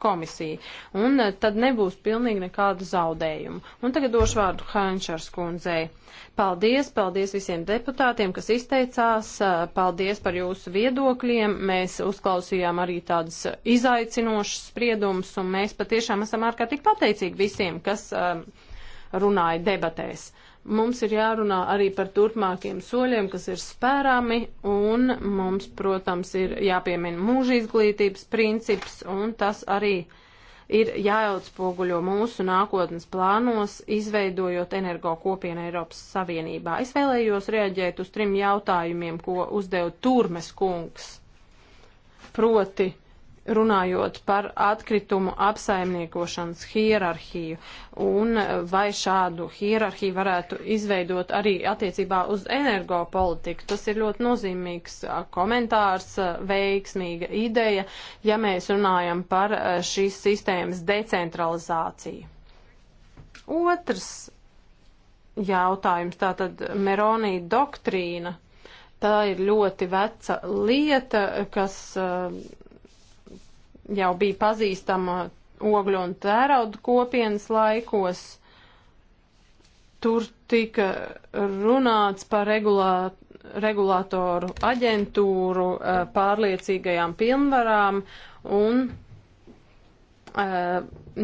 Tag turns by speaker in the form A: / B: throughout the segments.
A: komisija. Un eh, tad nebūs pilnīgi nekāda zaudējuma. Un tagad došu vārdu Hančars kundzei. Paldies, paldies visiem deputātiem, kas izteicās, eh, paldies par jūsu viedokļiem. Mēs uzklausījām arī tādas izaicinošas spriedumus, un mēs patiešām esam ārkārtīgi pateicīgi visiem, kas um, runāja debatēs. Uh, Mums ir jārunā arī par turpmākiem soļiem, kas ir spērami, un mums, protams, ir jāpiemina mūža izglītības princips, un tas arī ir jāatspoguļo mūsu nākotnes plānos, izveidojot energo kopienu Eiropas Savienībā. Es vēlējos reaģēt uz trim jautājumiem, ko uzdeva Turmes kungs. Proti, runājot par atkritumu apsaimniekošanas hierarhiju un vai šādu hierarhiju varētu izveidot arī attiecībā uz energopolitiku. Tas ir ļoti nozīmīgs komentārs, veiksmīga ideja, ja mēs runājam par šīs sistēmas decentralizāciju. Otrs jautājums, tātad Meronī doktrīna. Tā ir ļoti veca lieta, kas uh, jau bija pazīstama ogļu un tērauda kopienas laikos. Tur tika runāts par regulā, regulātoru aģentūru eh, pārliecīgajām pilnvarām un eh,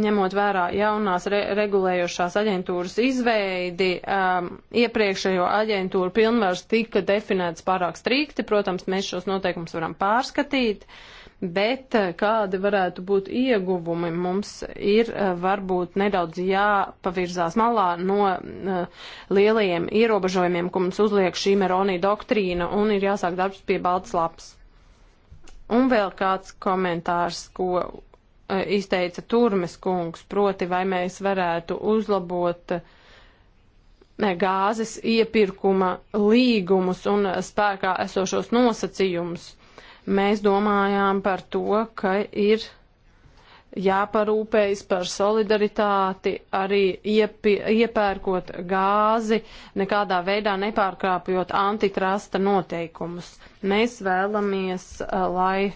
A: ņemot vērā jaunās re regulējošās aģentūras izveidi, um, iepriekšējo aģentūru pilnvars tika definēts pārāk strikti. Protams, mēs šos noteikumus varam pārskatīt. Uh, bet eh, kādi varētu būt ieguvumi? Mums ir eh, varbūt nedaudz jāpavirzās malā no uh, lielajiem ierobežojumiem, ko mums uzliek šī Meronī doktrīna, un ir jāsāk darbs pie balts laps. Un vēl kāds komentārs, ko uh, izteica Turmes kungs, proti vai mēs varētu uzlabot uh, gāzes iepirkuma līgumus un spēkā esošos nosacījumus Mēs domājām par to, ka ir jāparūpējas par solidaritāti, arī iepi, iepērkot gāzi, nekādā veidā nepārkāpjot antitrasta noteikumus. Mēs vēlamies, eh, lai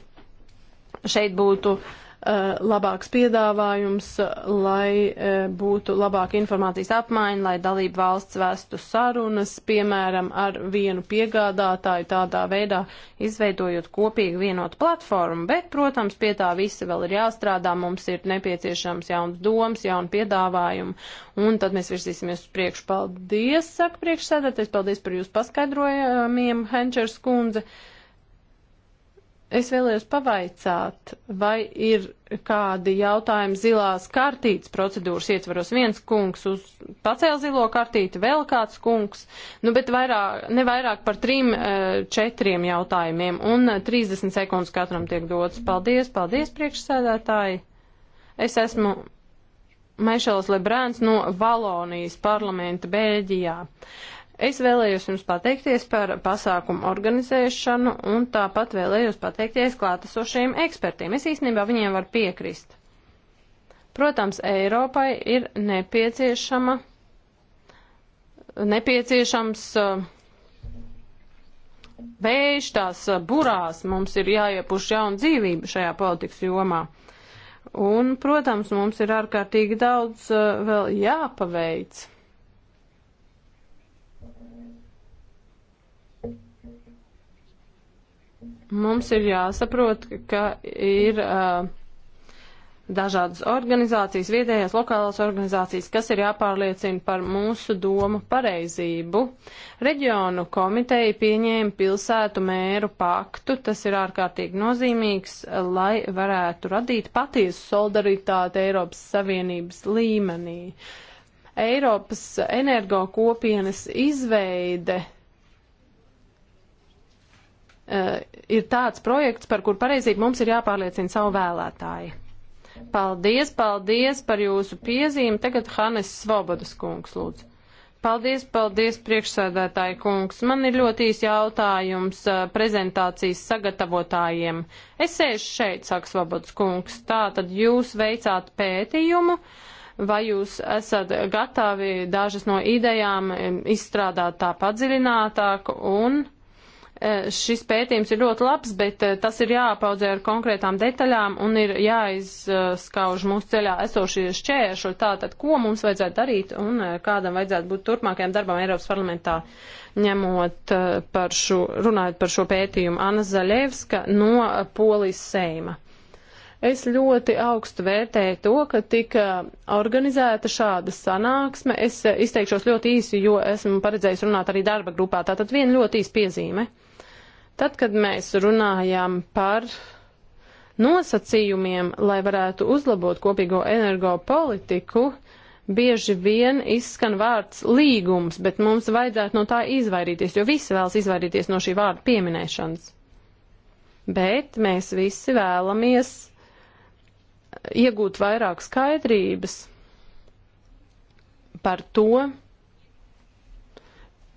A: šeit būtu uh, Eh, labāks piedāvājums, eh, lai eh, būtu labāka informācijas apmaiņa, lai dalību valsts vestu sarunas, piemēram, ar vienu piegādātāju tādā veidā, izveidojot kopīgi vienotu platformu. Bet, protams, pie tā visa vēl ir jāstrādā, mums ir nepieciešams jauns domas, jauni piedāvājumi, un tad mēs virsīsimies uz priekšu. Paldies, saka priekšsēdētājs, paldies par jūsu paskaidrojumiem, Henčers kundze. Uh, Es vēlējos pavaicāt, vai ir kādi jautājumi zilās kartītes procedūras ietvaros. Viens kungs uz pacēla zilo kartīti, vēl kāds kungs, nu, bet vairāk, ne vairāk par trim, eh, četriem jautājumiem, un 30 eh, sekundes katram tiek dots. Paldies, paldies, priekšsēdētāji. Es esmu Mešels Lebrēns no Valonijas parlamenta Bēļģijā. Uh, Es vēlējos jums pateikties par pasākumu organizēšanu un tāpat vēlējos pateikties klātesošiem ekspertiem. Es īstenībā viņiem varu piekrist. Protams, Eiropai ir nepieciešama, nepieciešams uh, vējš tās uh, burās. Mums ir jāiepuš jauna dzīvība šajā politikas jomā. Un, protams, mums ir ārkārtīgi daudz uh, vēl jāpaveic. Mums ir jāsaprot, ka ir uh, dažādas organizācijas, vietējās, lokālās organizācijas, kas ir jāpārliecina par mūsu domu pareizību. Reģionu komiteja pieņēma pilsētu mēru paktu, tas ir ārkārtīgi nozīmīgs, lai varētu radīt patiesu solidaritāti Eiropas Savienības līmenī. Uh, Eiropas energo kopienas izveide uh, ir tāds projekts, par kur pareizību mums ir jāpārliecina savu vēlētāju. Paldies, paldies par jūsu piezīmi. Tagad Hannes Svobodas kungs lūdzu. Paldies, paldies, priekšsēdētāji kungs. Man ir ļoti īs jautājums uh, prezentācijas sagatavotājiem. Es sēžu šeit, saka Svobodas kungs. Tā tad jūs veicāt pētījumu. Uh, Vai jūs esat gatavi dažas no idejām izstrādāt tā padziļinātāk un e, šis pētījums ir ļoti labs, bet e, tas ir jāpaudzē ar konkrētām detaļām un ir jāizskauž mūsu ceļā esošie šķēršļi. Tātad, ko mums vajadzētu darīt un e, kādam vajadzētu būt turpmākajam darbam Eiropas parlamentā, ņemot par šo, runājot par šo pētījumu Anna Zaļevska no Polijas Seima. Es ļoti augstu vērtēju to, ka tika organizēta šāda sanāksme. Es eh, izteikšos ļoti īsi, jo esmu paredzējis runāt arī darba grupā. Tātad viena ļoti īsa piezīme. Tad, kad mēs runājam par nosacījumiem, lai varētu uzlabot kopīgo energo politiku, bieži vien izskan vārds līgums, bet mums vajadzētu no tā izvairīties, jo visi vēlas izvairīties no šī vārda pieminēšanas. Bet mēs visi vēlamies iegūt vairāk skaidrības par to,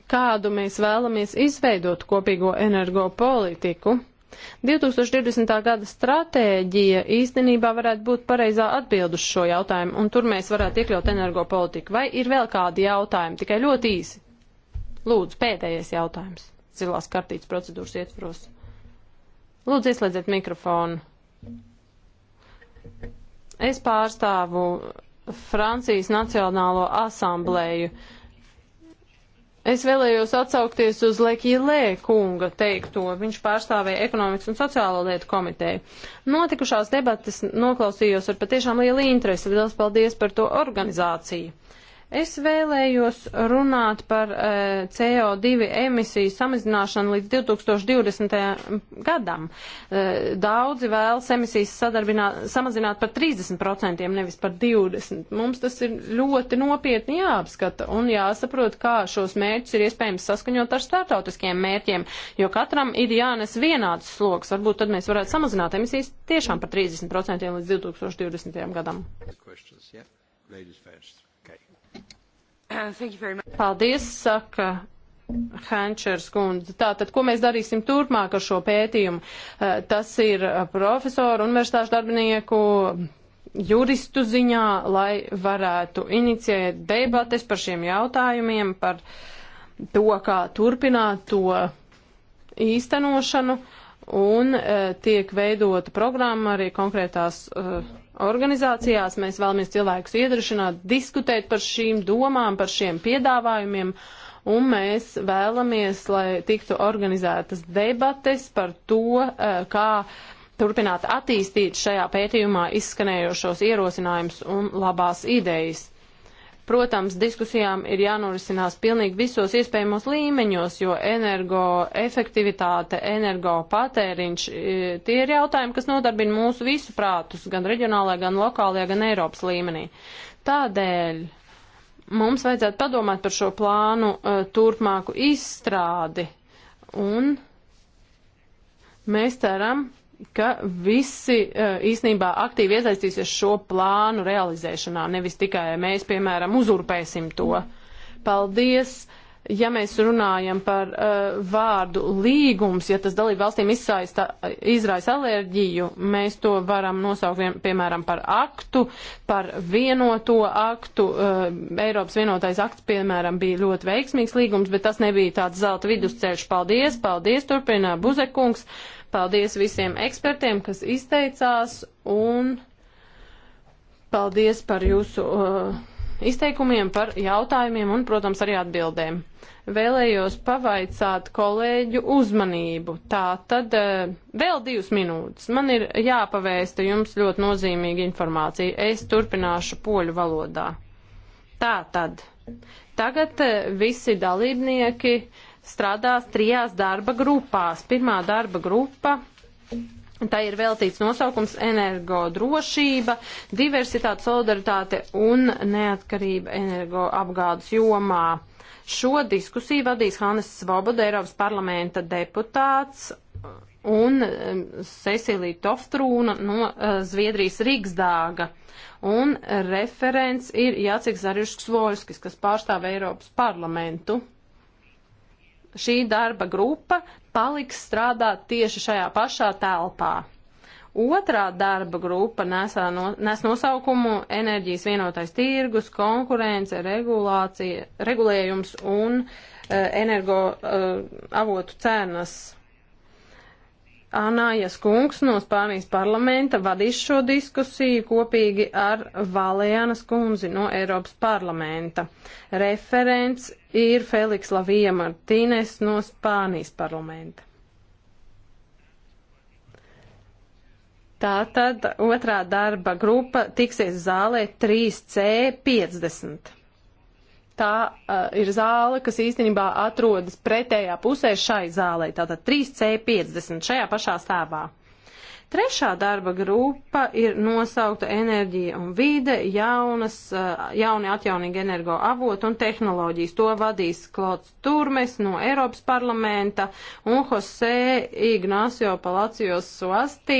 A: kādu mēs vēlamies izveidot kopīgo energopolitiku. 2020. gada stratēģija īstenībā varētu būt pareizā atbild uz šo jautājumu, un tur mēs varētu iekļaut energopolitiku. Vai ir vēl kādi jautājumi? Tikai ļoti īsi. Lūdzu, pēdējais jautājums. Zilās kartītes procedūras ietvaros. Lūdzu, ieslēdziet mikrofonu. Es pārstāvu Francijas Nacionālo asamblēju. Es vēlējos atsaukties uz Lekīlē kunga teikto. Viņš pārstāvēja ekonomikas un sociālo lietu komiteju. Notikušās debatas noklausījos ar patiešām lielu interesi. Liels paldies par to organizāciju. Es vēlējos runāt par uh, e, CO2 emisiju samazināšanu līdz 2020. gadam. Uh, daudzi vēlas emisijas samazināt par 30%, nevis par 20%. Mums tas ir ļoti nopietni jāapskata un jāsaprot, kā šos mērķus ir iespējams saskaņot ar startautiskiem mērķiem, jo katram ir jānes vienāds sloks. Varbūt tad mēs varētu samazināt emisijas tiešām par 30% līdz 2020. gadam. Questions, yeah. Ladies first. Uh, Paldies, saka Henčers kundze. Tātad, ko mēs darīsim turpmāk ar šo pētījumu? Uh, tas ir profesoru, universitāšu darbinieku, juristu ziņā, lai varētu inicijēt debates par šiem jautājumiem, par to, kā turpināt to īstenošanu, un uh, tiek veidota programma arī konkrētās. Uh, organizācijās. Mēs vēlamies cilvēkus iedrošināt, diskutēt par šīm domām, par šiem piedāvājumiem. Un mēs vēlamies, lai tiktu organizētas debates par to, eh, kā turpināt attīstīt šajā pētījumā izskanējošos ierosinājumus un labās idejas. Protams, diskusijām ir jānorisinās pilnīgi visos iespējamos līmeņos, jo energoefektivitāte, energopatēriņš, e, tie ir jautājumi, kas nodarbina mūsu visu prātus, gan reģionālajā, gan lokālajā, gan Eiropas līmenī. Tādēļ mums vajadzētu padomāt par šo plānu e, turpmāku izstrādi un mēs ceram, ka visi eh, īsnībā aktīvi iesaistīsies šo plānu realizēšanā, nevis tikai mēs, piemēram, uzurpēsim to. Paldies! ja mēs runājam par uh, vārdu līgums, ja tas dalību valstīm izsaista, izraisa alerģiju, mēs to varam nosaukt, vien, piemēram, par aktu, par vienoto aktu. Uh, Eiropas vienotais akts, piemēram, bija ļoti veiksmīgs līgums, bet tas nebija tāds zelta vidusceļš. Paldies, paldies, turpinā Buzekungs. Paldies visiem ekspertiem, kas izteicās, un paldies par jūsu. Uh, izteikumiem, par jautājumiem un, protams, arī atbildēm. Vēlējos pavaicāt kolēģu uzmanību. Tā tad eh, vēl divas minūtes. Man ir jāpavēsta jums ļoti nozīmīga informācija. Es turpināšu poļu valodā. Tā tad. Tagad eh, visi dalībnieki strādās trijās darba grupās. Pirmā darba grupa Tā ir veltīts nosaukums energodrošība, diversitāte, solidaritāte un neatkarība energoapgādes jomā. Šo diskusiju vadīs Hannes Svoboda, Eiropas parlamenta deputāts, un um, Cecilija Toftrūna no uh, Zviedrijas Rīgsdāga. Un referents ir Jācik Zarišks Vojskis, kas pārstāv Eiropas parlamentu. Šī darba grupa paliks strādāt tieši šajā pašā telpā. Otrā darba grupa nesā no, nes nosaukumu enerģijas vienotais tirgus, konkurence, regulācija, regulējums un uh, energo uh, avotu cenas. Anājas kungs no Spānijas parlamenta vadīs šo diskusiju kopīgi ar Valēnas kundzi no Eiropas parlamenta. Referents ir Feliks Lavija Martīnes no Spānijas parlamenta. Tātad otrā darba grupa tiksies zālē 3C50. Tā uh, ir zāle, kas īstenībā atrodas pretējā pusē šai zālē, tātad 3C50 šajā pašā stāvā. Trešā darba grupa ir nosaukta enerģija un vide, jaunas, uh, jauni atjaunīgi energo avot un tehnoloģijas. To vadīs Klods Turmes no Eiropas parlamenta un Jose Ignacio Palacios Suastī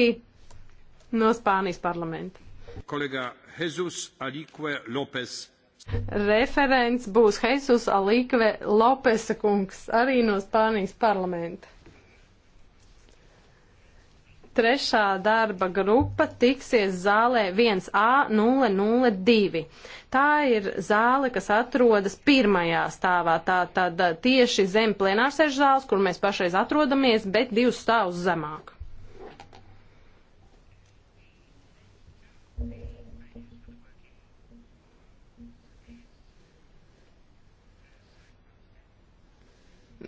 A: no Spānijas parlamenta. Kolega Jesus Alique Lopes Referents būs Jesus Alikve Lopesa kungs, arī no Spānijas parlamenta. Trešā darba grupa tiksies zālē 1A002. Tā ir zāle, kas atrodas pirmajā stāvā, tā tad tieši zem plenārsēžu zāles, kur mēs pašreiz atrodamies, bet divus stāvus zemāk.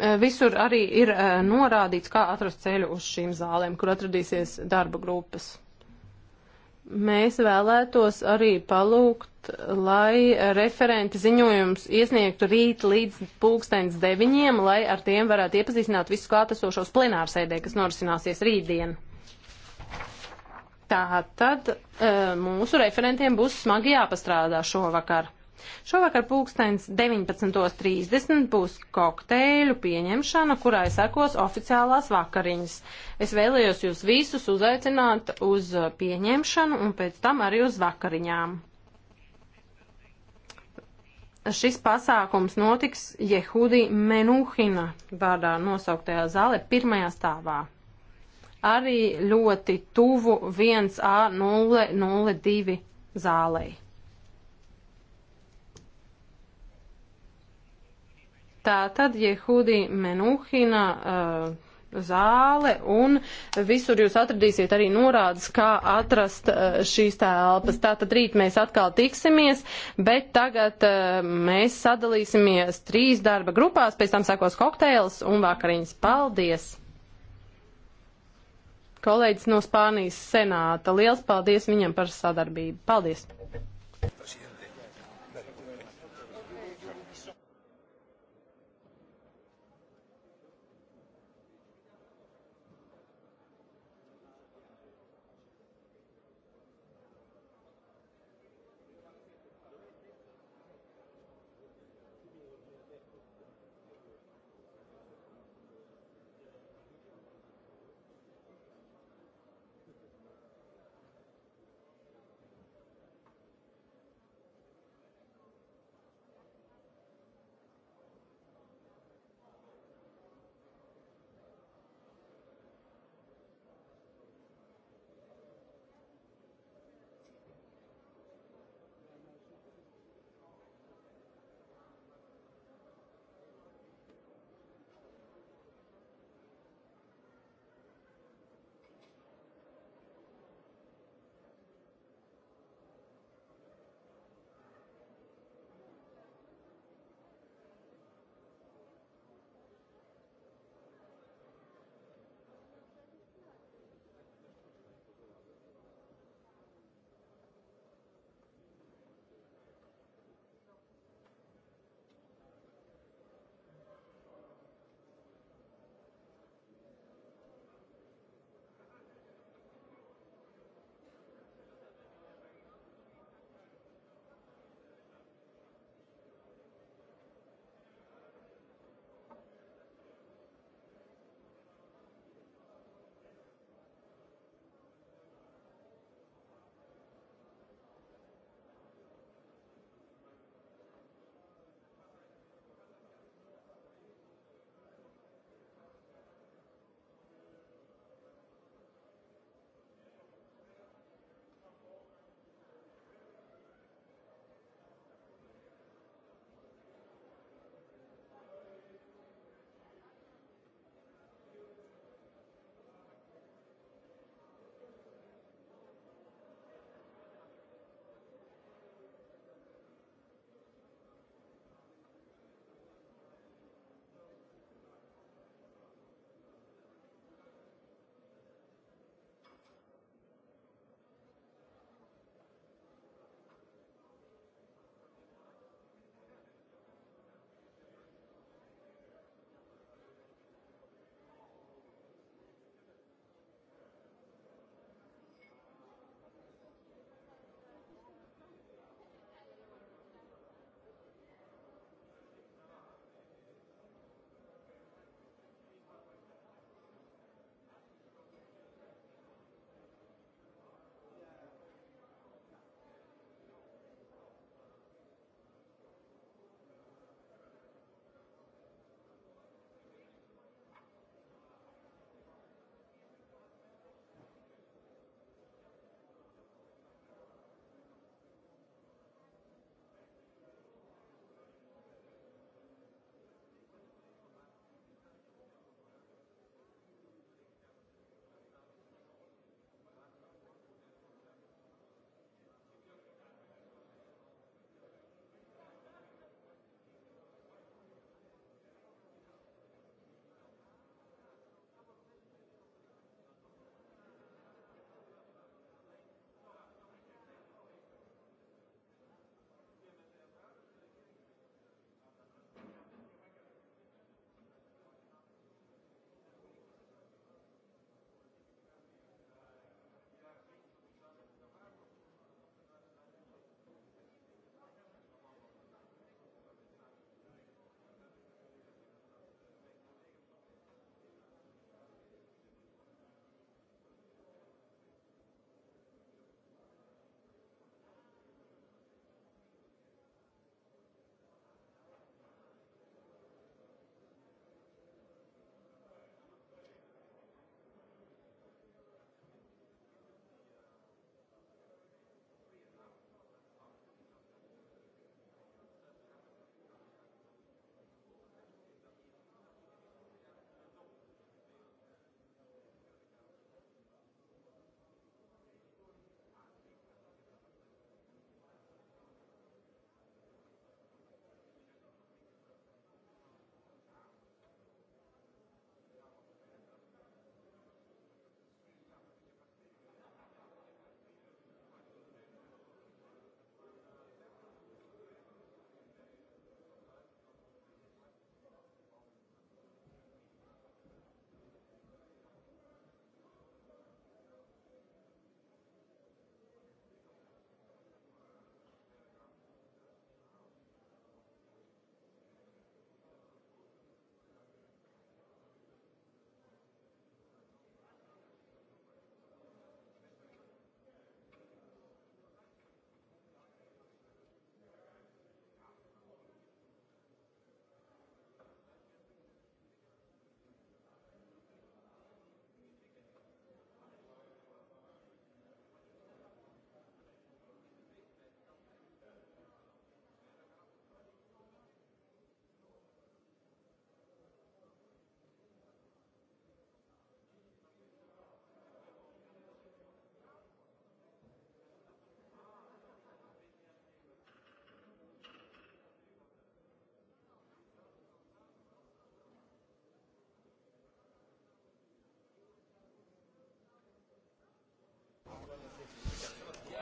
A: Eh, visur arī ir eh, norādīts, kā atrast ceļu uz šīm zālēm, kur atradīsies darba grupas. Mēs vēlētos arī palūgt, lai referenti ziņojums iesniegtu rīt līdz pulkstens deviņiem, lai ar tiem varētu iepazīstināt visus klātesošos plenārsēdē, kas norisināsies rītdien. Tā tad eh, mūsu referentiem būs smagi jāpastrādā šovakar. Šovakar pulksteins 19.30 būs kokteļu pieņemšana, kurai sekos oficiālās vakariņas. Es vēlējos jūs visus uzaicināt uz pieņemšanu un pēc tam arī uz vakariņām. Šis pasākums notiks Jehudi Menuhina vārdā nosauktajā zālē pirmajā stāvā. Arī ļoti tuvu 1A002 zālei. Tā tad Jehudi Menuhina uh, zāle un visur jūs atradīsiet arī norādes, kā atrast uh, šīs telpas. Tātad rīt mēs atkal tiksimies, bet tagad uh, mēs sadalīsimies trīs darba grupās, pēc tam sekos kokteils un vakariņas. Paldies! Kolēģis no Spānijas senāta. Liels paldies viņam par sadarbību. Paldies!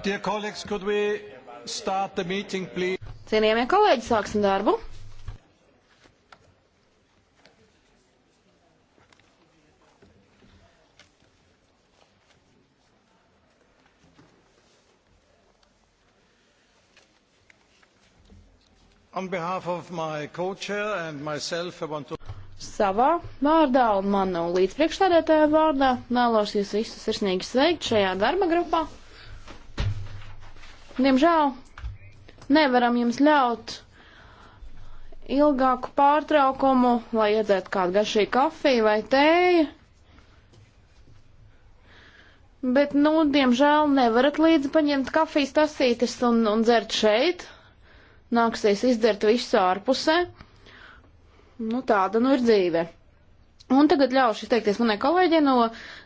A: Dear
B: colleagues, could we start the meeting, please?
C: Cienījamie kolēģi, sāksim darbu.
B: On behalf of my co-chair and
D: myself, I want to
C: savā vārdā un manu līdzpriekšstādētāju vārdā vēlos jūs visus sirsnīgi sveikt šajā darba grupā. Diemžēl nevaram jums ļaut ilgāku pārtraukumu, lai iedzētu kādu garšīgu kafiju vai tēju. Bet, nu, diemžēl nevarat līdzi paņemt kafijas tasītes un, un dzert šeit. Nāksies izdzert visu ārpusē. Nu, tāda nu ir dzīve. Un tagad ļaušu izteikties manai kolēģei no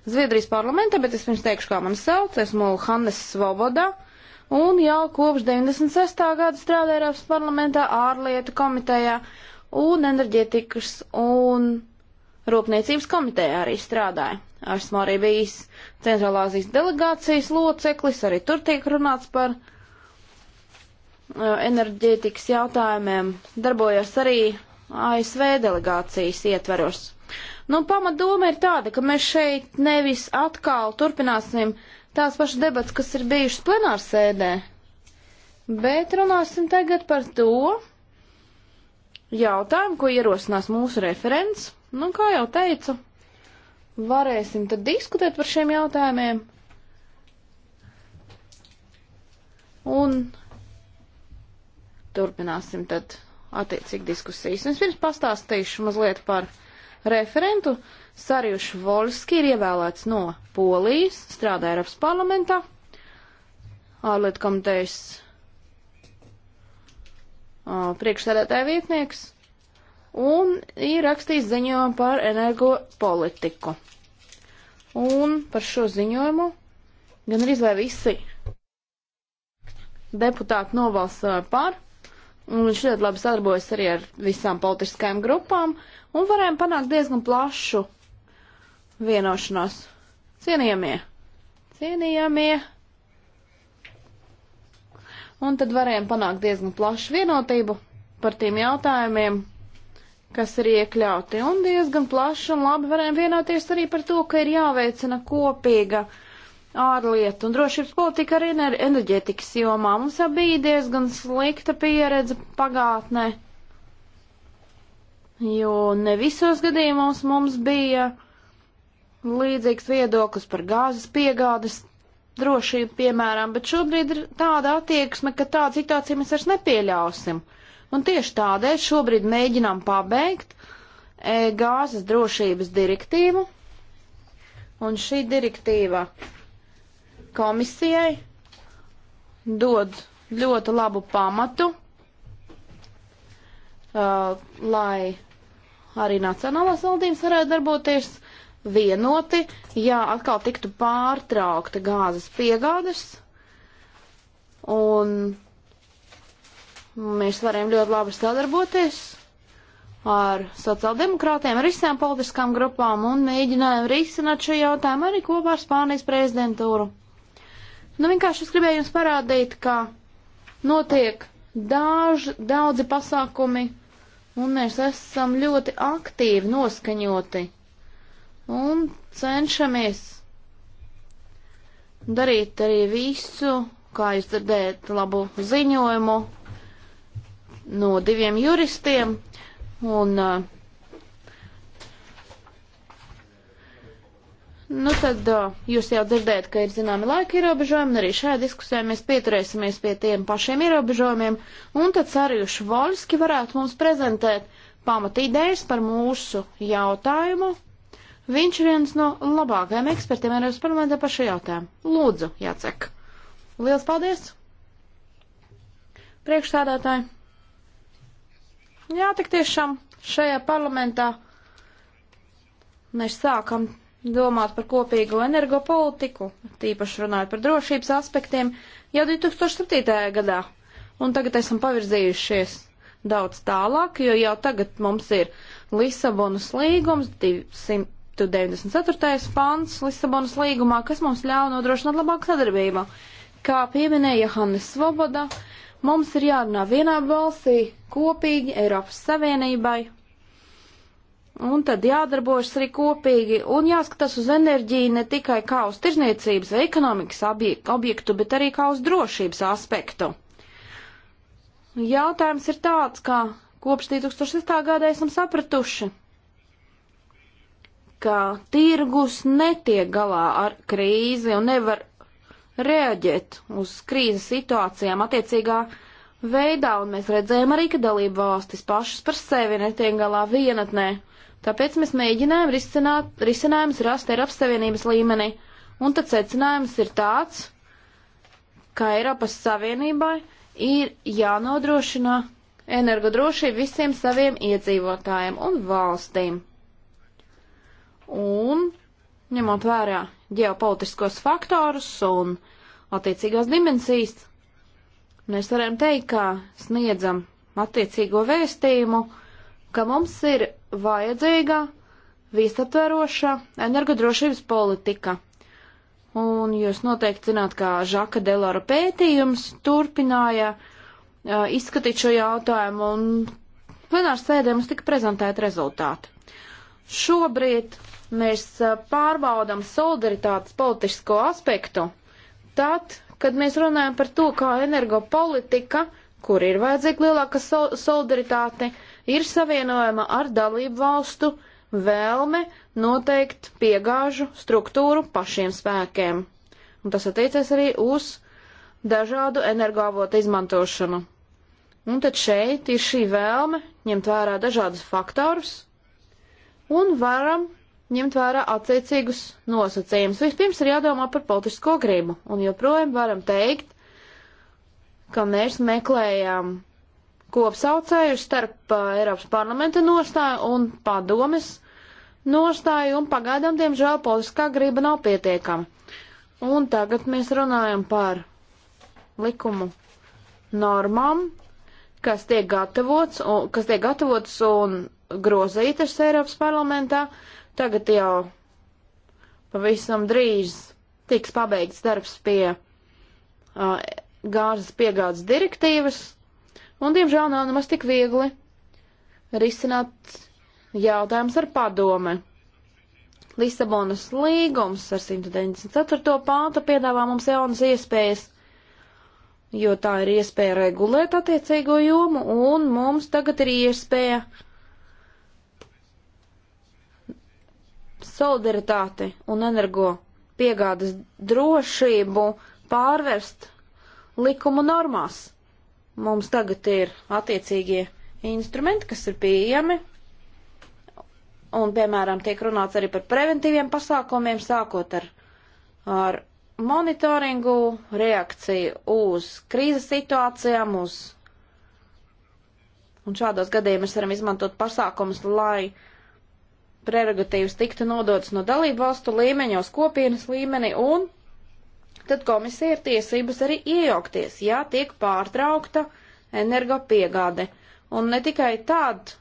C: Zviedrijas parlamenta, bet es pirms teikšu, kā mani sauc. Esmu Hannes Svoboda. Uh, un jau kopš 96. gada strādāja Eiropas parlamentā, ārlietu komitejā un enerģētikas un rūpniecības komitejā arī strādāja. Esmu arī bijis Centrālāzijas delegācijas loceklis, arī tur tiek runāts par uh, enerģētikas jautājumiem, darbojos arī ASV delegācijas ietveros. Nu, pamatdoma ir tāda, ka mēs šeit nevis atkal turpināsim uh, tās pašas debats, kas ir bijušas plenārsēdē, bet runāsim tagad par to jautājumu, ko ierosinās mūsu referents. Nu, kā jau teicu, varēsim tad diskutēt par šiem jautājumiem. Un turpināsim tad attiecīgi diskusijas. Vispirms pastāstīšu mazliet par referentu. Sarjuš Volski ir ievēlēts no Polijas, strādā Eiropas parlamentā, ārlietu komitejas priekšsēdētāja vietnieks un ir rakstījis ziņojumu par energopolitiku. Un par šo ziņojumu gan arī, lai visi deputāti nobalsoja par, Un viņš ļoti labi sadarbojas arī ar visām politiskajām grupām un varējām panākt diezgan plašu vienošanos. Cienījamie! Cienījamie! Un tad varējām panākt diezgan plašu vienotību par tiem jautājumiem, kas ir iekļauti. Un diezgan plaši un labi varējām vienoties arī par to, ka ir jāveicina kopīga uh, ārlietu un drošības politika arī enerģētikas jomā. Mums jau bija diezgan slikta pieredze pagātnē, jo ne visos gadījumos mums bija līdzīgs viedoklis par gāzes piegādes drošību, piemēram, bet šobrīd ir tāda attieksme, ka tādu situāciju mēs vairs nepieļausim. Un tieši tādēļ šobrīd mēģinām pabeigt e, gāzes drošības direktīvu. Un šī direktīva komisijai dod ļoti labu pamatu, uh, lai arī nacionālās valdības varētu darboties vienoti, ja atkal tiktu pārtraukta gāzes piegādes. Un mēs varējām ļoti labi sadarboties ar sociāldemokrātiem, ar visām politiskām grupām un mēģinājām risināt šo jautājumu arī kopā ar Spānijas prezidentūru. Nu, vienkārši es gribēju jums parādīt, ka notiek daž, daudzi pasākumi, un mēs esam ļoti aktīvi noskaņoti un cenšamies darīt arī visu, kā jūs dzirdējat, labu ziņojumu no diviem juristiem. Un uh, Nu tad jūs jau dzirdējat, ka ir zināmi laika ierobežojumi, un arī šajā diskusijā mēs pieturēsimies pie tiem pašiem ierobežojumiem, un tad Sarjuš Voļski varētu mums prezentēt pamatīdējas par mūsu jautājumu. Viņš ir viens no labākajiem ekspertiem Eiropas parlamentā par šo jautājumu. Lūdzu, Jācek. Lielas paldies! Priekšstādātāji! Jā, tik tiešām šajā parlamentā mēs sākam domāt par kopīgu energopolitiku, tīpaši runājot par drošības aspektiem, jau 2007. gadā. Un tagad esam pavirzījušies daudz tālāk, jo jau tagad mums ir Lisabonas līgums, 294. pants Lisabonas līgumā, kas mums ļauj nodrošināt labāku sadarbību. Kā pieminēja Hannes Svoboda, mums ir jārunā vienā balsī kopīgi Eiropas Savienībai Un tad jādarbojas arī kopīgi un jāskatās uz enerģiju ne tikai kā uz tirzniecības vai ekonomikas objektu, bet arī kā uz drošības aspektu. Jautājums ir tāds, kā kopš 2006. gada esam sapratuši, ka tirgus netiek galā ar krīzi un nevar reaģēt uz krīzes situācijām attiecīgā veidā, un mēs redzējām arī, ka dalību valstis pašas par sevi netiek galā vienatnē. Ne Tāpēc mēs mēģinājām risināt, risinājums rast Eiropas Savienības līmenī. Un tad secinājums ir tāds, ka Eiropas Savienībai ir jānodrošina energodrošība visiem saviem iedzīvotājiem un valstīm. Un, ņemot vērā ģeopolitiskos faktorus un attiecīgās dimensijas, mēs varam teikt, ka sniedzam attiecīgo vēstījumu ka mums ir vajadzīga visaptveroša energodrošības politika. Un jūs noteikti zināt, kā Žaka Delora pētījums turpināja uh, izskatīt šo jautājumu, un plenārs sēdē mums tika prezentēta rezultāti. Šobrīd mēs pārbaudam solidaritātes politisko aspektu tad, kad mēs runājam par to, kā energopolitika, kur ir vajadzīga lielāka sol solidaritāte, uh, ir savienojama ar dalību valstu vēlme noteikt piegāžu struktūru pašiem spēkiem. Un tas attiecas arī uz dažādu energoavotu izmantošanu. Un tad šeit ir šī vēlme ņemt vērā dažādus faktorus un varam ņemt vērā attiecīgus nosacījumus. Vispirms ir jādomā par politisko gribu, un joprojām varam teikt, ka mēs meklējām kopsaucēju starp uh, Eiropas parlamenta nostāju un padomes nostāju, un pagaidām, diemžēl, politiskā grība nav pietiekama. Un tagad mēs runājam par likumu normām, kas tiek gatavots un, kas tiek gatavots un grozītas Eiropas parlamentā. Tagad jau pavisam drīz tiks pabeigts darbs pie uh, gāzes piegādes direktīvas, un diemžēl nav nemaz tik viegli risināt jautājums ar padome. Lisabonas līgums ar 194. pāntu piedāvā mums jaunas iespējas, jo tā ir iespēja regulēt attiecīgo jomu, un mums tagad ir iespēja solidaritāti un energo piegādes drošību pārvērst likumu normās. Mums tagad ir attiecīgie instrumenti, kas ir pieejami, un, piemēram, tiek runāts arī par preventīviem pasākumiem, sākot ar, ar monitoringu, reakciju uz krīzes situācijām, uz. Un šādos gadījumos mēs varam izmantot pasākumus, lai prerogatīvas tiktu nodotas no dalību valstu līmeņa uz kopienas līmeni un tad komisija ir tiesības arī iejaukties, ja tiek pārtraukta energopiegāde. Un ne tikai tad,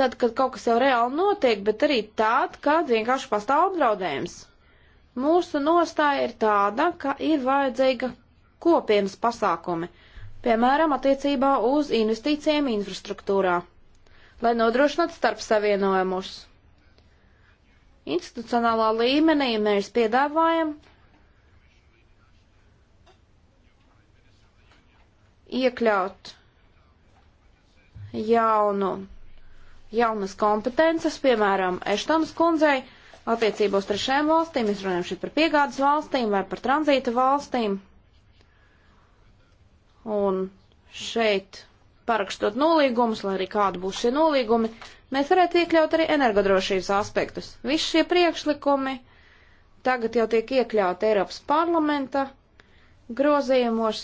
C: tad, kad kaut kas jau reāli notiek, bet arī tad, kad vienkārši pastāv apdraudējums. Mūsu nostāja ir tāda, ka ir vajadzīga kopienas pasākumi, piemēram, attiecībā uz investīcijiem infrastruktūrā, lai nodrošinātu starpsavienojumus. Institucionālā līmenī mēs piedāvājam iekļaut jaunu, jaunas kompetences, piemēram, Eštonas kundzei, attiecībā uz trešajām valstīm, mēs runājam šeit par piegādes valstīm vai par tranzīta valstīm. Un šeit parakstot nolīgumus, lai arī kādi būs šie nolīgumi, Mēs varētu iekļaut arī energodrošības aspektus. Visi šie priekšlikumi tagad jau tiek iekļauti Eiropas parlamenta grozījumos,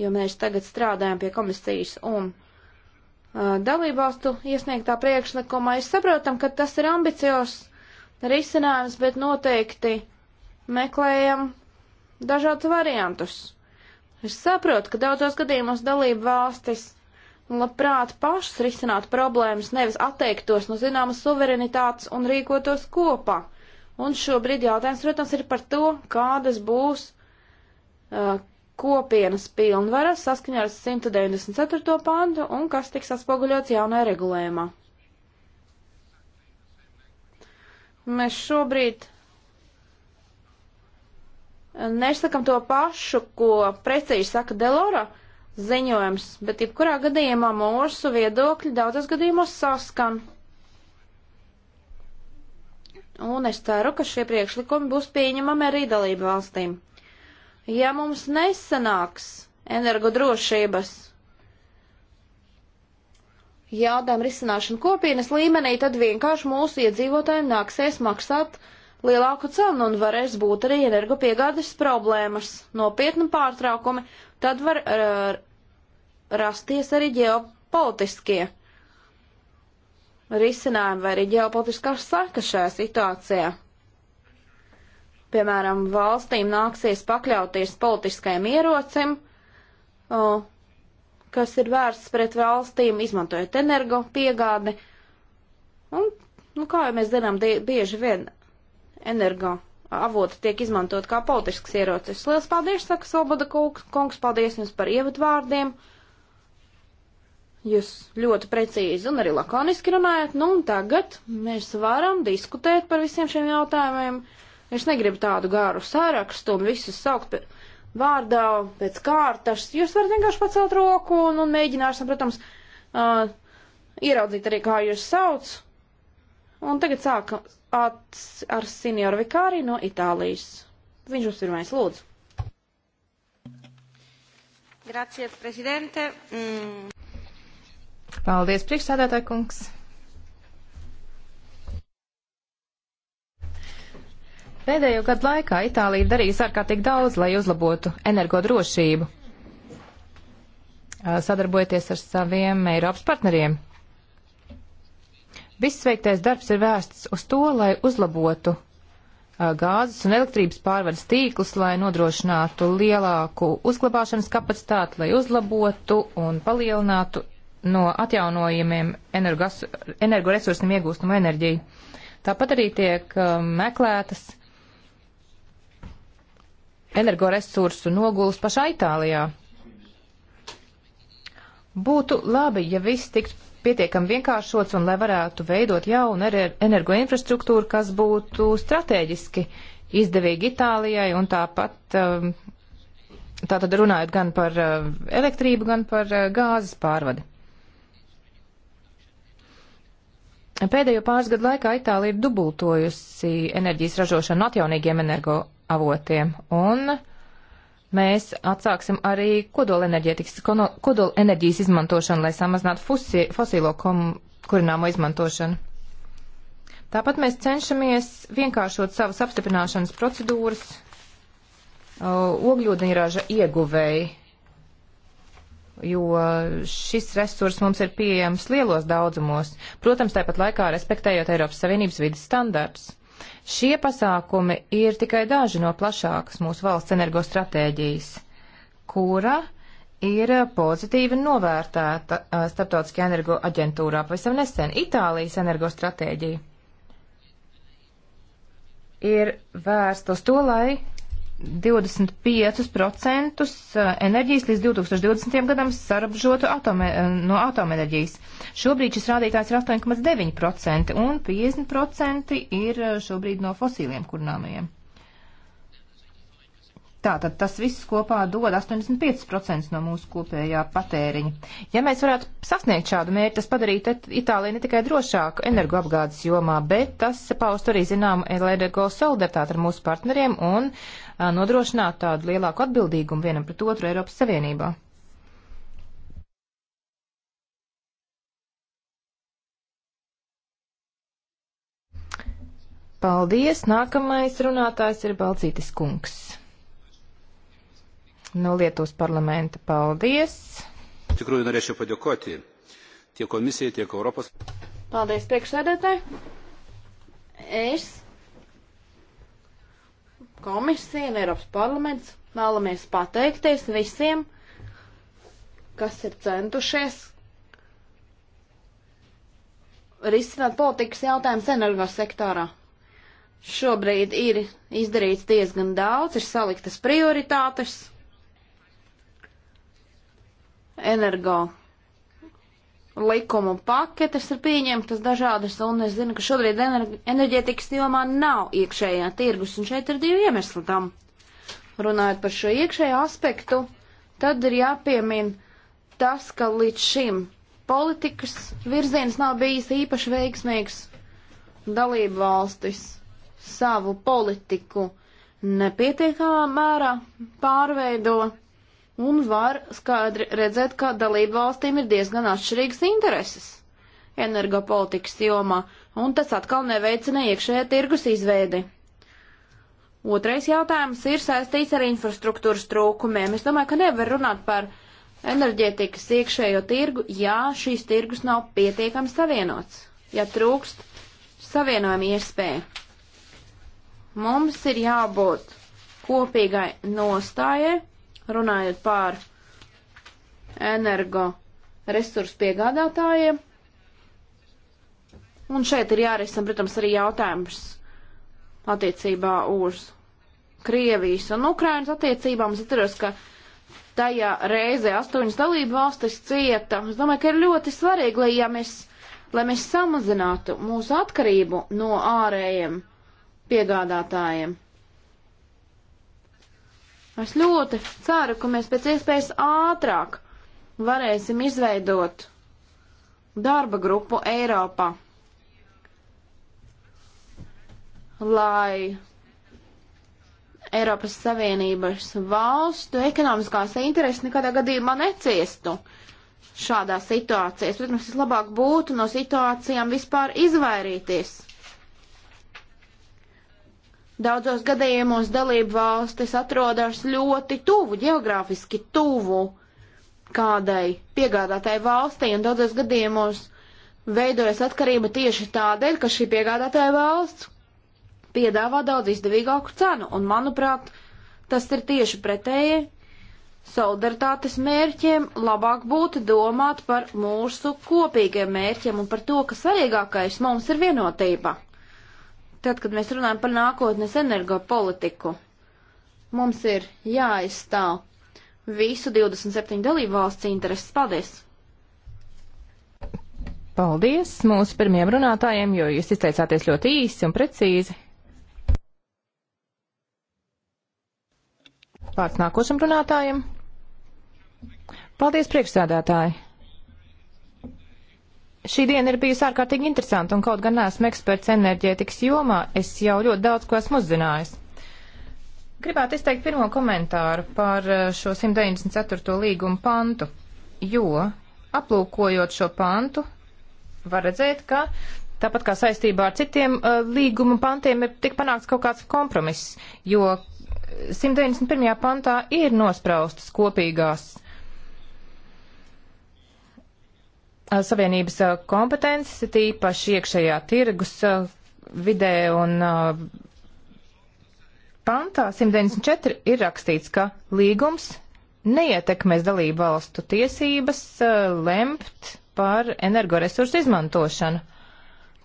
C: jo mēs tagad strādājam pie komisijas un uh, dalībvalstu iesniegtā priekšlikuma. Es saprotam, ka tas ir ambicios risinājums, bet noteikti meklējam dažādus variantus. Es saprotu, ka daudzos gadījumos dalību valstis un labprāt pašas risinātu problēmas, nevis atteiktos no zināmas suverenitātes un rīkotos kopā. Un šobrīd jautājums, protams, ir par to, kādas būs uh, kopienas pilnvaras saskaņā ar 194. pantu un kas tiks atspoguļots jaunajā regulējumā. Mēs šobrīd uh, nesakam to pašu, ko precīzi saka Delora. Uh, ziņojums, bet jebkurā gadījumā mūsu viedokļi daudzos gadījumos saskan. Un es ceru, ka šie priekšlikumi būs pieņemami arī dalību valstīm. Ja mums nesanāks energodrošības jautājumu risināšanu kopienas līmenī, tad vienkārši mūsu iedzīvotājiem nāksies maksāt uh, lielāku cenu un varēs būt arī energopiegādes problēmas, nopietni pārtraukumi, tad var ar, eh, rasties arī ģeopolitiskie risinājumi vai arī ģeopolitiskās sakas šajā situācijā. Piemēram, valstīm nāksies pakļauties politiskajam ierocim, kas ir vērsts pret valstīm, izmantojot energo piegādi. Un, nu, kā jau mēs zinām, bieži vien energo avoti tiek izmantot kā politisks ierocis. Lielas paldies, saka Svoboda kungs, paldies jums par ievadvārdiem. Jūs ļoti precīzi un arī lakoniski runājat. Nu, un tagad mēs varam diskutēt par visiem šiem jautājumiem. Es negribu tādu gāru sarakstu un visus saukt pēc vārdā, pēc kārtas. Jūs varat vienkārši pacelt roku un, un mēģināsim, protams, uh, ieraudzīt arī, kā jūs sauc. Un tagad sākam ar senioru vikāri no Itālijas. Viņš uz pirmais lūdzu.
B: Grazie, prezidente. Mm. Paldies, priekšsādātāja kungs. Pēdējo gadu laikā Itālija darīs ārkārtīgi daudz, lai uzlabotu energodrošību, sadarbojoties ar saviem Eiropas partneriem. Viss veiktais darbs ir vērsts uz to, lai uzlabotu gāzes un elektrības pārvades tīklus, lai nodrošinātu lielāku uzglabāšanas kapacitāti, lai uzlabotu un palielinātu no atjaunojumiem energoresursiem iegūstumu enerģiju. Tāpat arī tiek meklētas energoresursu nogulas pašā Itālijā. Būtu labi, ja viss tiktu pietiekami vienkāršots un lai varētu veidot jaunu energoinfrastruktūru, kas būtu strateģiski izdevīgi Itālijai un tāpat, um, tātad runājot gan par uh, elektrību, gan par uh, gāzes pārvadi. Pēdējo pāris gadu laikā Itālija ir dubultojusi enerģijas ražošanu atjaunīgiem energoavotiem, un mēs atsāksim arī kodolenerģijas kodol izmantošanu, lai samazinātu fusi, fosilo kurināmo izmantošanu. Tāpat mēs cenšamies vienkāršot savas apstiprināšanas procedūras uh, ogļūdeņraža ieguvēji, jo šis resurs mums ir pieejams lielos daudzumos, protams, tāpat laikā respektējot Eiropas Savienības vidas standārts. Šie pasākumi ir tikai daži no plašākas mūsu valsts energostratēģijas, kura ir pozitīvi novērtēta uh, starptautiskajā energo aģentūrā pavisam nesen Itālijas energostratēģija. Ir vērsta uz to, lai 25% enerģijas līdz 2020. gadam sarapžotu atome, eh, no atomenerģijas. Šobrīd šis rādītājs ir 8,9% un 50% ir eh, šobrīd no fosīliem kurināmajiem. Tātad tas viss kopā dod 85% no mūsu kopējā patēriņa. Ja mēs varētu sasniegt šādu mērķi, tas padarītu Itāliju ne tikai drošāku energoapgādes jomā, bet tas paust arī zināmu energo solidaritāti ar mūsu partneriem un uh, nodrošināt tādu lielāku atbildīgumu vienam pret otru Eiropas Savienībā. Paldies! Nākamais runātājs ir Balcītis Kungs. No Lietuvas parlamenta. Paldies!
A: Tikrai norėčiau padėkoti tiek komisijai, tiek Europos.
C: Paldies, priekšsēdētāji! Es komisija un Eiropas parlaments vēlamies pateikties visiem, kas ir centušies risināt politikas jautājumus energosektorā. Šobrīd ir izdarīts diezgan daudz, ir saliktas prioritātes. Energo likumu paketes ir pieņemtas dažādas, un es zinu, ka šobrīd enerģētikas jomā nav iekšējā tirgus, un šeit ir divi iemesli tam. Runājot par šo iekšējo aspektu, tad ir jāpiemin tas, ka līdz šim politikas virziens nav bijis īpaši veiksmīgs. Dalību valstis savu politiku nepietiekamā mērā pārveido un var skaidri redzēt, ka dalību valstīm ir diezgan atšķirīgas intereses energopolitikas jomā, un tas atkal neveicina iekšējā tirgus izveidi. Otrais jautājums ir saistīts ar infrastruktūras trūkumiem. Es domāju, ka nevar runāt par enerģētikas iekšējo tirgu, ja šīs tirgus nav pietiekami savienots, ja trūkst savienojuma iespēja. Mums ir jābūt kopīgai nostājai runājot pār energo resursu piegādātājiem. Un šeit ir jārisina, protams, arī jautājums attiecībā uz Krievijas un Ukrainas attiecībām. Es atceros, ka tajā reizē astoņas dalību valstis cieta. Es domāju, ka ir ļoti svarīgi, lai, ja mēs, lai mēs samazinātu mūsu atkarību no ārējiem piegādātājiem. Es ļoti ceru, ka mēs pēc iespējas ātrāk varēsim izveidot darba grupu Eiropā, lai Eiropas Savienības valstu ekonomiskās intereses nekādā gadījumā neciestu šādā situācijā. Protams, vislabāk būtu no situācijām vispār izvairīties. Daudzos gadījumos dalību valstis atrodas ļoti tuvu, geogrāfiski tuvu kādai piegādātai valstī, un daudzos gadījumos veidojas atkarība tieši tādēļ, ka šī piegādātāja valsts piedāvā daudz izdevīgāku cenu, un manuprāt, tas ir tieši pretēji solidaritātes mērķiem, labāk būtu domāt par mūsu kopīgiem mērķiem un par to, ka svarīgākais mums ir vienotība tad, kad mēs runājam par nākotnes energopolitiku, mums ir jāizstāv visu 27 dalību valsts intereses. Paldies!
B: Paldies mūsu pirmiem runātājiem, jo jūs izteicāties ļoti īsi un precīzi. Vārds nākošam runātājam. Paldies, priekšsēdētāji! Šī diena ir bijusi ārkārtīgi interesanta, un kaut gan neesmu eksperts enerģētikas jomā, es jau ļoti daudz ko esmu uzzinājis. Gribētu izteikt pirmo komentāru par eh, šo 194. līgumu pantu, jo aplūkojot šo pantu, var redzēt, ka tāpat kā saistībā ar citiem eh, līguma pantiem ir tik panākts kaut kāds kompromiss, jo 191. Eh, pantā ir nospraustas kopīgās Savienības kompetences, tīpaši iekšējā tirgus vidē un pantā 194 ir rakstīts, ka līgums neietekmēs dalību valstu tiesības lemt par energoresursu izmantošanu.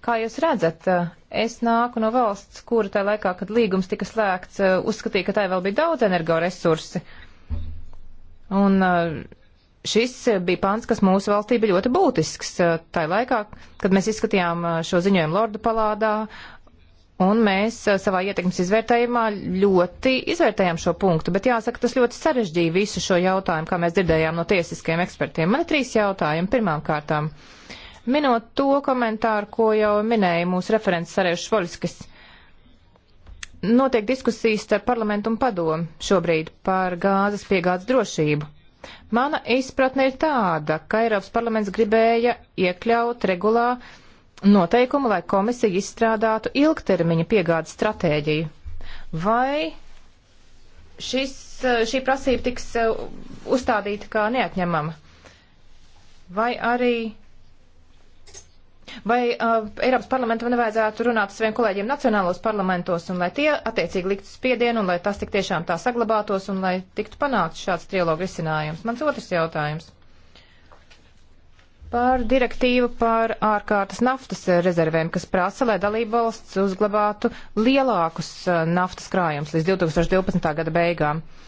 B: Kā jūs redzat, es nāku no valsts, kura tajā laikā, kad līgums tika slēgts, uzskatīja, ka tai vēl bija daudz energoresursi. Un šis eh, bija pants, kas mūsu valstī bija ļoti būtisks. Eh, Tā laikā, kad mēs izskatījām eh, šo ziņojumu Lordu palādā, un mēs savā ietekmes izvērtējumā ļoti izvērtējām šo punktu, bet jāsaka, tas ļoti sarežģīja visu šo jautājumu, kā mēs dzirdējām no tiesiskiem ekspertiem. Man ir trīs jautājumi. Pirmām kārtām, minot to komentāru, ko jau minēja mūsu referents Sarēšs Voļskis. Notiek diskusijas starp parlamentu un padomu šobrīd par gāzes piegādes drošību Mana izpratne ir tāda, ka Eiropas parlaments gribēja iekļaut regulā noteikumu, lai komisija izstrādātu ilgtermiņa piegādes stratēģiju. Vai šis, šī prasība tiks uh, uzstādīta kā neatņemama? Vai arī Vai uh, Eiropas parlamentam nevajadzētu runāt ar saviem kolēģiem nacionālos parlamentos un lai tie attiecīgi liktu spiedienu un lai tas tik tiešām tā saglabātos un lai tiktu panākts šāds trilogu risinājums? Mans otrs jautājums. Par direktīvu par ārkārtas naftas rezervēm, kas prasa, lai dalībvalsts uzglabātu lielākus uh, naftas krājumus līdz 2012. gada beigām. Uh,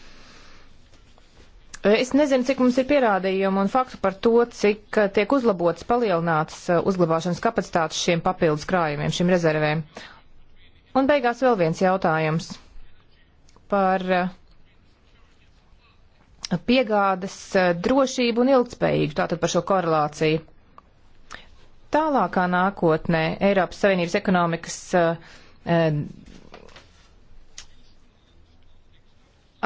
B: Eh, es nezinu, cik mums ir pierādījumu un faktu par to, cik eh, tiek uzlabotas, palielinātas eh, uzglabāšanas kapacitātes šiem papildus krājumiem, šīm rezervēm. Un beigās vēl viens jautājums par piegādes drošību un ilgtspējību, tātad par šo korelāciju. Tālākā nākotnē Eiropas Savienības ekonomikas uh,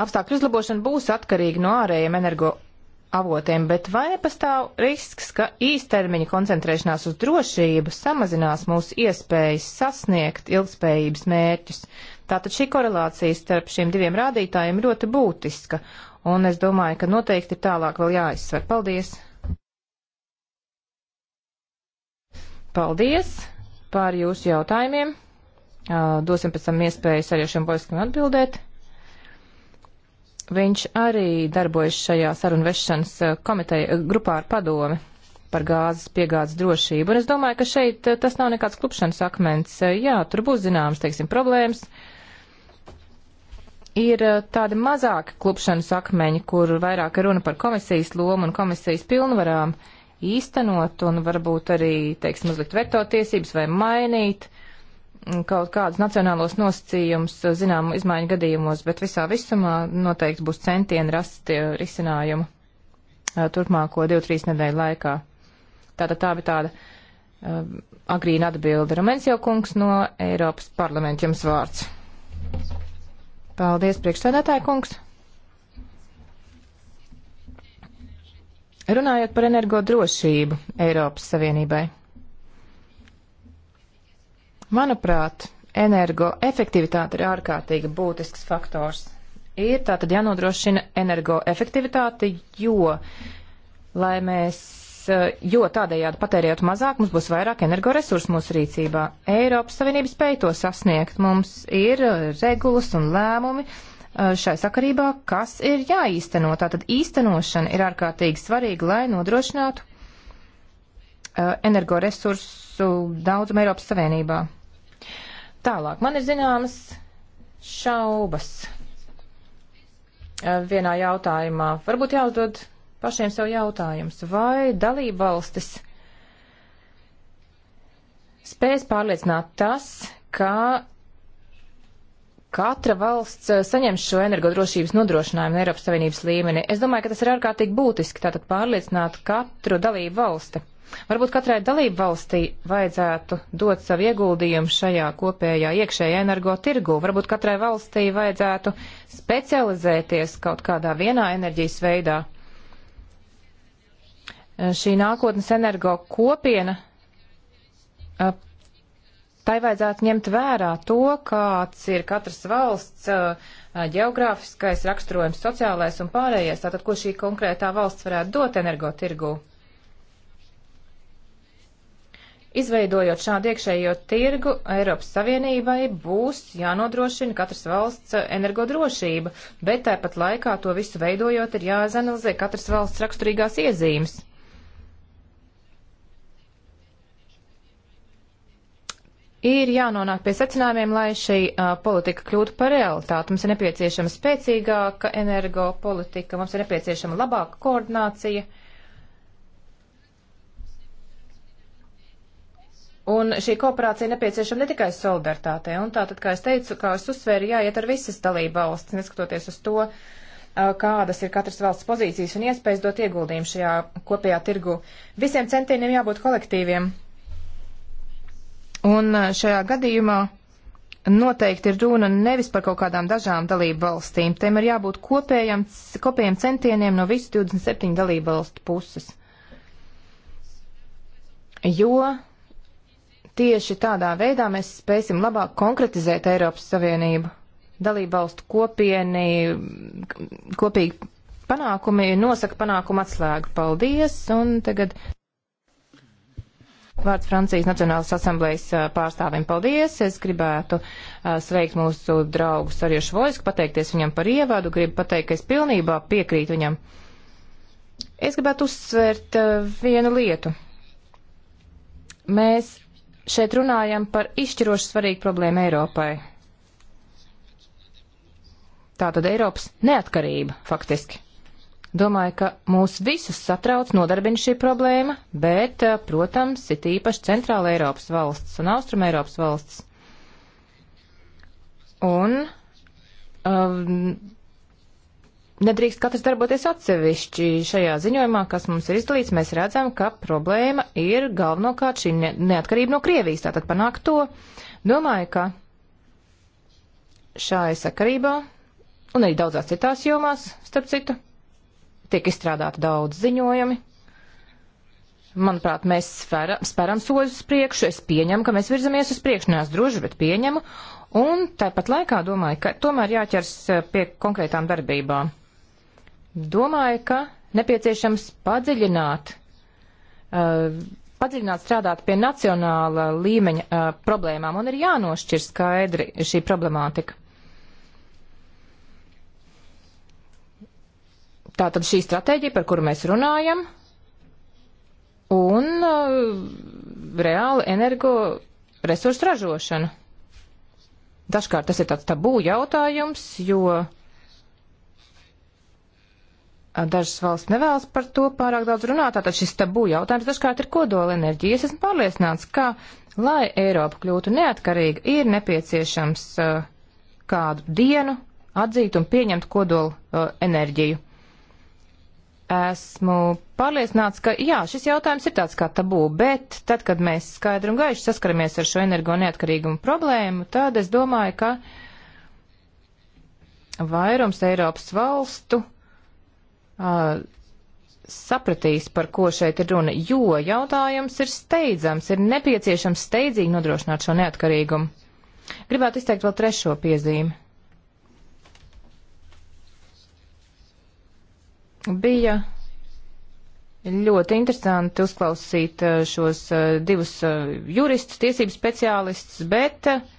B: apstākļu uzlabošana būs atkarīga no ārējiem energo avotiem, bet vai pastāv risks, ka īstermiņa koncentrēšanās uz drošību samazinās mūsu iespējas sasniegt ilgspējības mērķus? Tātad šī korelācija starp šiem diviem rādītājiem ļoti būtiska, un es domāju, ka noteikti ir tālāk vēl jāizsver. Paldies! Paldies par jūsu jautājumiem! Dosim pēc tam iespējas arī šiem boiskiem atbildēt. Viņš arī darbojas šajā sarunvešanas eh, komiteja eh, grupā ar padomi par gāzes piegādes drošību. Un es domāju, ka šeit eh, tas nav nekāds klupšanas akmens. Jā, tur būs zināmas, teiksim, problēmas. Ir tādi mazāki klupšanas akmeņi, kur vairāk ir runa par komisijas lomu un komisijas pilnvarām īstenot un varbūt arī, teiksim, uzlikt veto tiesības vai mainīt uh, kaut kādus nacionālos nosacījumus zinām izmaiņu gadījumos, bet visā visumā noteikti būs centieni rast eh, risinājumu eh, turpmāko 2-3 nedēļu laikā. Tātad tā bija tāda uh, agrīna atbilde. Ramens jau kungs no Eiropas parlamenta jums vārds. Paldies, priekšsēdētāja kungs. Runājot par energo drošību Eiropas Savienībai. Manuprāt, energoefektivitāte ir ārkārtīgi būtisks faktors. Ir tātad jānodrošina energoefektivitāte, jo, lai mēs, jo tādējādi patērējot mazāk, mums būs vairāk energoresursu mūsu rīcībā. Eiropas Savienība spēj to sasniegt. Mums ir regulas un lēmumi eh, šai sakarībā, kas ir jāīsteno. Tātad īstenošana ir ārkārtīgi svarīga, lai nodrošinātu eh, energoresursu daudzumu Eiropas Savienībā. Tālāk, man ir zināmas šaubas eh, vienā jautājumā. Varbūt jāuzdod pašiem sev jautājums, vai dalība valstis spēs pārliecināt tas, ka katra valsts eh, saņems šo energodrošības nodrošinājumu Eiropas Savienības līmenī. Es domāju, ka tas ir ārkārtīgi būtiski, tātad pārliecināt katru dalību valsti. Varbūt katrai dalību valstī vajadzētu dot savu ieguldījumu šajā kopējā iekšējā energo tirgu. Varbūt katrai valstī vajadzētu specializēties kaut kādā vienā enerģijas veidā. Eh, šī nākotnes energo kopiena, eh, tai vajadzētu ņemt vērā to, kāds ir katras valsts eh, geogrāfiskais raksturojums, sociālais un pārējais, tātad ko šī konkrētā valsts varētu dot energo tirgu. Izveidojot šādu iekšējo tirgu, Eiropas Savienībai būs jānodrošina katras valsts energodrošība, bet tāpat laikā to visu veidojot ir jāizanalizē katras valsts raksturīgās iezīmes. Ir jānonāk pie secinājumiem, lai šī uh, politika kļūtu par realitāti. Mums ir nepieciešama spēcīgāka energo politika, mums ir nepieciešama labāka koordinācija. Uh, Un šī kooperācija nepieciešama ne tikai solidaritātei. Un tātad, kā es teicu, kā es uzsvēru, jāiet ar visas dalība valsts, neskatoties uz to, uh, kādas ir katras valsts pozīcijas un iespējas dot ieguldījumu šajā kopējā tirgu. Visiem centieniem jābūt kolektīviem. Un uh, šajā gadījumā noteikti ir runa nevis par kaut kādām dažām dalību valstīm. Tiem ir jābūt kopējam, kopējiem centieniem no visu 27 dalību valstu puses. Jo Tieši tādā veidā mēs spēsim labāk konkretizēt Eiropas Savienību. Dalībvalstu kopieni, kopīgi panākumi nosaka panākumu atslēgu. Paldies! Un tagad vārds Francijas Nacionālas asamblējas pārstāvim. Paldies! Es gribētu uh, sveikt mūsu draugu Sarjušu Vojsku, pateikties viņam par ievadu, gribu pateikt, ka es pilnībā piekrītu viņam. Es gribētu uzsvērt uh, vienu lietu. Mēs Šeit runājam par izšķiroši svarīgu problēmu Eiropai. Tātad Eiropas neatkarība faktiski. Domāju, ka mūs visus satrauc nodarbina šī problēma, bet, eh, protams, ir īpaši Centrāla Eiropas valsts un Austruma Eiropas valsts. Un um, nedrīkst katrs darboties atsevišķi. Šajā ziņojumā, kas mums ir izdalīts, mēs redzam, ka problēma ir galvenokārt šī neatkarība no Krievijas. Tātad panākt to. Domāju, ka šai sakarībā, un arī daudzās citās jomās, starp citu, tiek izstrādāti daudz ziņojumi. Manuprāt, mēs sfera, speram soļus uz priekšu, es pieņemu, ka mēs virzamies uz priekšu, neesmu droši, bet pieņemu, un tāpat laikā domāju, ka tomēr jāķers eh, pie konkrētām darbībām. Domāju, ka nepieciešams padziļināt, uh, padziļināt strādāt pie nacionāla līmeņa uh, problēmām un ir jānošķir skaidri šī problemātika. Tātad šī stratēģija, par kuru mēs runājam, un uh, reāli energo resursu ražošana. Dažkārt tas ir tāds tabū jautājums, jo uh, Dažas valsts nevēlas par to pārāk daudz runāt, tātad šis tabū jautājums dažkārt ir kodola enerģija. Es esmu pārliecināts, ka, lai Eiropa kļūtu neatkarīga, ir nepieciešams uh, kādu dienu atzīt un pieņemt kodola uh, enerģiju. Esmu pārliecināts, ka jā, šis jautājums ir tāds kā tabū, bet tad, kad mēs skaidri un gaiši saskaramies ar šo energo neatkarīgumu problēmu, tad es domāju, ka vairums Eiropas valstu uh, uh, sapratīs, par ko šeit ir runa, jo jautājums ir steidzams, ir nepieciešams steidzīgi nodrošināt šo neatkarīgumu. Gribētu izteikt vēl trešo piezīmi. Bija ļoti interesanti uzklausīt uh, šos uh, divus uh, juristus, tiesību speciālistus, bet uh,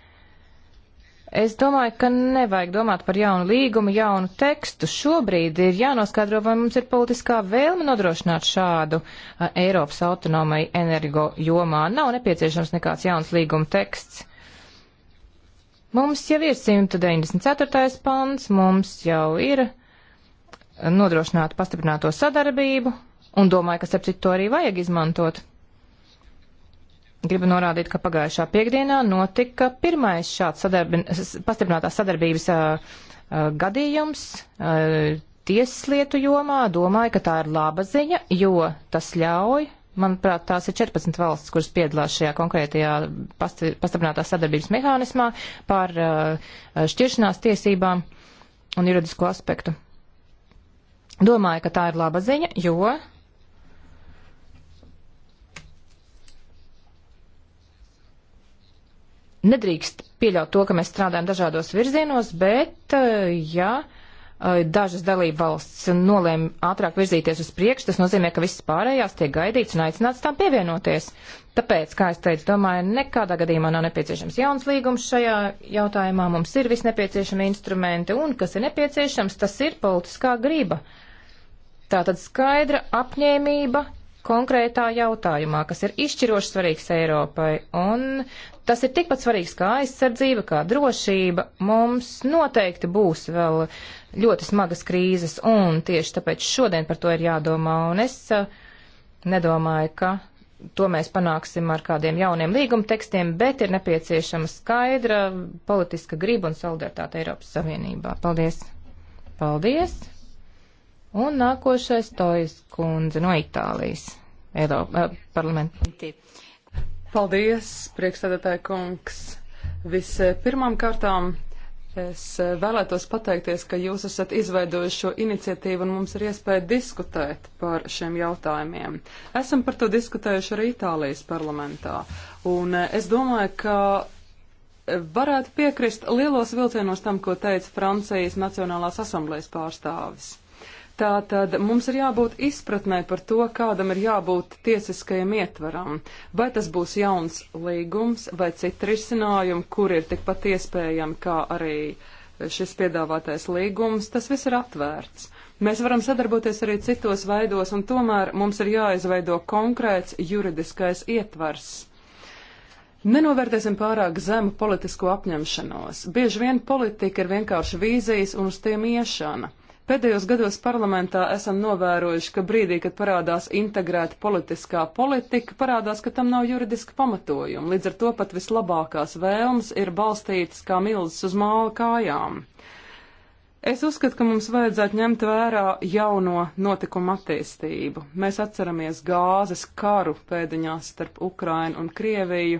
B: Es domāju, ka nevajag domāt par jaunu līgumu, jaunu tekstu. Šobrīd ir jānoskaidro, vai mums ir politiskā vēlme nodrošināt šādu a, Eiropas autonomai energo jomā. Nav nepieciešams nekāds jauns līguma teksts. Mums jau ir 194. pants, mums jau ir nodrošināta pastiprināto sadarbību, un domāju, ka sepcit to arī vajag izmantot. Gribu norādīt, ka pagājušā piekdienā notika pirmais šāds sadarbi, pastiprinātās sadarbības uh, uh, gadījums uh, tieslietu jomā. Domāju, ka tā ir laba ziņa, jo tas ļauj, manuprāt, tās ir 14 valsts, kuras piedalās šajā konkrētajā pasti, pastiprinātās sadarbības mehānismā par šķiršanās tiesībām un juridisko aspektu. Domāju, ka tā ir laba ziņa, jo nedrīkst pieļaut to, ka mēs strādājam dažādos virzienos, bet eh, ja eh, dažas dalība valsts nolēma ātrāk virzīties uz priekšu, tas nozīmē, ka visas pārējās tiek gaidīts un aicināts tām pievienoties. Tāpēc, kā es teicu, domāju, nekādā gadījumā nav nepieciešams jauns līgums šajā jautājumā. Mums ir visnepieciešami instrumenti, un kas ir nepieciešams, tas ir politiskā griba. Tātad skaidra apņēmība konkrētā jautājumā, kas ir izšķiroši svarīgs Eiropai, un tas ir tikpat svarīgs kā aizsardzība, kā drošība. Mums noteikti būs vēl ļoti smagas krīzes, un tieši tāpēc šodien par to ir jādomā, un es uh, nedomāju, ka to mēs panāksim ar kādiem jauniem līguma tekstiem, bet ir nepieciešama skaidra politiska griba un solidaritāte Eiropas Savienībā. Paldies! Paldies! Un nākošais Tojas kundze no Itālijas, Eiropa eh, parlamenta.
D: Paldies, priekšstādātāja kungs. Vispirmām kārtām es vēlētos pateikties, ka jūs esat izveidojuši šo iniciatīvu un mums ir iespēja diskutēt par šiem jautājumiem. Esam par to diskutējuši arī Itālijas parlamentā. Un eh, es domāju, ka varētu piekrist lielos vilcienos tam, ko teica Francijas Nacionālās asamblejas pārstāvis. Tātad mums ir jābūt izpratnē par to, kādam ir jābūt tiesiskajam ietvaram. Vai tas būs jauns līgums vai citi risinājumi, kur ir tikpat iespējami kā arī šis piedāvātais līgums, tas viss ir atvērts. Mēs varam sadarboties arī citos veidos, un tomēr mums ir jāizveido konkrēts juridiskais ietvars. Nenovērtēsim pārāk zemu politisko apņemšanos. Bieži vien politika ir vienkārši vīzijas un uz tiem iešana. Pēdējos gados parlamentā esam novērojuši, ka brīdī, kad parādās integrēta politiskā politika, parādās, ka tam nav juridiska pamatojuma. Līdz ar to pat vislabākās vēlmes ir balstītas kā milzas uz māla kājām. Es uzskatu, ka mums vajadzētu ņemt vērā jauno notikumu attīstību. Mēs atceramies gāzes karu pēdiņās starp Ukrainu un Krieviju.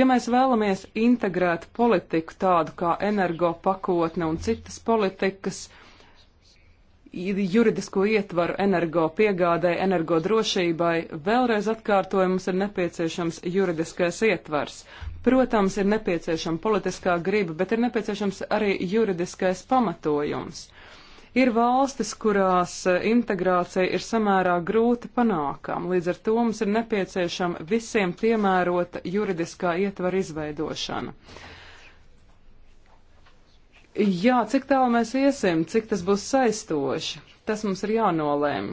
D: Ja mēs vēlamies integrēt politiku tādu kā energo pakotne un citas politikas, juridisko ietvaru energo piegādai, energo drošībai, vēlreiz atkārtoju, mums ir nepieciešams juridiskais ietvars. Protams, ir nepieciešama politiskā griba, bet ir nepieciešams arī juridiskais pamatojums. Ir valstis, kurās eh, integrācija ir samērā grūti panākama, līdz ar to mums ir nepieciešama visiem piemērota juridiskā ietvara izveidošana. Jā, cik tālu mēs iesim, cik tas būs saistoši, tas mums ir jānolēm.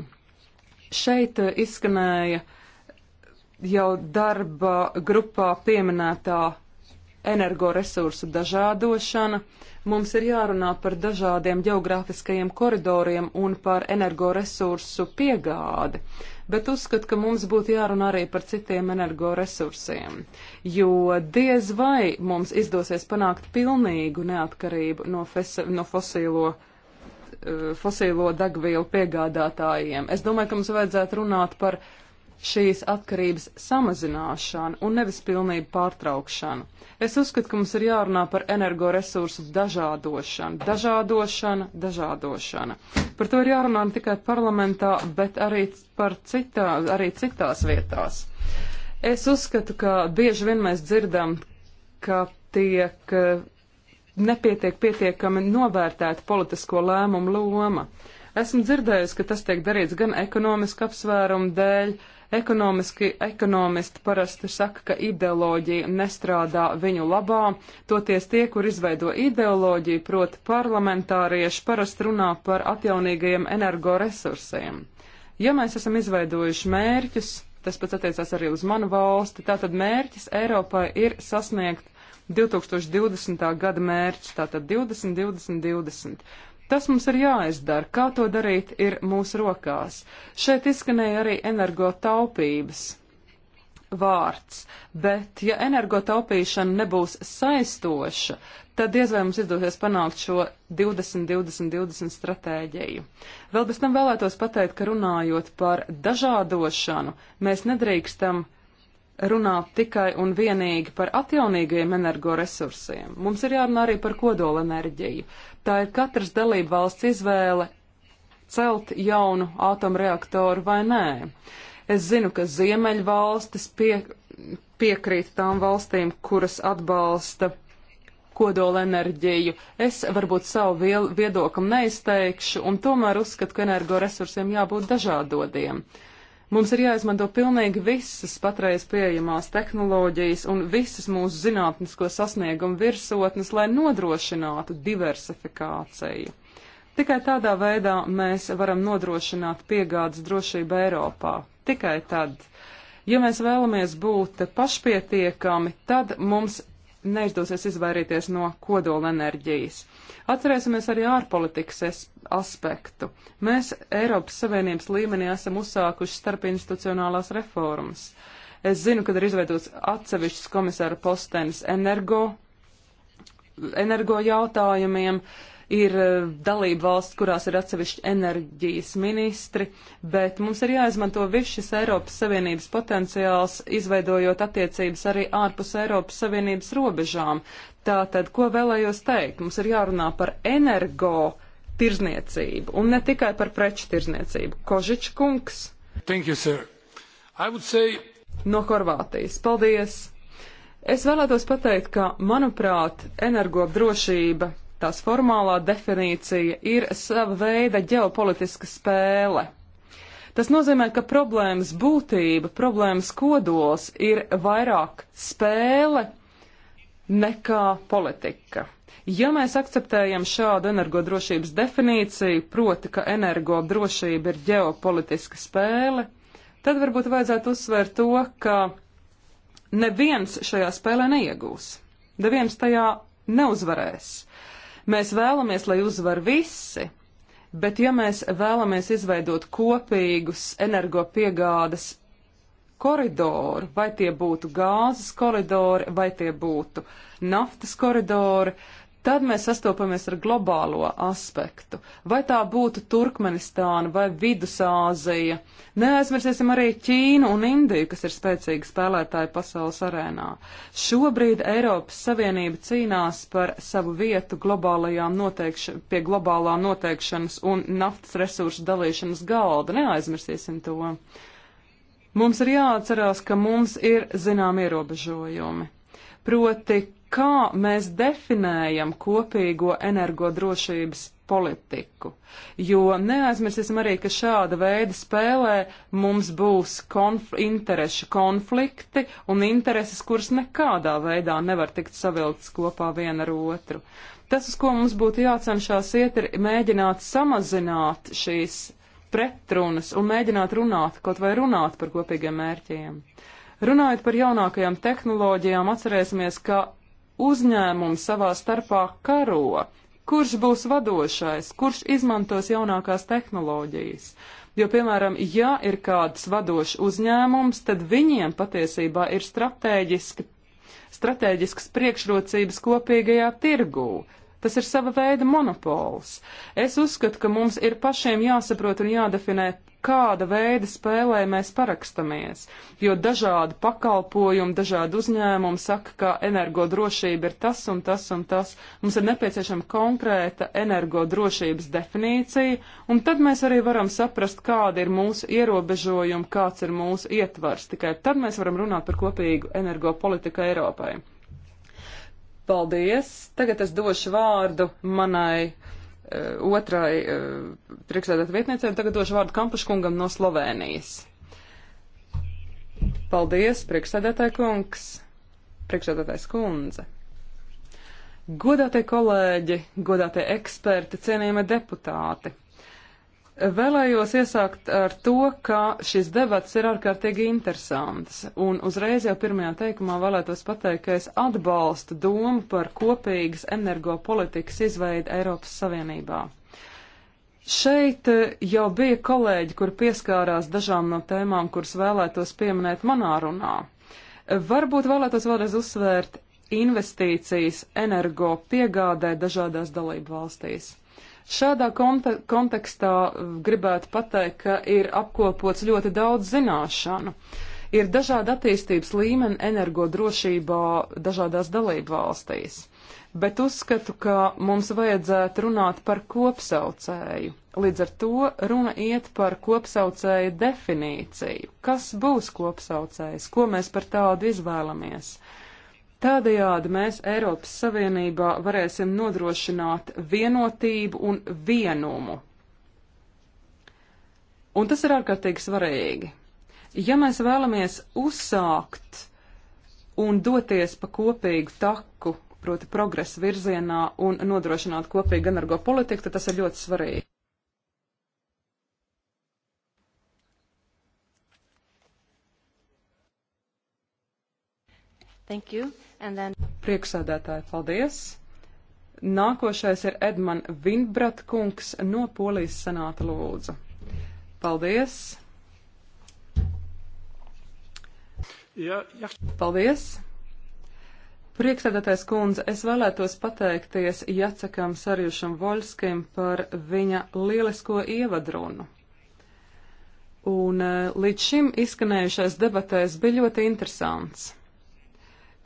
D: Šeit eh, izskanēja jau darba grupā pieminētā energoresursu dažādošana. Mums ir jārunā par dažādiem geogrāfiskajiem koridoriem un par energoresursu piegādi bet uzskatu, ka mums būtu jārunā arī par citiem energoresursiem, jo diez vai mums izdosies panākt pilnīgu neatkarību no, fes, no fosīlo eh, fosīlo degvielu piegādātājiem. Es domāju, ka mums vajadzētu runāt par uh, šīs atkarības samazināšanu un nevis pilnību pārtraukšanu. Es uzskatu, ka mums ir jārunā par energoresursu dažādošanu, dažādošana, dažādošana. Par to ir jārunā ne tikai parlamentā, bet arī, citā, arī citās vietās. Es uzskatu, ka bieži vien mēs dzirdam, ka tiek eh, nepietiek pietiekami novērtēta politisko lēmumu loma. Esmu dzirdējusi, ka tas tiek darīts gan ekonomiski apsvērumu dēļ, Ekonomiski ekonomisti parasti saka, ka ideoloģija nestrādā viņu labā, toties tie, kur izveido ideoloģiju, proti parlamentārieši, parasti runā par atjaunīgajiem energoresursiem. Ja mēs esam izveidojuši mērķus, tas pats attiecās arī uz manu valsti, tātad mērķis Eiropai ir sasniegt 2020. gada mērķis, tātad 20, 20, 20. Tas mums ir jāizdara. Kā to darīt, ir mūsu rokās. Šeit izskanēja arī energotaupības vārds, bet ja energotaupīšana nebūs saistoša, tad diez vai mums izdosies panākt šo 20-20-20 stratēģiju. Vēl bez tam vēlētos pateikt, ka runājot par dažādošanu, mēs nedrīkstam runā tikai un vienīgi par atjaunīgajiem energoresursiem. Mums ir jārunā arī par kodolenerģiju. Tā ir katras dalība valsts izvēle celt jaunu atomreaktoru vai nē. Es zinu, ka Ziemeļvalstis pie, piekrīt tām valstīm, kuras atbalsta kodolenerģiju. Es varbūt savu viedokam neizteikšu un tomēr uzskatu, ka energoresursiem jābūt dažādodiem. Uh, Mums ir jāizmanto pilnīgi visas patreiz pieejamās tehnoloģijas un visas mūsu zinātnisko sasniegumu virsotnes, lai nodrošinātu diversifikāciju. Tikai tādā veidā mēs varam nodrošināt piegādes drošību Eiropā. Tikai tad. Ja mēs vēlamies būt pašpietiekami, tad mums neizdosies izvairīties no kodolenerģijas. Atcerēsimies arī ārpolitikas aspektu. Mēs Eiropas Savienības līmenī esam uzsākuši starpinstitucionālās reformas. Es zinu, ka ir izveidots atsevišķs komisāra postenis energo, energo jautājumiem. Uh, Ir eh, dalība valsts, kurās ir atsevišķi enerģijas ministri, bet mums ir jāizmanto viss šis Eiropas Savienības potenciāls, izveidojot attiecības arī ārpus Eiropas Savienības robežām. Tātad, ko vēlējos teikt? Mums ir jārunā par energo tirzniecību un ne tikai par preču tirzniecību. Kožič kungs. Thank you, sir. I would say no Horvātijas. Paldies! Es vēlētos pateikt, ka, manuprāt, energodrošība Tās formālā definīcija ir sava veida ģeopolitiska spēle. Tas nozīmē, ka problēmas būtība, problēmas kodols ir vairāk spēle nekā politika. Ja mēs akceptējam šādu energodrošības definīciju, proti, ka energodrošība ir ģeopolitiska spēle, tad varbūt vajadzētu uzsvērt to, ka neviens šajā spēlē neiegūs, neviens tajā neuzvarēs. Mēs vēlamies, lai uzvar visi, bet ja mēs vēlamies izveidot kopīgus energopiegādes koridoru, vai tie būtu gāzes koridori, vai tie būtu naftas koridori, uh, Tad mēs sastopamies ar globālo aspektu. Vai tā būtu Turkmenistāna vai Vidusāzija? Neaizmirsīsim arī Ķīnu un Indiju, kas ir spēcīgi spēlētāji pasaules arēnā. Šobrīd Eiropas Savienība cīnās par savu vietu noteikš pie globālā noteikšanas un naftas resursu dalīšanas galda. Neaizmirsīsim to. Mums ir jāatcerās, ka mums ir zinām ierobežojumi. Proti, kā mēs definējam kopīgo energodrošības politiku. Jo neaizmirsīsim arī, ka šāda veida spēlē mums būs konf interešu konflikti un intereses, kuras nekādā veidā nevar tikt savilktas kopā viena ar otru. Tas, uz ko mums būtu jācenšās iet, ir mēģināt samazināt šīs pretrunas un mēģināt runāt, kaut vai runāt par kopīgiem mērķiem. Runājot par jaunākajām tehnoloģijām, atcerēsimies, ka uzņēmumi savā starpā karo, kurš būs vadošais, kurš izmantos jaunākās tehnoloģijas. Jo, piemēram, ja ir kāds vadošs uzņēmums, tad viņiem patiesībā ir strateģiski, strateģisks priekšrocības kopīgajā tirgū. Tas ir sava veida monopols. Es uzskatu, ka mums ir pašiem jāsaprot un jādefinē, kāda veida spēlē mēs parakstamies, jo dažādi pakalpojumi, dažādi uzņēmumi saka, ka energodrošība ir tas un tas un tas. Mums ir nepieciešama konkrēta energodrošības definīcija, un tad mēs arī varam saprast, kāda ir mūsu ierobežojuma, kāds ir mūsu ietvars. Tikai tad mēs varam runāt par kopīgu energopolitiku Eiropai. Paldies! Tagad es došu vārdu manai uh, otrai uh, e, priekšsēdētāju vietniecei, un tagad došu vārdu Kampuškungam no Slovēnijas. Paldies, priekšsēdētāja kungs, priekšsēdētājs kundze. Godātie kolēģi, godātie eksperti, cienījamie deputāti! Vēlējos iesākt ar to, ka šis debats ir ārkārtīgi interesants, un uzreiz jau pirmajā teikumā vēlētos pateikt, ka es atbalstu domu par kopīgas energopolitikas izveidu Eiropas Savienībā. Šeit jau bija kolēģi, kur pieskārās dažām no tēmām, kuras vēlētos pieminēt manā runā. Varbūt vēlētos vēlreiz uzsvērt investīcijas energo piegādē dažādās dalību valstīs. Šādā konte kontekstā uh, gribētu pateikt, ka ir apkopots ļoti daudz zināšanu. Ir dažādi attīstības līmeni energodrošībā dažādās dalību valstīs, bet uzskatu, ka mums vajadzētu runāt par kopsaucēju. Līdz ar to runa iet par kopsaucēju definīciju. Kas būs kopsaucējs? Ko mēs par tādu izvēlamies? Tādējādi mēs Eiropas Savienībā varēsim nodrošināt vienotību un vienumu. Un tas ir ārkārtīgi svarīgi. Ja mēs vēlamies uzsākt un doties pa kopīgu taku, proti progresa virzienā un nodrošināt kopīgu energo politiku, tad tas ir ļoti svarīgi. Thank you. And then... Prieksēdētāji, paldies. Nākošais ir Edman Vinbrat kungs no Polijas senāta lūdzu. Paldies. Ja, ja. Paldies. Priekšsēdētājs kundze, es vēlētos pateikties Jacekam Sarjušam Voļskim par viņa lielisko ievadrunu. Un eh, līdz šim izskanējušais debatēs bija ļoti interesants.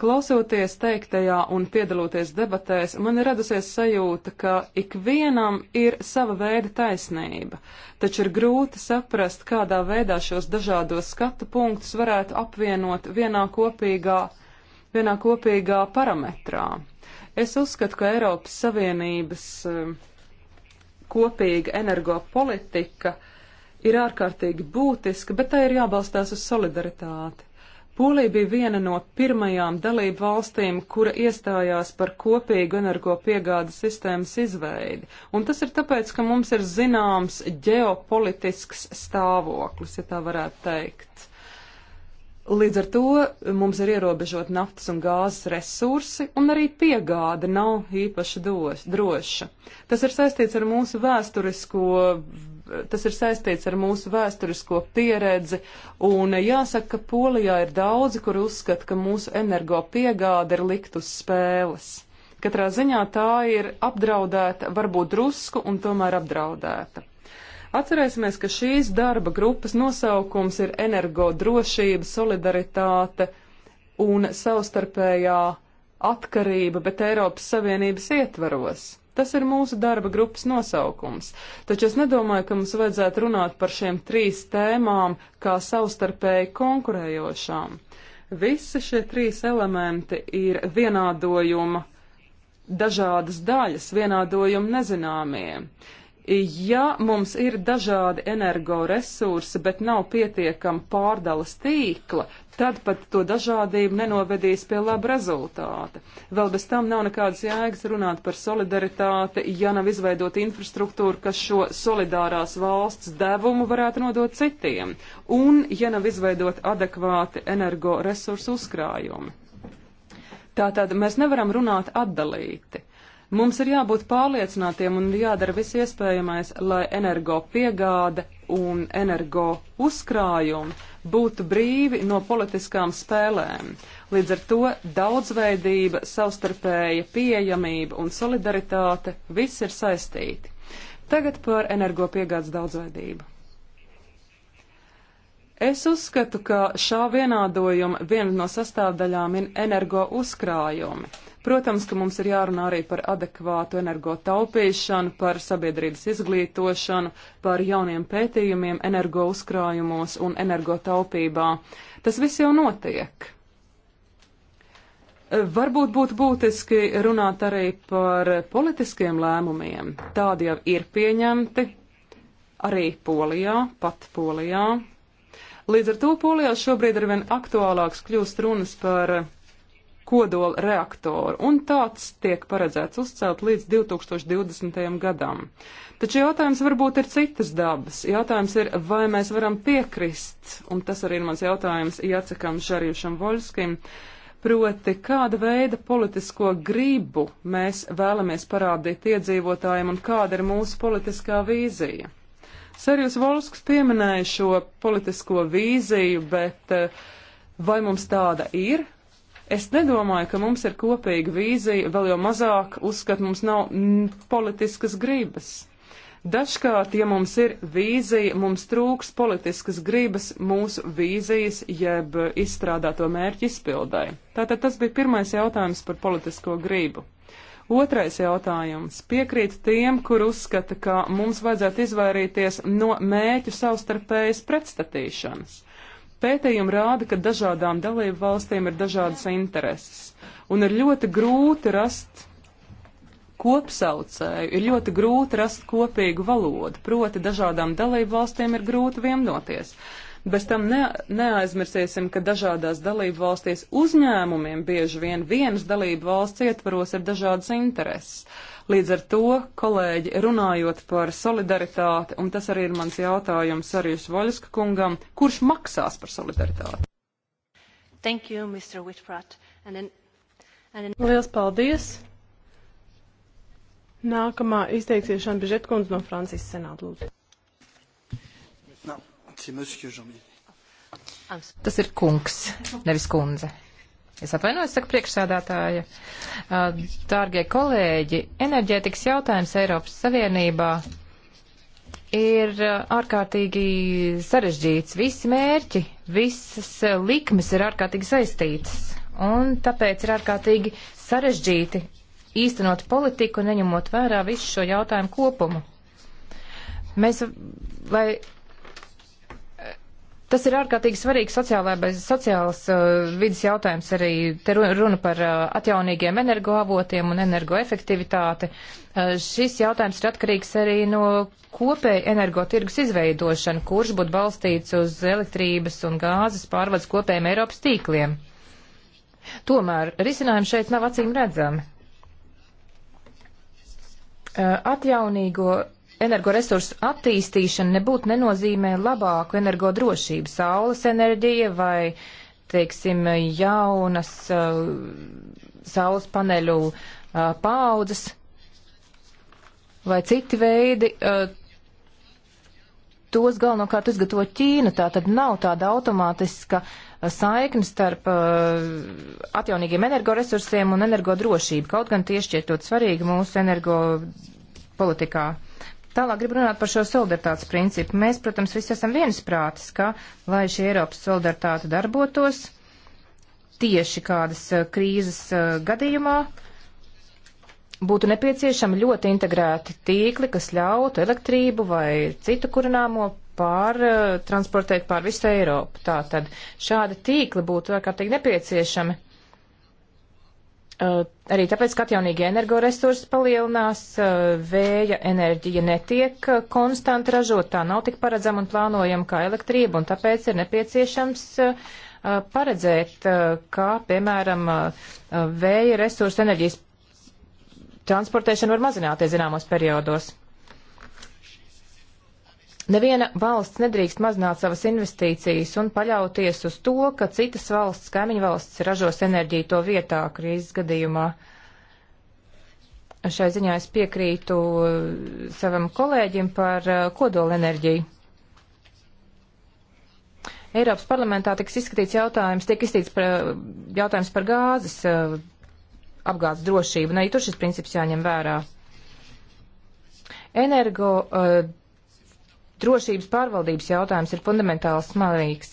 D: Klausoties teiktajā un piedaloties debatēs, man ir radusies sajūta, ka ikvienam ir sava veida taisnība, taču ir grūti saprast, kādā veidā šos dažādos skatu punktus varētu apvienot vienā kopīgā, vienā kopīgā parametrā. Es uzskatu, ka Eiropas Savienības um, kopīga energopolitika ir ārkārtīgi būtiska, bet tai ir jābalstās uz solidaritāti. Polija bija viena no pirmajām dalību valstīm, kura iestājās par kopīgu energopiegādes sistēmas izveidi, un tas ir tāpēc, ka mums ir zināms ģeopolitisks stāvoklis, ja tā varētu teikt. Līdz ar to mums ir ierobežot naftas un gāzes resursi, un arī piegāde nav īpaši dos, droša. Tas ir saistīts ar mūsu vēsturisko tas ir saistīts ar mūsu vēsturisko pieredzi, un jāsaka, ka Polijā ir daudzi, kur uzskata, ka mūsu energo piegāde ir likt uz spēles. Katrā ziņā tā ir apdraudēta, varbūt drusku, un tomēr apdraudēta. Atcerēsimies, ka šīs darba grupas nosaukums ir energo drošība, solidaritāte un savstarpējā atkarība, bet Eiropas Savienības ietvaros. Tas ir mūsu darba grupas nosaukums. Taču es nedomāju, ka mums vajadzētu runāt par šiem trīs tēmām kā savstarpēji konkurējošām. Visi šie trīs elementi ir vienādojuma dažādas daļas, vienādojuma nezināmie. Ja mums ir dažādi energoresursi, bet nav pietiekama pārdales tīkla, tad pat to dažādību nenovedīs pie laba rezultāta. Vēl bez tam nav nekādas jēgas runāt par solidaritāti, ja nav izveidota infrastruktūra, kas šo solidārās valsts devumu varētu nodot citiem, un ja nav izveidota adekvāti energoresursu uzkrājumi. Tātad mēs nevaram runāt atdalīti. Mums ir jābūt pārliecinātiem un jādara viss iespējamais, lai energo piegāde un energo uzkrājumi būtu brīvi no politiskām spēlēm. Līdz ar to daudzveidība, savstarpēja pieejamība un solidaritāte viss ir saistīti. Tagad par energopiegādes daudzveidību. Es uzskatu, ka šā vienādojuma viena no sastāvdaļām ir energo uzkrājumi. Protams, ka mums ir jārunā arī par adekvātu energo taupīšanu, par sabiedrības izglītošanu, par jauniem pētījumiem energo uzkrājumos un energo taupībā. Tas viss jau notiek. Varbūt būtu būtiski runāt arī par politiskiem lēmumiem. Tādi jau ir pieņemti arī Polijā, pat Polijā. Līdz ar to Polijā šobrīd arvien aktuālāks kļūst runas par kodola reaktoru, un tāds tiek paredzēts uzcelt līdz 2020. gadam. Taču jautājums varbūt ir citas dabas. Jautājums ir, vai mēs varam piekrist, un tas arī ir mans jautājums Jacekam Šarīšam Voļskim, proti, kāda veida politisko gribu mēs vēlamies parādīt iedzīvotājiem un kāda ir mūsu politiskā vīzija. Serjus Volsks pieminēja šo politisko vīziju, bet eh, vai mums tāda ir, Es nedomāju, ka mums ir kopīga vīzija, vēl jau mazāk uzskat mums nav m, politiskas gribas. Dažkārt, ja mums ir vīzija, mums trūks politiskas gribas mūsu vīzijas jeb izstrādāto mērķu izpildai. Tātad tas bija pirmais jautājums par politisko gribu. Otrais jautājums. Piekrīt tiem, kur uzskata, ka mums vajadzētu izvairīties no mēķu savstarpējas pretstatīšanas. Pētījumi rāda, ka dažādām dalību valstīm ir dažādas intereses, un ir ļoti grūti rast kopsaucēju, ir ļoti grūti rast kopīgu valodu, proti dažādām dalību valstīm ir grūti vienoties. Bez tam ne, neaizmirsīsim, ka dažādās dalību valstīs uzņēmumiem bieži vien vienas dalību valsts ietvaros ir dažādas intereses. Līdz ar to, kolēģi, runājot par solidaritāti, un tas arī ir mans jautājums arī Švoļska kungam, kurš maksās par solidaritāti?
A: Thank you, Mr. Whitprat. And then, and then... Liels paldies! Nākamā izteiksies Šana Bežetkundze no Francijas senāta lūdzu. Tas ir
B: kungs, nevis kundze. Es atvainojos, saka priekšsēdētāja. Dārgie kolēģi, enerģētikas jautājums Eiropas Savienībā ir ārkārtīgi sarežģīts. Visi mērķi, visas likmes ir ārkārtīgi saistītas. Un tāpēc ir ārkārtīgi sarežģīti īstenot politiku, neņemot vērā visu šo jautājumu kopumu. Mēs, lai Tas ir ārkārtīgi svarīgs sociālā, sociāls uh, vidas jautājums arī. Te runa par uh, atjaunīgiem energoavotiem un energoefektivitāti. Uh, šis jautājums ir atkarīgs arī no kopēja energotirgus izveidošana, kurš būtu balstīts uz elektrības un gāzes pārvades kopējiem Eiropas tīkliem. Tomēr risinājumi šeit nav acīm redzami. Uh, atjaunīgo energoresursu attīstīšana nebūtu nenozīmē labāku energodrošību, saules enerģija vai, teiksim, jaunas uh, saules paneļu uh, paudzes vai citi veidi. Uh, tos galvenokārt izgatavo Ķīna, tā tad nav tāda automātiska uh, saikne starp uh, atjaunīgiem energoresursiem un energodrošību, kaut gan tie šķiet ļoti svarīgi mūsu energo politikā. Tālāk gribu runāt par šo solidaritātes principu. Mēs, protams, visi esam viensprātis, ka, lai šī Eiropas solidaritāte darbotos tieši kādas eh, krīzes eh, gadījumā, būtu nepieciešami ļoti integrēti tīkli, kas ļautu elektrību vai citu kurināmo pārtransportēt eh, pār visu Eiropu. Tātad šādi tīkli būtu ārkārtīgi nepieciešami Uh, arī tāpēc, ka atjaunīgie energoresursi palielinās, uh, vēja enerģija netiek uh, konstanti ražot, tā nav tik paredzama un plānojama kā elektrība, un tāpēc ir nepieciešams paredzēt, kā, piemēram, vēja resursu enerģijas transportēšana var mazināties zināmos periodos. Neviena valsts nedrīkst mazināt savas investīcijas un paļauties uz to, ka citas valsts, kaimiņu valsts, ražos enerģiju to vietā krīzes gadījumā. Šai ziņā es piekrītu eh, savam kolēģim par eh, kodolenerģiju. Eiropas parlamentā tiks izskatīts jautājums, tiek izskatīts par, eh, jautājums par gāzes apgādes drošību, un arī tur šis princips jāņem vērā. Energo uh, drošības pārvaldības jautājums ir fundamentāli smalīgs.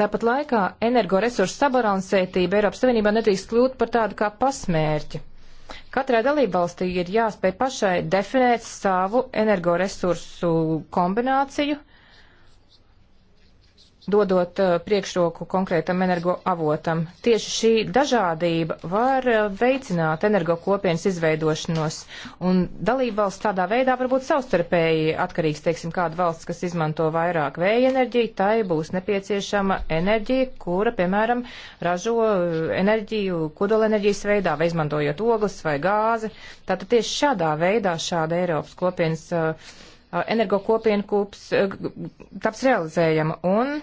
B: Tāpat laikā energoresursu sabalansētība Eiropas Savienībā nedrīkst kļūt par tādu kā pasmērķi. Katrai dalībvalstī ir jāspēj pašai definēt savu energoresursu kombināciju, dodot eh, priekšroku konkrētam energoavotam. Tieši šī dažādība var eh, veicināt energokopienas izveidošanos, un dalībvalsts tādā veidā varbūt savstarpēji atkarīgs, teiksim, kāda valsts, kas izmanto vairāk vēja enerģiju, tai būs nepieciešama enerģija, kura, piemēram, ražo eh, enerģiju kodolenerģijas veidā, vai izmantojot ogles vai gāzi. Tātad tieši šādā veidā šāda Eiropas kopienas energokopienu kūps taps realizējama. Un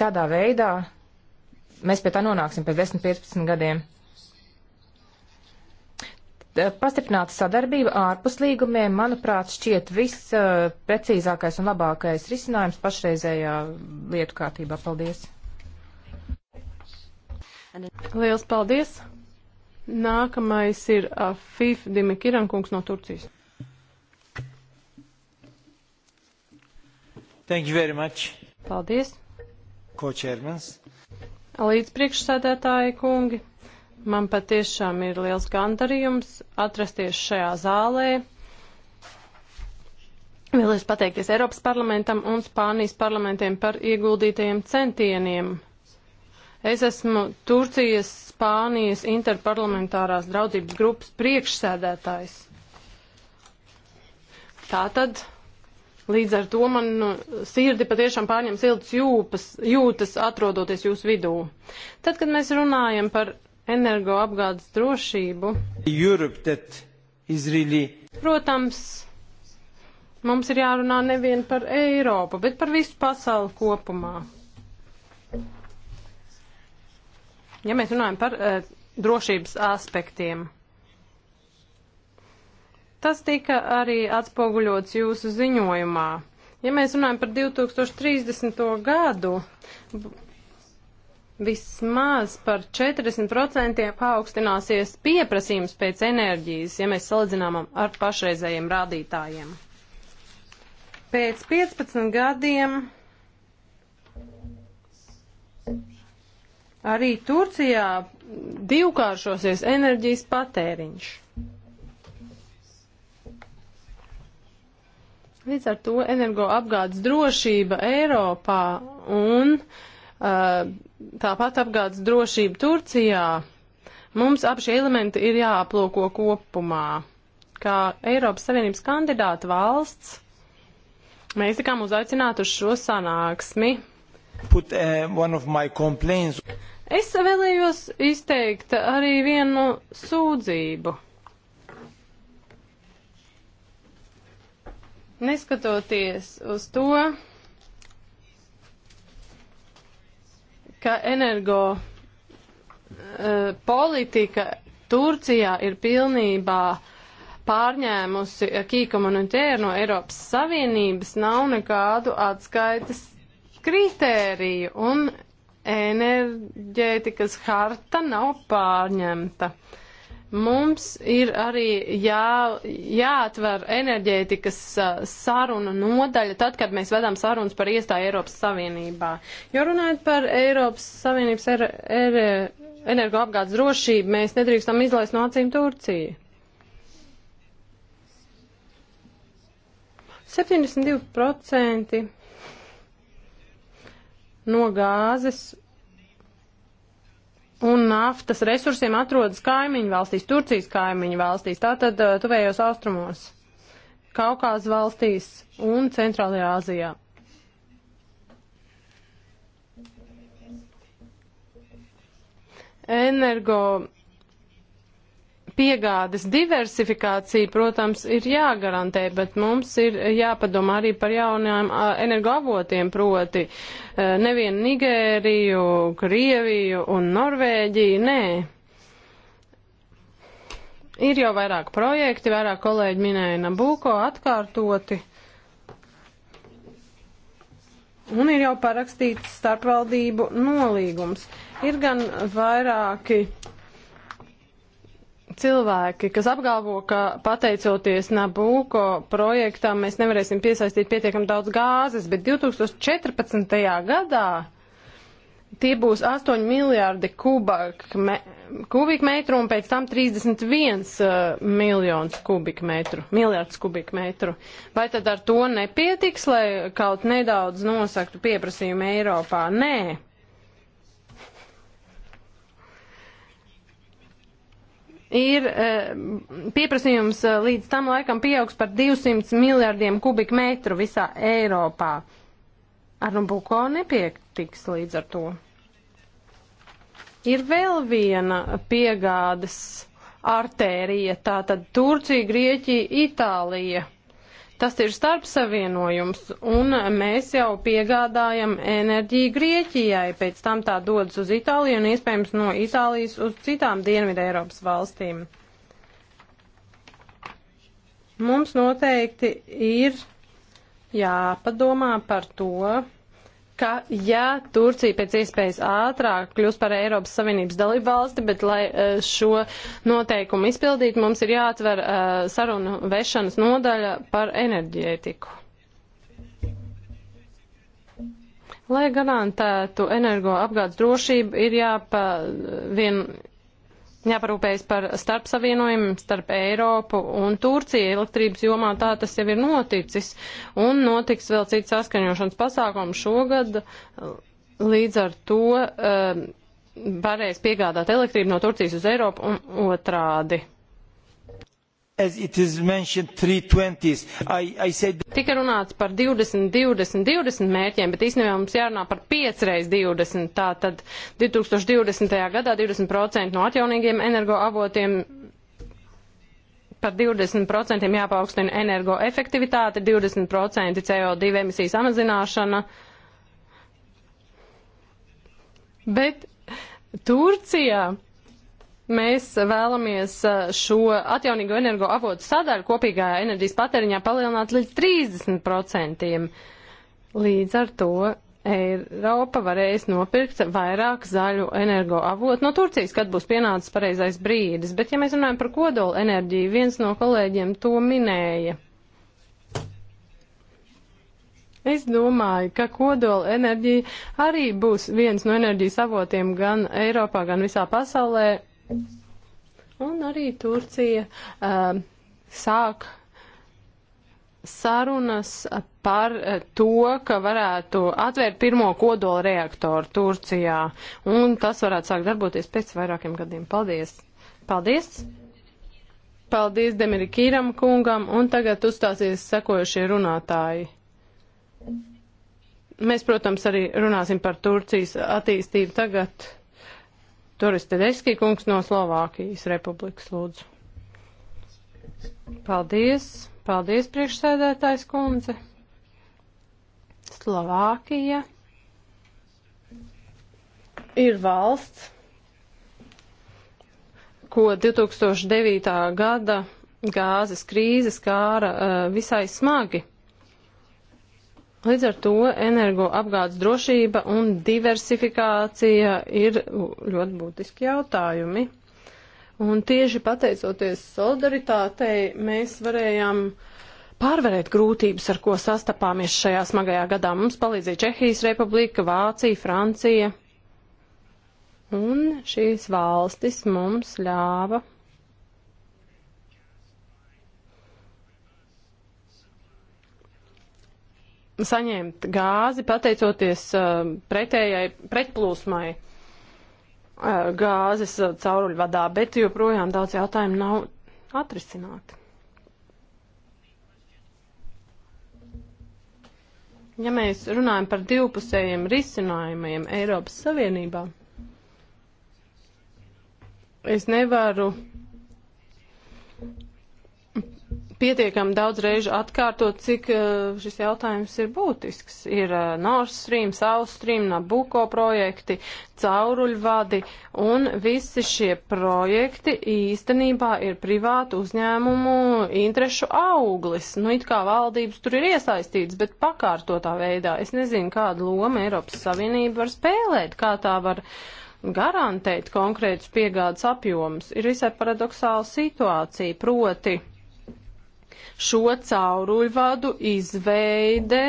B: Tādā veidā mēs pie tā nonāksim pēc 10-15 gadiem. Pastiprināta sadarbība ārpus līgumiem, manuprāt, šķiet viss uh, precīzākais un labākais risinājums pašreizējā
A: lietu kārtībā. Paldies! Liels paldies! Nākamais ir uh, FIF Dimikirankungs no Turcijas.
B: Thank you very much. Paldies! Co-chairmans.
A: Līdz priekšsēdētāji kungi, man patiešām ir liels gandarījums atrasties šajā zālē. Vēlēs pateikties Eiropas parlamentam un Spānijas parlamentiem par ieguldītajiem centieniem. Es esmu Turcijas Spānijas interparlamentārās draudzības grupas priekšsēdētājs. Tātad Līdz ar to man nu, sirdi patiešām pārņem siltas jūpas, jūtas atrodoties jūsu vidū. Tad, kad mēs runājam par energoapgādes drošību, Europe, really... protams, mums ir jārunā nevien par Eiropu, bet par visu pasauli kopumā. Ja mēs runājam par uh, drošības aspektiem. Tas tika arī atspoguļots jūsu ziņojumā. Ja mēs runājam par 2030. gadu, vismaz par 40% paaugstināsies pieprasījums pēc enerģijas, ja mēs salīdzinām ar pašreizējiem rādītājiem. Pēc 15 gadiem arī Turcijā divkāršosies enerģijas patēriņš. Līdz ar to energoapgādes drošība Eiropā un uh, tāpat apgādes drošība Turcijā. Mums ap šie elementi ir jāaplūko kopumā. Kā Eiropas Savienības kandidāta valsts, mēs tikām uzaicināti uz šo sanāksmi. Put, uh, es vēlējos izteikt arī vienu sūdzību. Neskatoties uz to, ka energo uh, politika Turcijā ir pilnībā pārņēmusi kīkumu un ķēru no Eiropas Savienības, nav nekādu atskaites kritēriju, un enerģētikas harta nav pārņemta. Uh, Mums ir arī jā, jāatver enerģētikas saruna nodaļa, tad, kad mēs vedam sarunas par iestāju Eiropas Savienībā. Jo runājot par Eiropas Savienības er, er, energoapgādes drošību, mēs nedrīkstam izlaist no acīm Turciju. 72% no gāzes un naftas resursiem atrodas kaimiņu valstīs, Turcijas kaimiņu valstīs, tātad eh, tuvējos austrumos, Kaukās valstīs un Centrālajā Azijā. Energo piegādes diversifikācija, protams, ir jāgarantē, bet mums ir jāpadomā arī par jaunajām energoavotiem, proti e, nevien Nigēriju, Krieviju un Norvēģiju, nē. Ir jau vairāk projekti, vairāk kolēģi minēja Nabuko atkārtoti. Un ir jau parakstīts starpvaldību nolīgums. Ir gan vairāki cilvēki, kas apgalvo, ka pateicoties Nabuko projektam mēs nevarēsim piesaistīt pietiekam daudz gāzes, bet 2014. gadā tie būs 8 miljārdi kubakme, kubikmetru un pēc tam 31 uh, miljons kubikmetru, miljārds kubikmetru. Vai tad ar to nepietiks, lai kaut nedaudz nosaktu pieprasījumu Eiropā? Nē. ir eh, pieprasījums eh, līdz tam laikam pieaugs par 200 miljardiem kubikmetru visā Eiropā. Ar Nabuko nepietiks līdz ar to. Ir vēl viena piegādes artērija, tātad Turcija, Grieķija, Itālija. Tas ir starpsavienojums, un mēs jau piegādājam enerģiju Grieķijai, pēc tam tā dodas uz Itāliju un iespējams no Itālijas uz citām Dienvidē Eiropas valstīm. Mums noteikti ir jāpadomā par to, ka ja Turcija pēc iespējas ātrāk kļūs par Eiropas Savienības dalību valsti, bet lai e, šo noteikumu izpildītu, mums ir jāatver e, sarunu vešanas nodaļa par enerģētiku. Lai garantētu energo apgādes drošību, ir jāpavien jāparūpējas par starpsavienojumiem starp Eiropu un Turciju elektrības jomā. Tā tas jau ir noticis un notiks vēl cits saskaņošanas pasākums šogad. Līdz ar to eh, varēs piegādāt elektrību no Turcijas uz Eiropu un otrādi.
B: Mentioned, I, I said...
A: Tika runāts par 20, 20, 20 mērķiem, bet īstenībā mums jārunā par 5 reiz 20. Tātad 2020. gadā 20% no atjaunīgiem energoavotiem par 20% jāpaukstina energoefektivitāte, 20% CO2 emisiju samazināšana. Bet Turcijā Mēs vēlamies uh, šo atjaunīgo energoavotu sadaļu kopīgajā enerģijas patēriņā palielināt līdz 30%. Līdz ar to Eiropa varēs nopirkt vairāk zaļu energoavotu no Turcijas, kad būs pienācis pareizais brīdis. Bet, ja mēs runājam par kodolu enerģiju, viens no kolēģiem to minēja. Es domāju, ka kodola enerģija arī būs viens no enerģijas avotiem gan Eiropā, gan visā pasaulē, Un arī Turcija uh, sāk sarunas par eh, to, ka varētu atvērt pirmo kodola reaktoru Turcijā. Un tas varētu sākt darboties pēc vairākiem gadiem. Paldies! Paldies! Paldies Demirikīram kungam, un tagad uzstāsies sekojušie runātāji. Mēs, protams, arī runāsim par Turcijas attīstību tagad. Turistedeski kungs no Slovākijas republikas lūdzu. Paldies, paldies priekšsēdētājs kundze. Slovākija ir valsts, ko 2009. gada gāzes krīze skāra eh, visai smagi. Līdz ar to energoapgādes drošība un diversifikācija ir ļoti būtiski jautājumi. Un tieši pateicoties solidaritātei, mēs varējām pārvarēt grūtības, ar ko sastapāmies šajā smagajā gadā. Mums palīdzēja Čehijas republika, Vācija, Francija. Un šīs valstis mums ļāva saņemt gāzi pateicoties uh, pretējai pretplūsmai uh, gāzes uh, cauruļvadā, bet joprojām daudz jautājumu nav atrisināti. Ja mēs runājam par divpusējiem risinājumiem Eiropas Savienībā, es nevaru pietiekami daudz reižu atkārtot, cik eh, šis jautājums ir būtisks. Ir eh, Nord Stream, South Stream, Nabuko projekti, cauruļvadi, un visi šie projekti īstenībā ir privātu uzņēmumu interešu auglis. Nu, it kā valdības tur ir iesaistīts, bet pakārtotā veidā. Es nezinu, kādu lomu Eiropas Savienība var spēlēt, kā tā var garantēt konkrētus piegādes apjomus. Ir visai paradoxāla situācija, proti Šo cauruļvadu izveide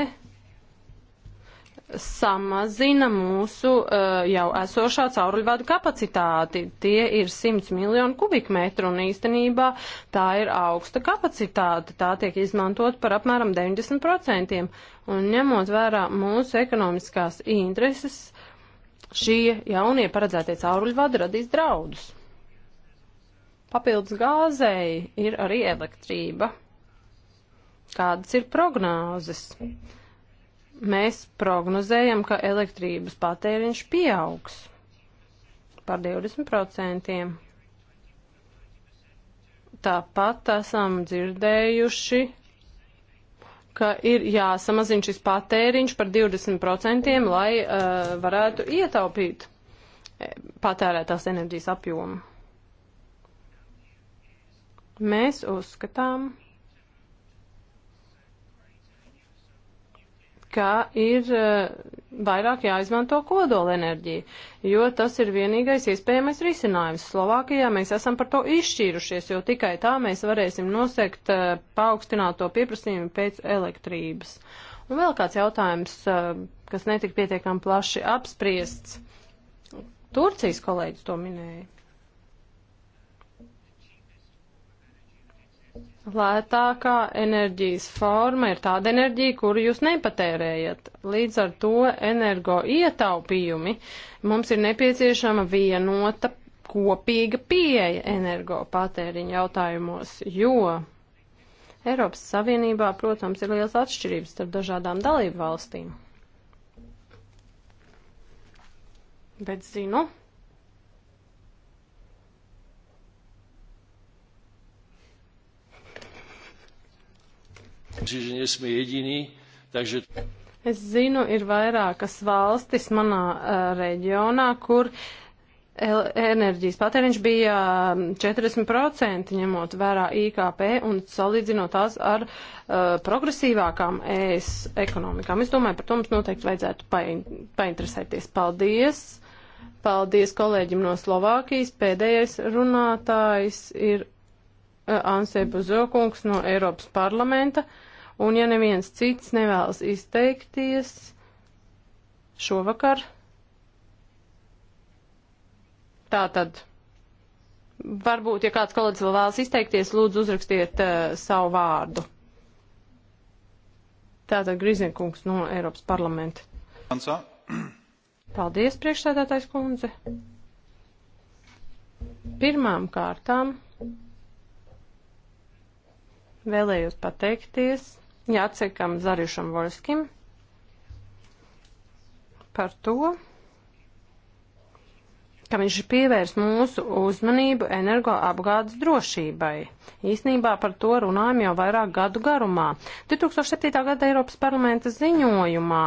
A: samazina mūsu uh, jau esošā cauruļvadu kapacitāti. Tie ir 100 miljonu kubikmetru un īstenībā tā ir augsta kapacitāte. Tā tiek izmantot par apmēram 90%. Un ņemot vērā mūsu ekonomiskās intereses, šie jaunie paredzētie cauruļvadi radīs draudus. Papildus gāzei ir arī elektrība. Kādas ir prognozes? Mēs prognozējam, ka elektrības patēriņš pieaugs par 20%. Tāpat esam dzirdējuši, ka ir jāsamazina šis patēriņš par 20%, lai uh, varētu ietaupīt eh, patērētās enerģijas apjomu. Mēs uzskatām, ka ir eh, vairāk jāizmanto kodolenerģija, jo tas ir vienīgais iespējamais risinājums. Slovākijā mēs esam par to izšķīrušies, jo tikai tā mēs varēsim nosekt eh, paaugstināto pieprasījumu pēc elektrības. Un vēl kāds jautājums, eh, kas netika pietiekami plaši apspriests. Turcijas kolēģis to minēja. Lētākā enerģijas forma ir tāda enerģija, kuru jūs nepatērējat. Līdz ar to energo ietaupījumi mums ir nepieciešama vienota kopīga pieeja energo patēriņa jautājumos, jo Eiropas Savienībā, protams, ir liels atšķirības starp dažādām dalību valstīm. Bet zinu, Es zinu, ir vairākas valstis manā uh, reģionā, kur enerģijas patēriņš bija 40% ņemot vērā IKP un salīdzinot tās ar uh, progresīvākām ES ekonomikām. Es domāju, par to mums noteikti vajadzētu pain painteresēties. Paldies! Paldies kolēģim no Slovākijas. Pēdējais runātājs ir uh, Ansē Buzokungs no Eiropas parlamenta. Uh, Un ja neviens cits nevēlas izteikties šovakar, tā tad varbūt, ja kāds kolēģis vēl vēlas izteikties, lūdzu uzrakstiet uh, savu vārdu. Tātad Grizienkungs no Eiropas parlamenta. Ansā. Paldies, priekšsēdētājs kundze. Pirmām kārtām vēlējos pateikties Jācekam Zarišam Volskim par to, ka viņš pievērs mūsu uzmanību energoapgādes drošībai. Īsnībā par to runājam jau vairāk gadu garumā. 2007. gada Eiropas parlamenta ziņojumā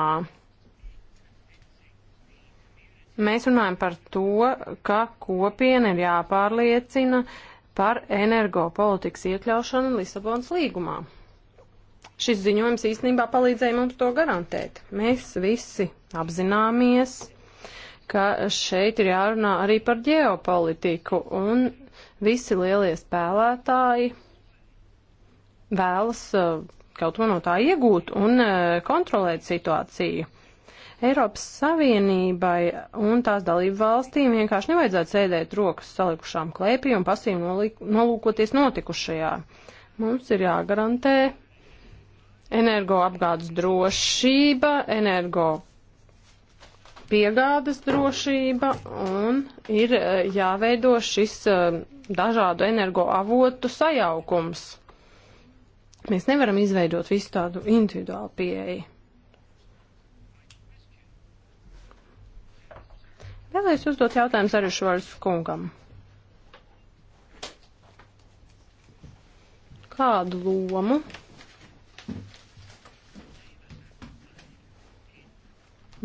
A: mēs runājam par to, ka kopiena ir jāpārliecina par energopolitikas iekļaušanu Lisabonas līgumā. Šis ziņojums īstenībā palīdzēja mums to garantēt. Mēs visi apzināmies, ka šeit ir jārunā arī par ģeopolitiku, un visi lielie spēlētāji vēlas uh, kaut ko no tā iegūt un uh, kontrolēt situāciju. Eiropas Savienībai un tās dalību valstīm vienkārši nevajadzētu sēdēt rokas salikušām klēpī un pasīvi nolūkoties notikušajā. Mums ir jāgarantē energoapgādes drošība, energo piegādes drošība un ir eh, jāveido šis eh, dažādu energoavotu sajaukums. Mēs nevaram izveidot visu tādu individuālu pieeju. Vēlējos uzdot jautājumu Zarišvaļas kungam. Kādu lomu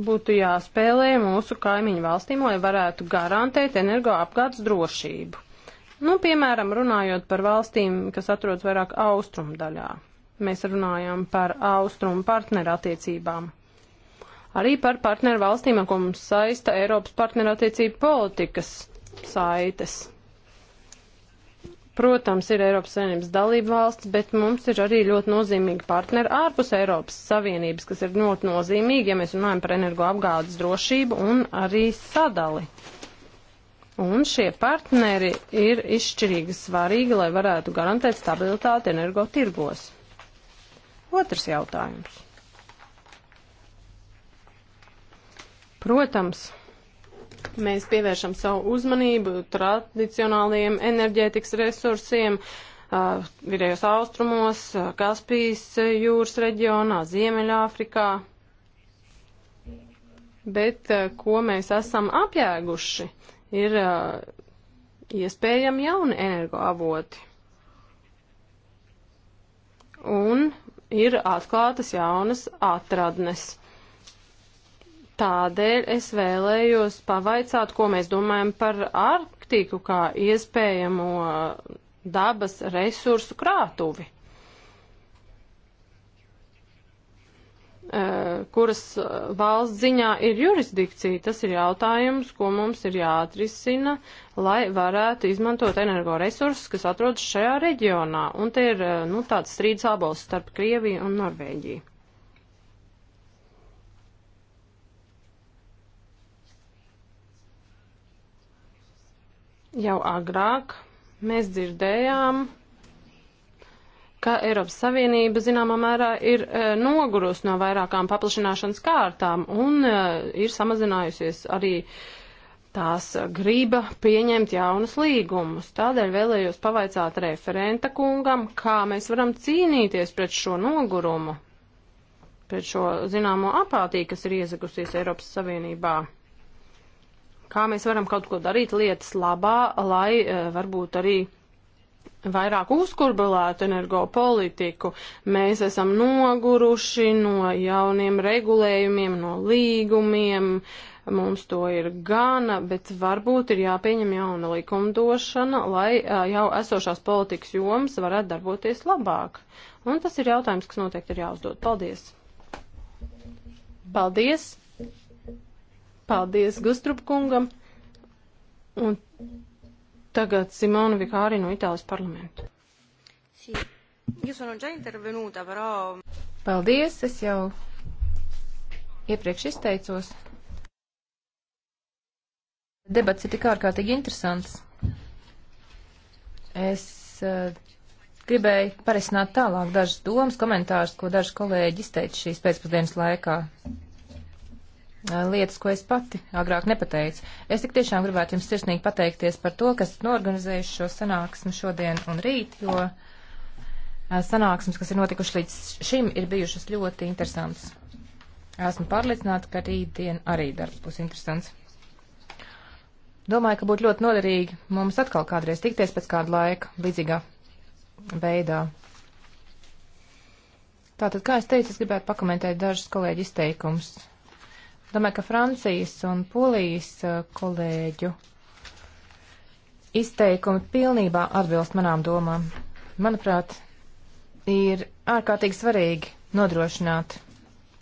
A: būtu jāspēlē mūsu kaimiņu valstīm, lai varētu garantēt energoapgādes drošību. Nu, piemēram, runājot par valstīm, kas atrodas vairāk austrumu daļā. Mēs runājam par austrumu partnerattiecībām. Arī par partneru valstīm, ar ko mums saista Eiropas partnerattiecību politikas saites. Protams, ir Eiropas Savienības dalība valsts, bet mums ir arī ļoti nozīmīgi partneri ārpus Eiropas Savienības, kas ir ļoti nozīmīgi, ja mēs runājam par energoapgādes drošību un arī sadali. Un šie partneri ir izšķirīgi svarīgi, lai varētu garantēt stabilitāti energotirgos. Otrs jautājums. Protams, Mēs pievēršam savu uzmanību tradicionāliem enerģētikas resursiem, vidējos austrumos, Kaspijas jūras reģionā, Ziemeļāfrikā. Bet ko mēs esam apjēguši, ir iespējami jauni energoavoti. Un ir atklātas jaunas atradnes. Tādēļ es vēlējos pavaicāt, ko mēs domājam par Arktiku kā iespējamo uh, dabas resursu krātuvi. Uh, kuras uh, valsts ziņā ir jurisdikcija. Tas ir jautājums, ko mums ir jāatrisina, lai varētu izmantot energoresursus, kas atrodas šajā reģionā. Un te ir nu, tāds strīds ābols starp Krieviju un Norvēģiju. Jau agrāk mēs dzirdējām, ka Eiropas Savienība zināmā mērā ir e, nogurus no vairākām paplašināšanas kārtām un e, ir samazinājusies arī tās grība pieņemt jaunus līgumus. Tādēļ vēlējos pavaicāt referenta kungam, kā mēs varam cīnīties pret šo nogurumu, pret šo zināmo apātiju, kas ir iezagusies Eiropas Savienībā kā mēs varam kaut ko darīt lietas labā, lai eh, varbūt arī vairāk uzkurbulētu energopolitiku. Mēs esam noguruši no jauniem regulējumiem, no līgumiem, mums to ir gana, bet varbūt ir jāpieņem jauna likumdošana, lai eh, jau esošās politikas jomas varētu darboties labāk. Un tas ir jautājums, kas noteikti ir jāuzdod. Paldies! Paldies! Paldies Gustrup kungam. Un tagad Simona Vikāri no Itālijas parlamentu.
C: Sī. Jūs varat jau intervenūta, bravo.
A: Paldies, es jau iepriekš izteicos.
B: Debats ir tik ārkārtīgi interesants. Es uh, gribēju paresināt tālāk dažas domas, komentārus, ko daži kolēģi izteica šīs pēcpusdienas laikā. Eh, lietas, ko es pati agrāk nepateicu. Es tik tiešām gribētu jums sirsnīgi pateikties par to, kas norganizējuši šo sanāksmi šodien un rīt, jo eh, sanāksmes, kas ir notikušas līdz šim, ir bijušas ļoti interesantas. Esmu pārliecināta, ka rītdien arī darbs būs interesants. Domāju, ka būtu ļoti noderīgi mums atkal kādreiz tikties pēc kāda laika līdzīgā veidā. Tātad, kā es teicu, es gribētu pakomentēt dažus kolēģi izteikumus Domāju, ka Francijas un Polijas eh, kolēģu izteikumi pilnībā atbilst manām domām. Manuprāt, ir ārkārtīgi svarīgi nodrošināt,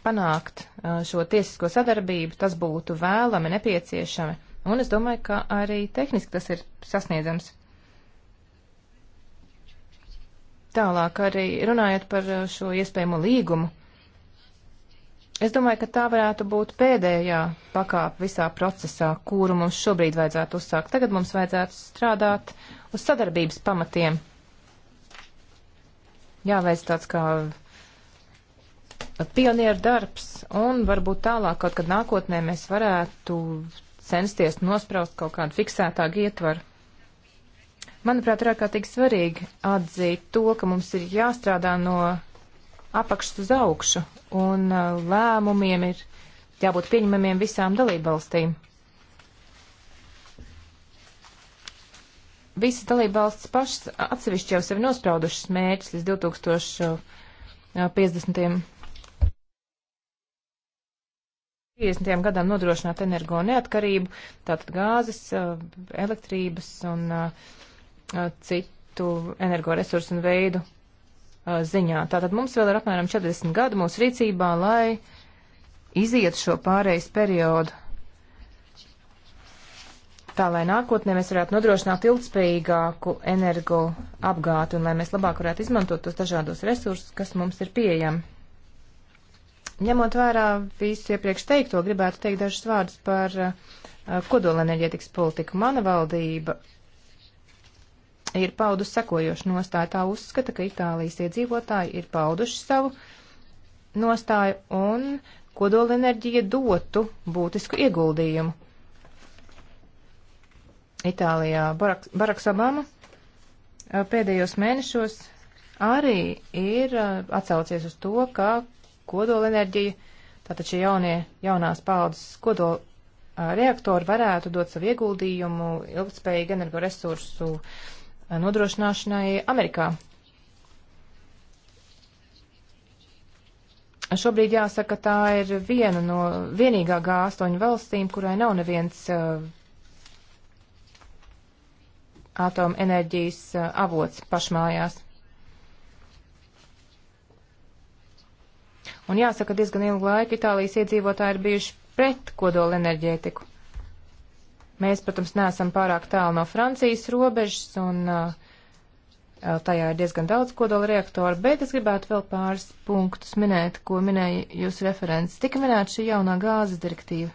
B: panākt eh, šo tiesisko sadarbību. Tas būtu vēlami, nepieciešami. Un es domāju, ka arī tehniski tas ir sasniedzams. Tālāk arī runājot par eh, šo iespējamo līgumu Es domāju, ka tā varētu būt pēdējā pakāpe visā procesā, kuru mums šobrīd vajadzētu uzsākt. Tagad mums vajadzētu strādāt uz sadarbības pamatiem. Jāveic tāds kā pionieru darbs, un varbūt tālāk kaut kad nākotnē mēs varētu censties nospraust kaut kādu fiksētāku ietvaru. Manuprāt, ir ārkārtīgi svarīgi atzīt to, ka mums ir jāstrādā no apakšas uz augšu, un uh, lēmumiem ir jābūt pieņemamiem visām dalībvalstīm. Visas dalībvalstis pašas atsevišķi jau sev nospraudušas mērķis līdz 2050. 50. gadam nodrošināt energo neatkarību, tātad gāzes, uh, elektrības un uh, citu energoresursu un veidu Uh, ziņā. Tātad mums vēl ir apmēram 40 gadi mūsu rīcībā, lai iziet šo pārejas periodu. Tā lai nākotnē mēs varētu nodrošināt ilgspējīgāku energo apgātu un lai mēs labāk varētu izmantot tos dažādos resursus, kas mums ir pieejami. Ņemot vērā visu iepriekš teikto, gribētu teikt dažus vārdus par uh, kodolenerģētikas politiku. Mana valdība ir paudus sekojošu nostāju. Tā uzskata, ka Itālijas iedzīvotāji ir pauduši savu nostāju un kodolenerģija dotu būtisku ieguldījumu. Itālijā Baraks, Baraks Obama pēdējos mēnešos arī ir atsaucies uz to, ka kodolenerģija, tātad šie jaunie, jaunās paudzes kodol reaktori varētu dot savu ieguldījumu ilgtspējīgu energoresursu uh, nodrošināšanai Amerikā. Šobrīd jāsaka, tā ir viena no vienīgā G8 valstīm, kurai nav neviens uh, atomenerģijas uh, avots pašmājās. Un jāsaka, diezgan ilgu laiku Itālijas iedzīvotāji ir bijuši pret kodola enerģētiku. Mēs, protams, neesam pārāk tālu no Francijas robežas, un uh, uh, tajā ir diezgan daudz kodola reaktoru, bet es gribētu vēl pāris punktus minēt, ko minēja jūsu referents. Tika minēta šī jaunā gāzes direktīva.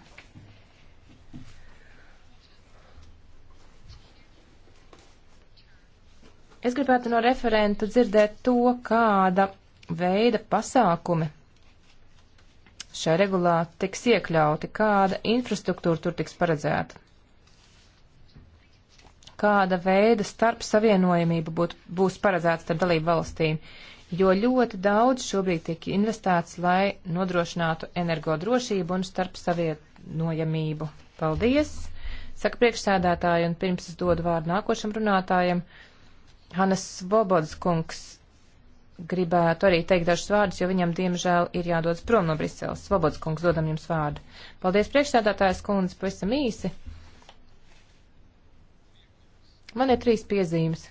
B: Es gribētu no referenta dzirdēt to, kāda veida pasākumi šai regulā tiks iekļauti, kāda infrastruktūra tur tiks paredzēta kāda veida starp savienojamība būt, būs paredzēta starp dalību valstīm, jo ļoti daudz šobrīd tiek investēts, lai nodrošinātu energodrošību un starp savienojamību. Paldies! Saka priekšsēdētāji, un pirms es dodu vārdu nākošam runātājam, Hannes Svobods kungs gribētu arī teikt dažus vārdus, jo viņam, diemžēl, ir jādodas prom no Briseles. Svobods kungs, dodam jums vārdu. Paldies priekšsēdētājas kundze, pavisam īsi. Man ir trīs piezīmes.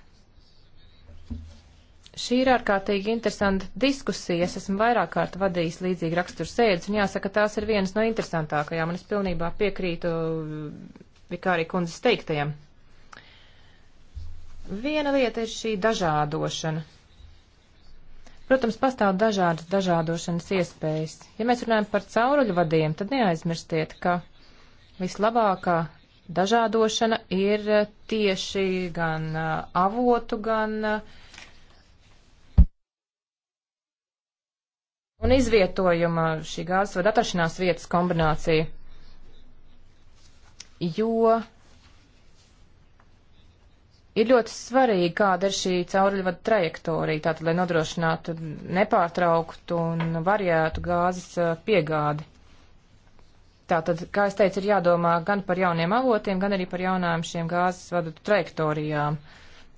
B: Šī ir ārkārtīgi interesanta diskusija. Es esmu vairāk kārt vadījis līdzīgi raksturu sēdes, un jāsaka, tās ir vienas no interesantākajām, un es pilnībā piekrītu Vikārī kundzes teiktajam. Viena lieta ir šī dažādošana. Protams, pastāv dažādas dažādošanas iespējas. Ja mēs runājam par cauruļu vadiem, tad neaizmirstiet, ka vislabākā dažādošana ir eh, tieši gan eh, avotu, gan eh, un izvietojuma šī gāzesvada atrašanās vietas kombinācija. Jo ir ļoti svarīgi, kāda ir šī cauruļvada trajektorija, tātad, lai nodrošinātu nepārtrauktu un variētu gāzes piegādi. Tātad, kā es teicu, ir jādomā gan par jauniem avotiem, gan arī par jaunām šiem gāzes vadu trajektorijām,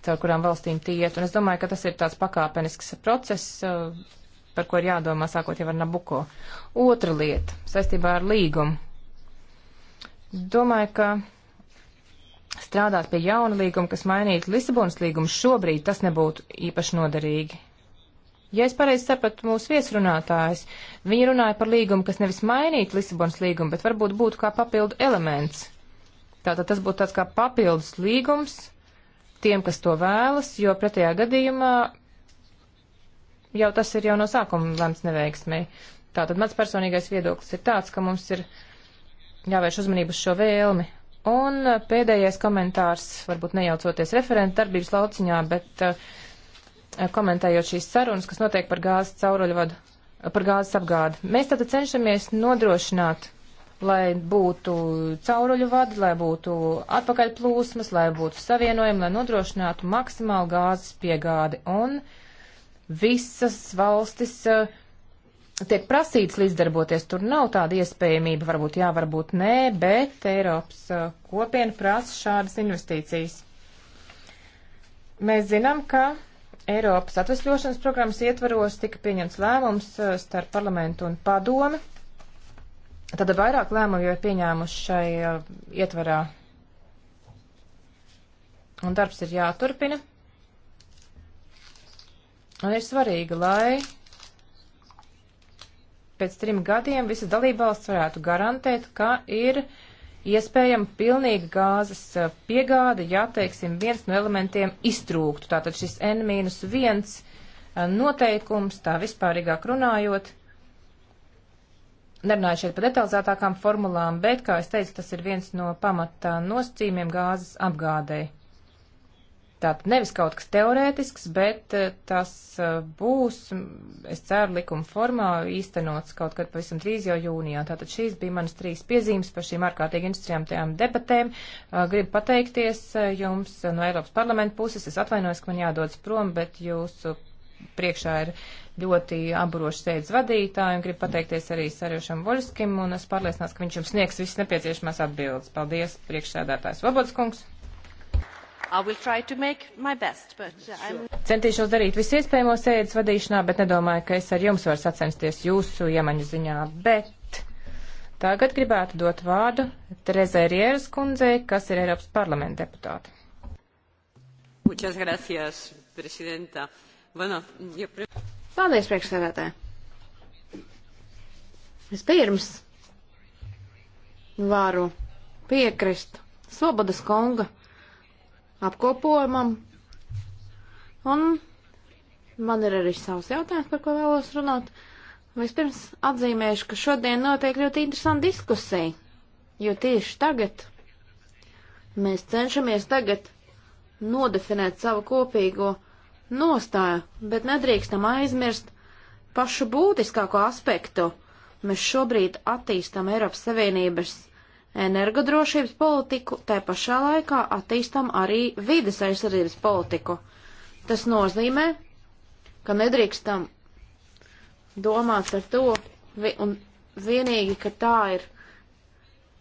B: caur kurām valstīm tiet. Un es domāju, ka tas ir tāds pakāpenisks process, eh, par ko ir jādomā sākot jau ar Nabuko. Otra lieta saistībā ar līgumu. Domāju, ka strādāt pie jauna līguma, kas mainītu Lisabonas līgumu šobrīd, tas nebūtu īpaši noderīgi. Ja es pareizi sapratu mūsu viesrunātājs, viņi runāja par līgumu, kas nevis mainītu Lisabonas līgumu, bet varbūt būtu kā papildu elements. Tātad tas būtu tāds kā papildus līgums tiem, kas to vēlas, jo pretējā gadījumā jau tas ir jau no sākuma lemts neveiksmē. Tātad mans personīgais viedoklis ir tāds, ka mums ir jāvērš uzmanību uz šo vēlmi. Un uh, pēdējais komentārs, varbūt nejaucoties referenta darbības lauciņā, bet uh, komentējot šīs sarunas, kas notiek par gāzes cauruļvadu, par gāzes apgādi. Mēs tātad cenšamies nodrošināt, lai būtu cauruļvadi, lai būtu atpakaļplūsmas, lai būtu savienojumi, lai nodrošinātu maksimālu gāzes piegādi. Un visas valstis uh, tiek prasīts līdzdarboties. Tur nav tāda iespējamība, varbūt jā, varbūt nē, bet Eiropas uh, kopiena prasa šādas investīcijas. Mēs zinām, ka Eiropas atvesļošanas programmas ietvaros tika pieņemts lēmums uh, starp parlamentu un padomi. Tad vairāk lēmumu jau ir pieņēmuši šai uh, ietvarā. Un darbs ir jāturpina. Un ir svarīgi, lai pēc trim gadiem visas dalībvalsts varētu garantēt, ka ir uh, iespējama pilnīga gāzes eh, piegāde, ja, teiksim, viens no elementiem iztrūktu. Tātad šis N-1 eh, noteikums, tā vispārīgāk runājot, nerunāju šeit par detalizētākām formulām, bet, kā es teicu, tas ir viens no pamata nosacījumiem gāzes apgādēji. Tātad nevis kaut kas teorētisks, bet eh, tas eh, būs, es ceru, likuma formā īstenots kaut kad pavisam drīz jau jūnijā. Tātad šīs bija manas trīs piezīmes par šīm ārkārtīgi interesantajām debatēm. Eh, gribu pateikties jums no Eiropas parlamenta puses. Es atvainojos, ka man jādodas prom, bet jūsu priekšā ir ļoti aburoši sēdz vadītāji un gribu pateikties arī Sarjušam Voļskim un es pārliecināts, ka viņš jums sniegs visas nepieciešamās atbildes. Paldies, priekšsēdētājs Vabodskungs.
A: Best, uh,
B: Centīšos darīt visu iespējamo sēdes vadīšanā, bet nedomāju, ka es ar jums varu sacensties jūsu iemaņu ziņā. Bet tagad gribētu dot vārdu Terezai Rieras kundzei, kas ir Eiropas parlamenta deputāte.
D: Muchas gracias, presidenta. Bueno, yo...
C: Paldies, priekšsēdētāji. Es pirms varu piekrist Svobodas konga apkopojumam. Un man ir arī savs jautājums, par ko vēlos runāt. Vispirms atzīmēšu, ka šodien notiek ļoti interesanta diskusija, jo tieši tagad mēs cenšamies tagad nodefinēt savu kopīgo nostāju, bet nedrīkstam aizmirst pašu būtiskāko aspektu. Mēs šobrīd attīstam Eiropas Savienības energodrošības politiku, tā pašā laikā attīstam arī vides aizsardzības politiku. Tas nozīmē, ka nedrīkstam domāt par to, vi, un vienīgi, ka tā ir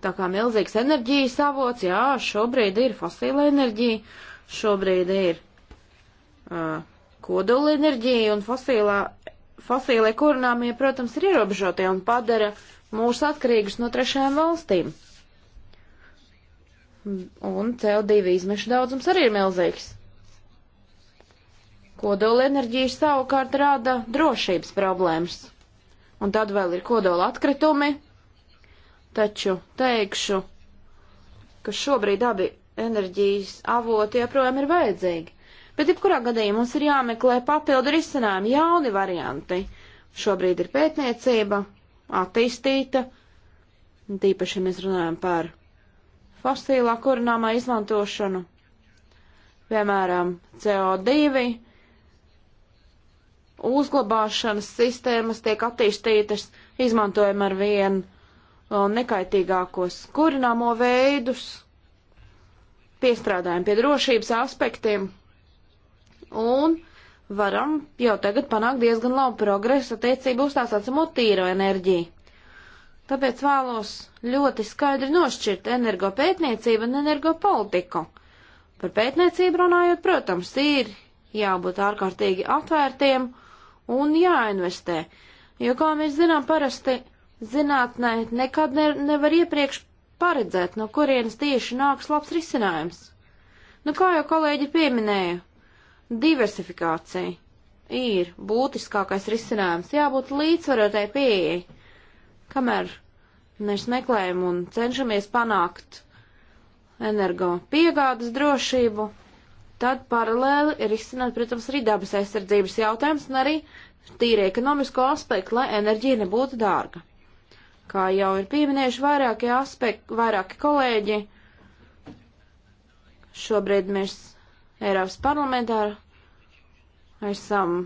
C: tā kā milzīgs enerģijas avots, jā, šobrīd ir fosila enerģija, šobrīd ir uh, kodola enerģija un fosilā, fosīlai kurināmie, protams, ir ierobežotie un padara mūs atkarīgus no trešajām valstīm. Un CO2 izmešu daudzums arī ir milzīgs. Kodola enerģija savukārt rada drošības problēmas. Un tad vēl ir kodola atkritumi. Taču teikšu, ka šobrīd abi enerģijas avoti joprojām ir vajadzīgi. Bet, jebkurā gadījumā mums ir jāmeklē papildu risinājumi, jauni varianti. Šobrīd ir pētniecība attīstīta, un tīpaši mēs runājam par fosilā kurināmā izmantošanu, piemēram, CO2, uzglabāšanas sistēmas tiek attīstītas, izmantojam ar vien uh, nekaitīgākos kurināmo veidus, piestrādājam pie drošības aspektiem un varam jau tagad panākt diezgan labu progresu attiecību uz tā saucamo tīro enerģiju. Tāpēc vēlos ļoti skaidri nošķirt energopētniecību un energopolitiku. Par pētniecību runājot, protams, ir jābūt ārkārtīgi atvērtiem un jāinvestē, jo, kā mēs zinām, parasti zinātnē nekad ne, nevar iepriekš paredzēt, no kurienes tieši nāks labs risinājums. Nu, kā jau kolēģi pieminēja, diversifikācija ir būtiskākais risinājums, jābūt līdzvarotai pieejai Kamēr mēs meklējam un cenšamies panākt energo piegādes drošību, tad paralēli ir izcināt, protams, arī dabas aizsardzības jautājums un arī tīri ekonomisko aspektu, lai enerģija nebūtu dārga. Kā jau ir pieminējuši vairāki aspekti, vairāki kolēģi, šobrīd mēs Eiropas parlamentā esam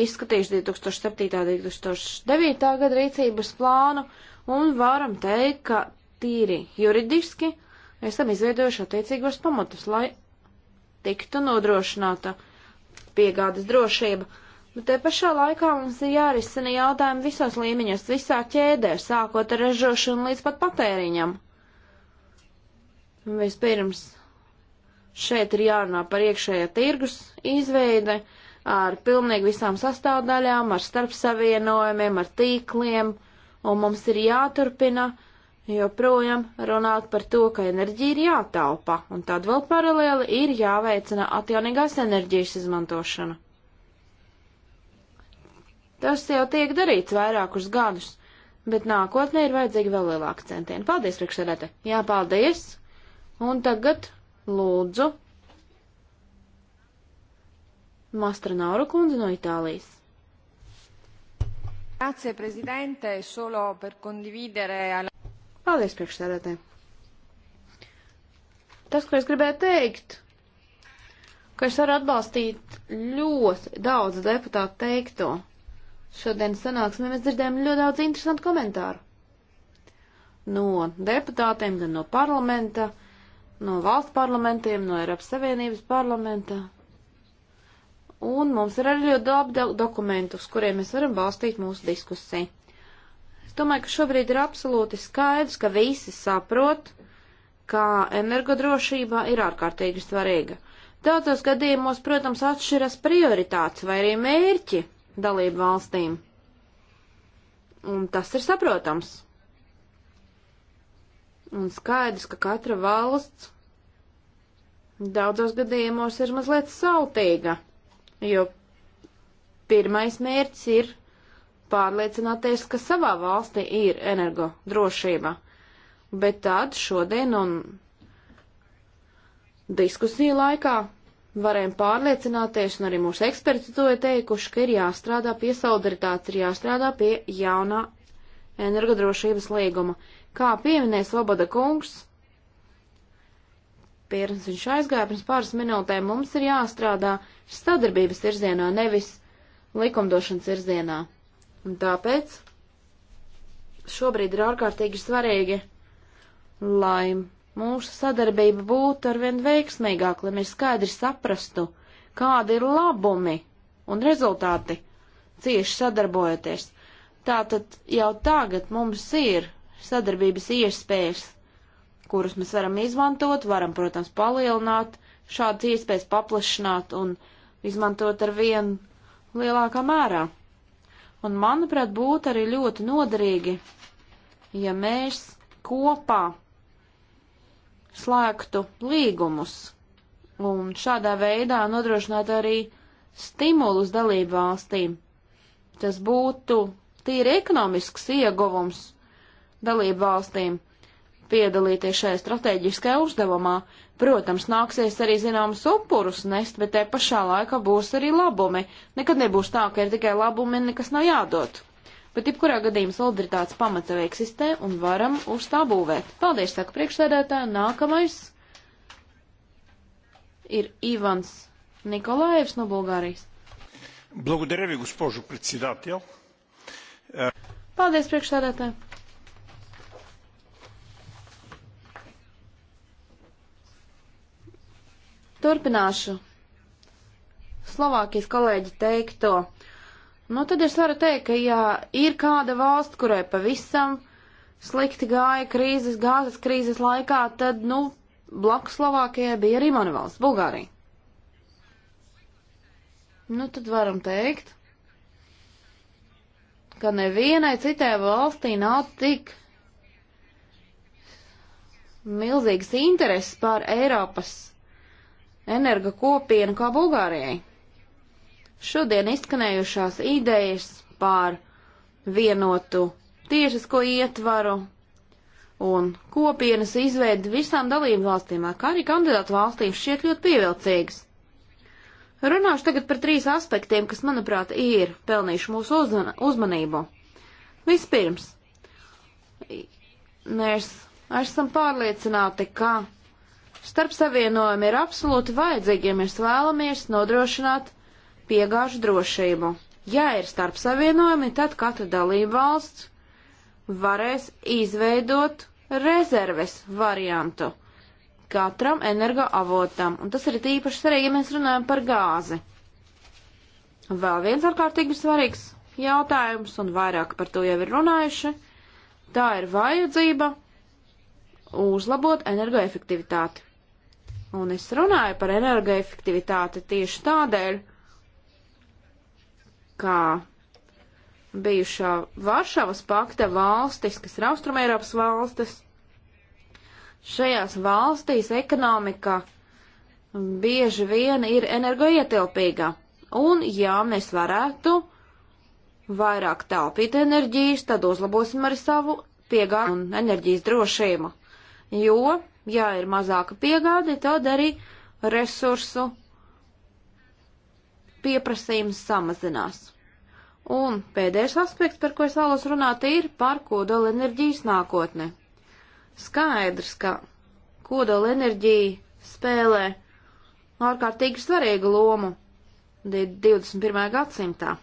C: izskatījuši 2007. 2009. gada rīcības plānu un varam teikt, ka tīri juridiski esam izveidojuši attiecīgos pamatus, lai tiktu nodrošināta piegādes drošība. Bet te pašā laikā mums ir jārisina jautājumi visos līmeņos, visā ķēdē, sākot ar ražošanu līdz pat patēriņam. Vispirms šeit ir jārunā par iekšējā tirgus izveidi, ar pilnīgi visām sastāvdaļām, ar starpsavienojumiem, ar tīkliem, un mums ir jāturpina joprojām runāt par to, ka enerģija ir jātaupa, un tad vēl paralēli ir jāveicina atjaunīgās enerģijas izmantošana. Tas jau tiek darīts vairākus gadus, bet nākotnē ir vajadzīgi vēl lielāka centiena. Paldies, priekšsēdētē! Jā, paldies! Un tagad lūdzu Mastra Nauru kundze no Itālijas.
B: Grazie, prezidente, solo per condividere.
C: Paldies, priekšsēdētē. Tas, ko es gribēju teikt, ka es varu atbalstīt ļoti daudz deputātu teikto. Šodien sanāksmē mēs dzirdējām ļoti daudz interesantu komentāru. No deputātiem, gan no parlamenta, no valsts parlamentiem, no Eiropas Savienības parlamenta, Un mums ir arī ļoti daudz dokumentu, uz kuriem mēs varam balstīt mūsu diskusiju. Es domāju, ka šobrīd ir absolūti skaidrs, ka visi saprot, ka energodrošība ir ārkārtīgi svarīga. Daudzos gadījumos, protams, atšķiras prioritātes vai arī mērķi dalību valstīm. Un tas ir saprotams. Un skaidrs, ka katra valsts daudzos gadījumos ir mazliet sautīga jo pirmais mērķis ir pārliecināties, ka savā valstī ir energo drošība. Bet tad šodien un diskusiju laikā varējām pārliecināties, un arī mūsu eksperti to ir teikuši, ka ir jāstrādā pie solidaritātes, ir jāstrādā pie jaunā energodrošības līguma. Kā pieminēja Svoboda kungs, Pirms viņš aizgāja, pirms pāris minūtēm mums ir jāstrādā sadarbības virzienā, nevis likumdošanas virzienā. Un tāpēc šobrīd ir ārkārtīgi svarīgi, lai mūsu sadarbība būtu arvien veiksmīgāka, lai mēs skaidri saprastu, kādi ir labumi un rezultāti cieši sadarbojoties. Tātad jau tagad mums ir sadarbības iespējas kurus mēs varam izmantot, varam, protams, palielināt šādas iespējas, paplašināt un izmantot ar vien lielākā mērā. Un, manuprāt, būtu arī ļoti noderīgi, ja mēs kopā slēgtu līgumus un šādā veidā nodrošinātu arī stimulus dalību valstīm. Tas būtu tīri ekonomisks ieguvums dalību valstīm piedalīties šajā strateģiskajā uzdevumā. Protams, nāksies arī zināmas upurus nest, bet te pašā laikā būs arī labumi. Nekad nebūs tā, ka ir tikai labumi un nekas nav jādod. Bet jebkurā gadījumā solidaritātes pamats jau eksistē un varam uz tā būvēt. Paldies, saka priekšsēdētāja. Nākamais ir Ivans Nikolaevs no Bulgārijas.
B: Благодаря ви, госпожо председател.
C: Paldies, priekšsēdētāji. Turpināšu Slovākijas kolēģi teikto. Nu, tad es varu teikt, ka ja ir kāda valsts, kurai pavisam slikti gāja krīzes, gāzes krīzes laikā, tad, nu, blakus Slovākijai bija arī mana valsts, Bulgārija. Nu, tad varam teikt, ka nevienai citai valstī nav tik milzīgas intereses pār Eiropas energa kopienu kā Bulgārijai. Šodien izskanējušās idejas pār vienotu tiesisko ietvaru un kopienas izveidi visām dalību valstīm, kā arī kandidātu valstīm šķiet ļoti pievilcīgas. Runāšu tagad par trīs aspektiem, kas, manuprāt, ir pelnījuši mūsu uzmanību. Vispirms, mēs esam pārliecināti, ka Starpsavienojumi ir absolūti vajadzīgi, ja mēs vēlamies nodrošināt piegāžu drošību. Ja ir starpsavienojumi, tad katra dalība valsts varēs izveidot rezerves variantu katram energoavotam, un tas ir tīpaši svarīgi, ja mēs runājam par gāzi. Vēl viens ārkārtīgi svarīgs jautājums, un vairāk par to jau ir runājuši, tā ir vajadzība uzlabot energoefektivitāti. Un es runāju par energoefektivitāti tieši tādēļ, ka bijušā Varšavas pakta valstis, kas ir Austrumēropas valstis, šajās valstīs ekonomika bieži vien ir energoietilpīga. Un, ja mēs varētu vairāk taupīt enerģijas, tad uzlabosim arī savu piegādu un enerģijas drošību. Jo Ja ir mazāka piegāde, tad arī resursu pieprasījums samazinās. Un pēdējais aspekts, par ko es vēlos runāt, ir par kodola enerģijas nākotni. Skaidrs, ka kodola enerģija spēlē ārkārtīgi svarīgu lomu 21. gadsimtā.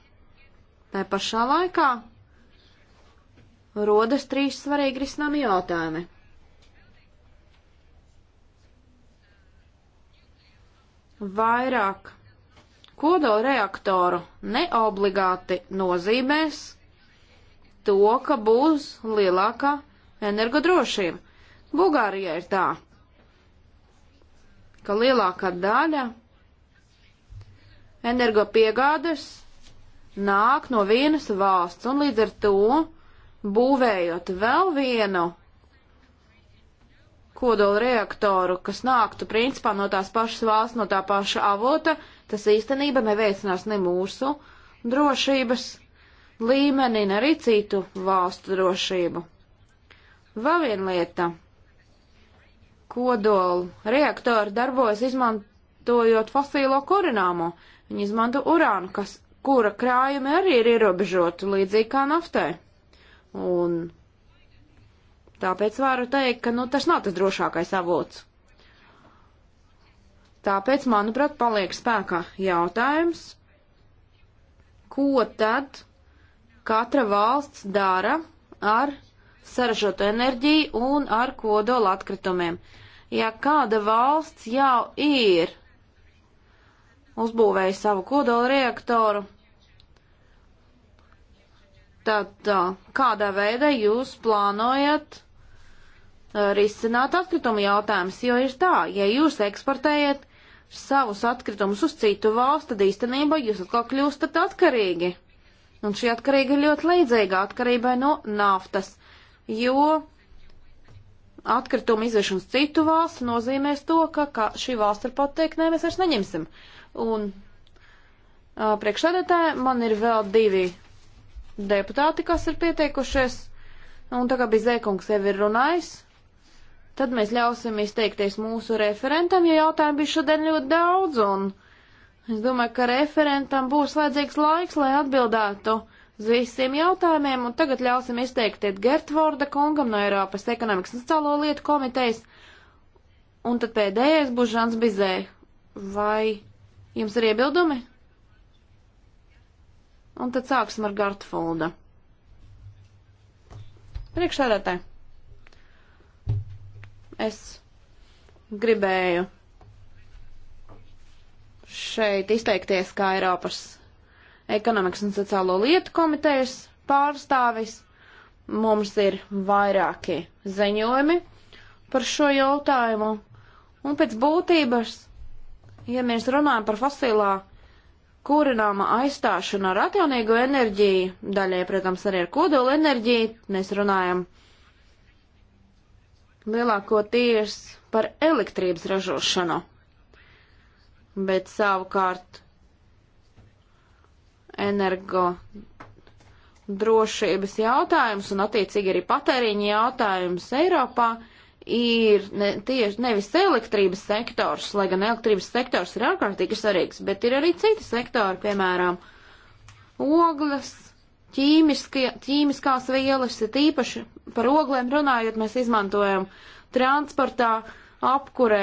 C: Tā pašā laikā rodas trīs svarīgi risināmi jautājumi. vairāk kodolreaktoru neobligāti nozīmēs to, ka būs lielākā energodrošība. Bulgārijā ir tā, ka lielākā daļa energopiegādes nāk no vienas valsts, un līdz ar to būvējot vēl vienu kodola reaktoru, kas nāktu principā no tās pašas valsts, no tā paša avota, tas īstenība neveicinās ne mūsu drošības līmeni, ne arī citu valstu drošību. Vēl viena lieta. Kodola reaktori darbojas izmantojot fosīlo kurināmo. Viņi izmanto urānu, kas, kura krājumi arī ir ierobežoti līdzīgi kā naftai. Un Tāpēc varu teikt, ka nu, tas nav tas drošākais avots. Tāpēc, manuprāt, paliek spēkā jautājums, ko tad katra valsts dara ar saražotu enerģiju un ar kodola atkritumiem. Ja kāda valsts jau ir uzbūvējusi savu kodola reaktoru, tad kādā veidā jūs plānojat Uh, risināt atkritumu jautājumus, jo ir tā, ja jūs eksportējat savus atkritumus uz citu valstu, tad īstenībā jūs atkal kļūstat atkarīgi. Un šī atkarība ir ļoti līdzīga atkarībai no naftas, jo atkritumu izvešana uz citu valstu nozīmēs to, ka, ka šī valsts ir pateikt, nē, mēs vairs neņemsim. Un uh, priekšsēdētāji man ir vēl divi deputāti, kas ir pieteikušies, un tā kā bija Zēkungs jau ir runājis, Tad mēs ļausim izteikties mūsu referentam, jo jautājumu bija šodien ļoti daudz, un es domāju, ka referentam būs vajadzīgs laiks, lai atbildētu uz visiem jautājumiem, un tagad ļausim izteikties Gertvorda kungam no Eiropas ekonomikas un sociālo lietu komitejas, un tad pēdējais būs Žans Bizē. Vai jums ir iebildumi? Un tad sāksim ar Gartfolda. Priekšsēdētāji. Es gribēju šeit izteikties kā Eiropas ekonomikas un sociālo lietu komitejas pārstāvis. Mums ir vairāki ziņojumi par šo jautājumu. Un pēc būtības, ja mēs runājam par fosilā kurināma aizstāšanu ar atjaunīgo enerģiju, daļai, protams, arī ar kodola enerģiju, mēs runājam lielākoties par elektrības ražošanu, bet savukārt energo drošības jautājums un attiecīgi arī patēriņa jautājums Eiropā ir ne, tieši nevis elektrības sektors, lai gan elektrības sektors ir ārkārtīgi svarīgs, bet ir arī citi sektori, piemēram, ogles, ķīmiskie, ķīmiskās vielas, ir tīpaši par oglēm runājot, mēs izmantojam transportā, apkurē.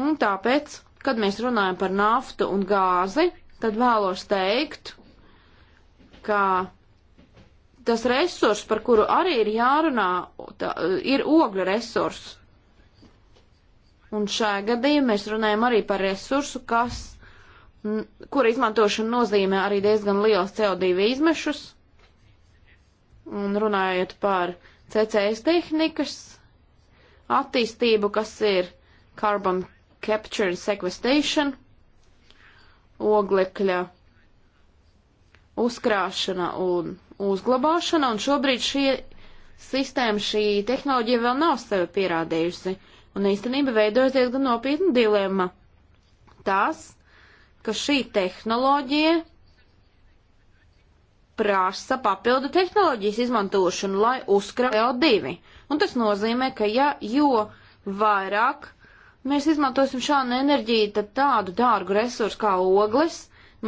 C: Un tāpēc, kad mēs runājam par naftu un gāzi, tad vēlos teikt, ka tas resurs, par kuru arī ir jārunā, tā, ir ogļu resurs. Un šajā gadījumā mēs runājam arī par resursu, kas, kura izmantošana nozīmē arī diezgan liels CO2 izmešus. Un runājot par uh, CCS tehnikas attīstību, kas ir carbon capture and sequestration, oglekļa uzkrāšana un uzglabāšana, un šobrīd šī sistēma, šī tehnoloģija vēl nav sevi pierādījusi, un īstenībā veidojas diezgan nopietna dilemma. Tas, ka šī tehnoloģija prasa papildu tehnoloģijas izmantošanu, lai uzkrātu CO2. Un tas nozīmē, ka ja jo vairāk mēs izmantosim šādu enerģiju, tad tādu dārgu resursu kā ogles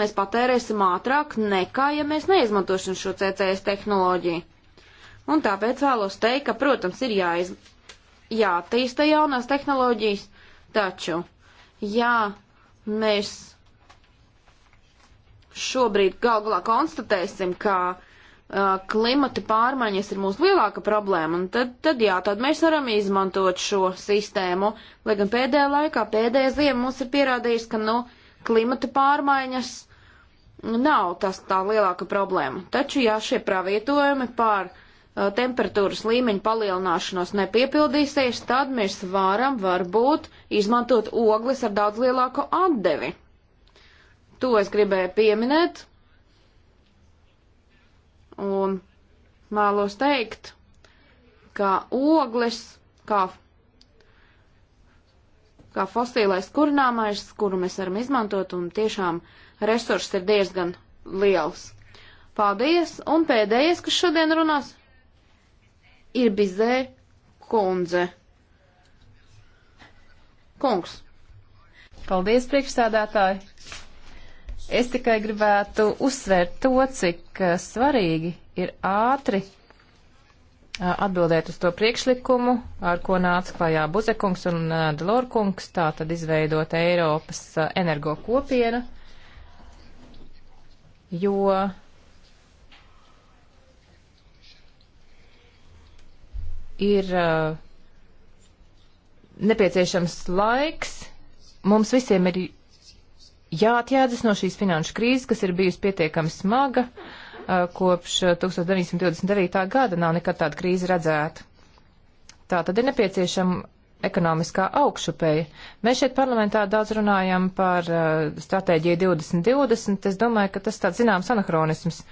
C: mēs patērēsim ātrāk nekā, ja mēs neizmantosim šo CCS tehnoloģiju. Un tāpēc vēlos teikt, ka, protams, ir jāiz... jātīsta jaunās tehnoloģijas, taču, jā, mēs šobrīd gal galā konstatēsim, ka uh, klimata pārmaiņas ir mūsu lielāka problēma, un tad, tad jā, tad mēs varam izmantot šo sistēmu, lai gan pēdējā laikā, pēdējā ziema mums ir pierādījis, ka, nu, klimata pārmaiņas nav tas tā lielāka problēma. Taču, ja šie pravietojumi par uh, temperatūras līmeņu palielināšanos nepiepildīsies, tad mēs varam varbūt izmantot ogles ar daudz lielāku atdevi. To es gribēju pieminēt. Un vēlos teikt, ka ogles, kā, kā fosīlais kurināmais, kuru mēs varam izmantot, un tiešām resurss ir diezgan liels. Paldies, un pēdējais, kas šodien runās, ir Bizē kundze. Kungs. Paldies, priekšsēdētāji!
B: Es tikai gribētu uzsvērt to, cik eh, svarīgi ir ātri eh, atbildēt uz to priekšlikumu, ar ko nāca klajā Buzekungs un eh, Delorkungs, tā tad izveidot Eiropas energo kopienu, jo ir nepieciešams laiks, mums visiem ir jāatjēdzas no šīs finanšu krīzes, kas ir bijusi pietiekami smaga uh, kopš 1929. Uh, gada nav nekad tāda krīze redzēta. Tā tad ir nepieciešama ekonomiskā augšupeja. Mēs šeit parlamentā daudz runājam par uh, stratēģiju 2020. Es domāju, ka tas tāds zināms anahronisms.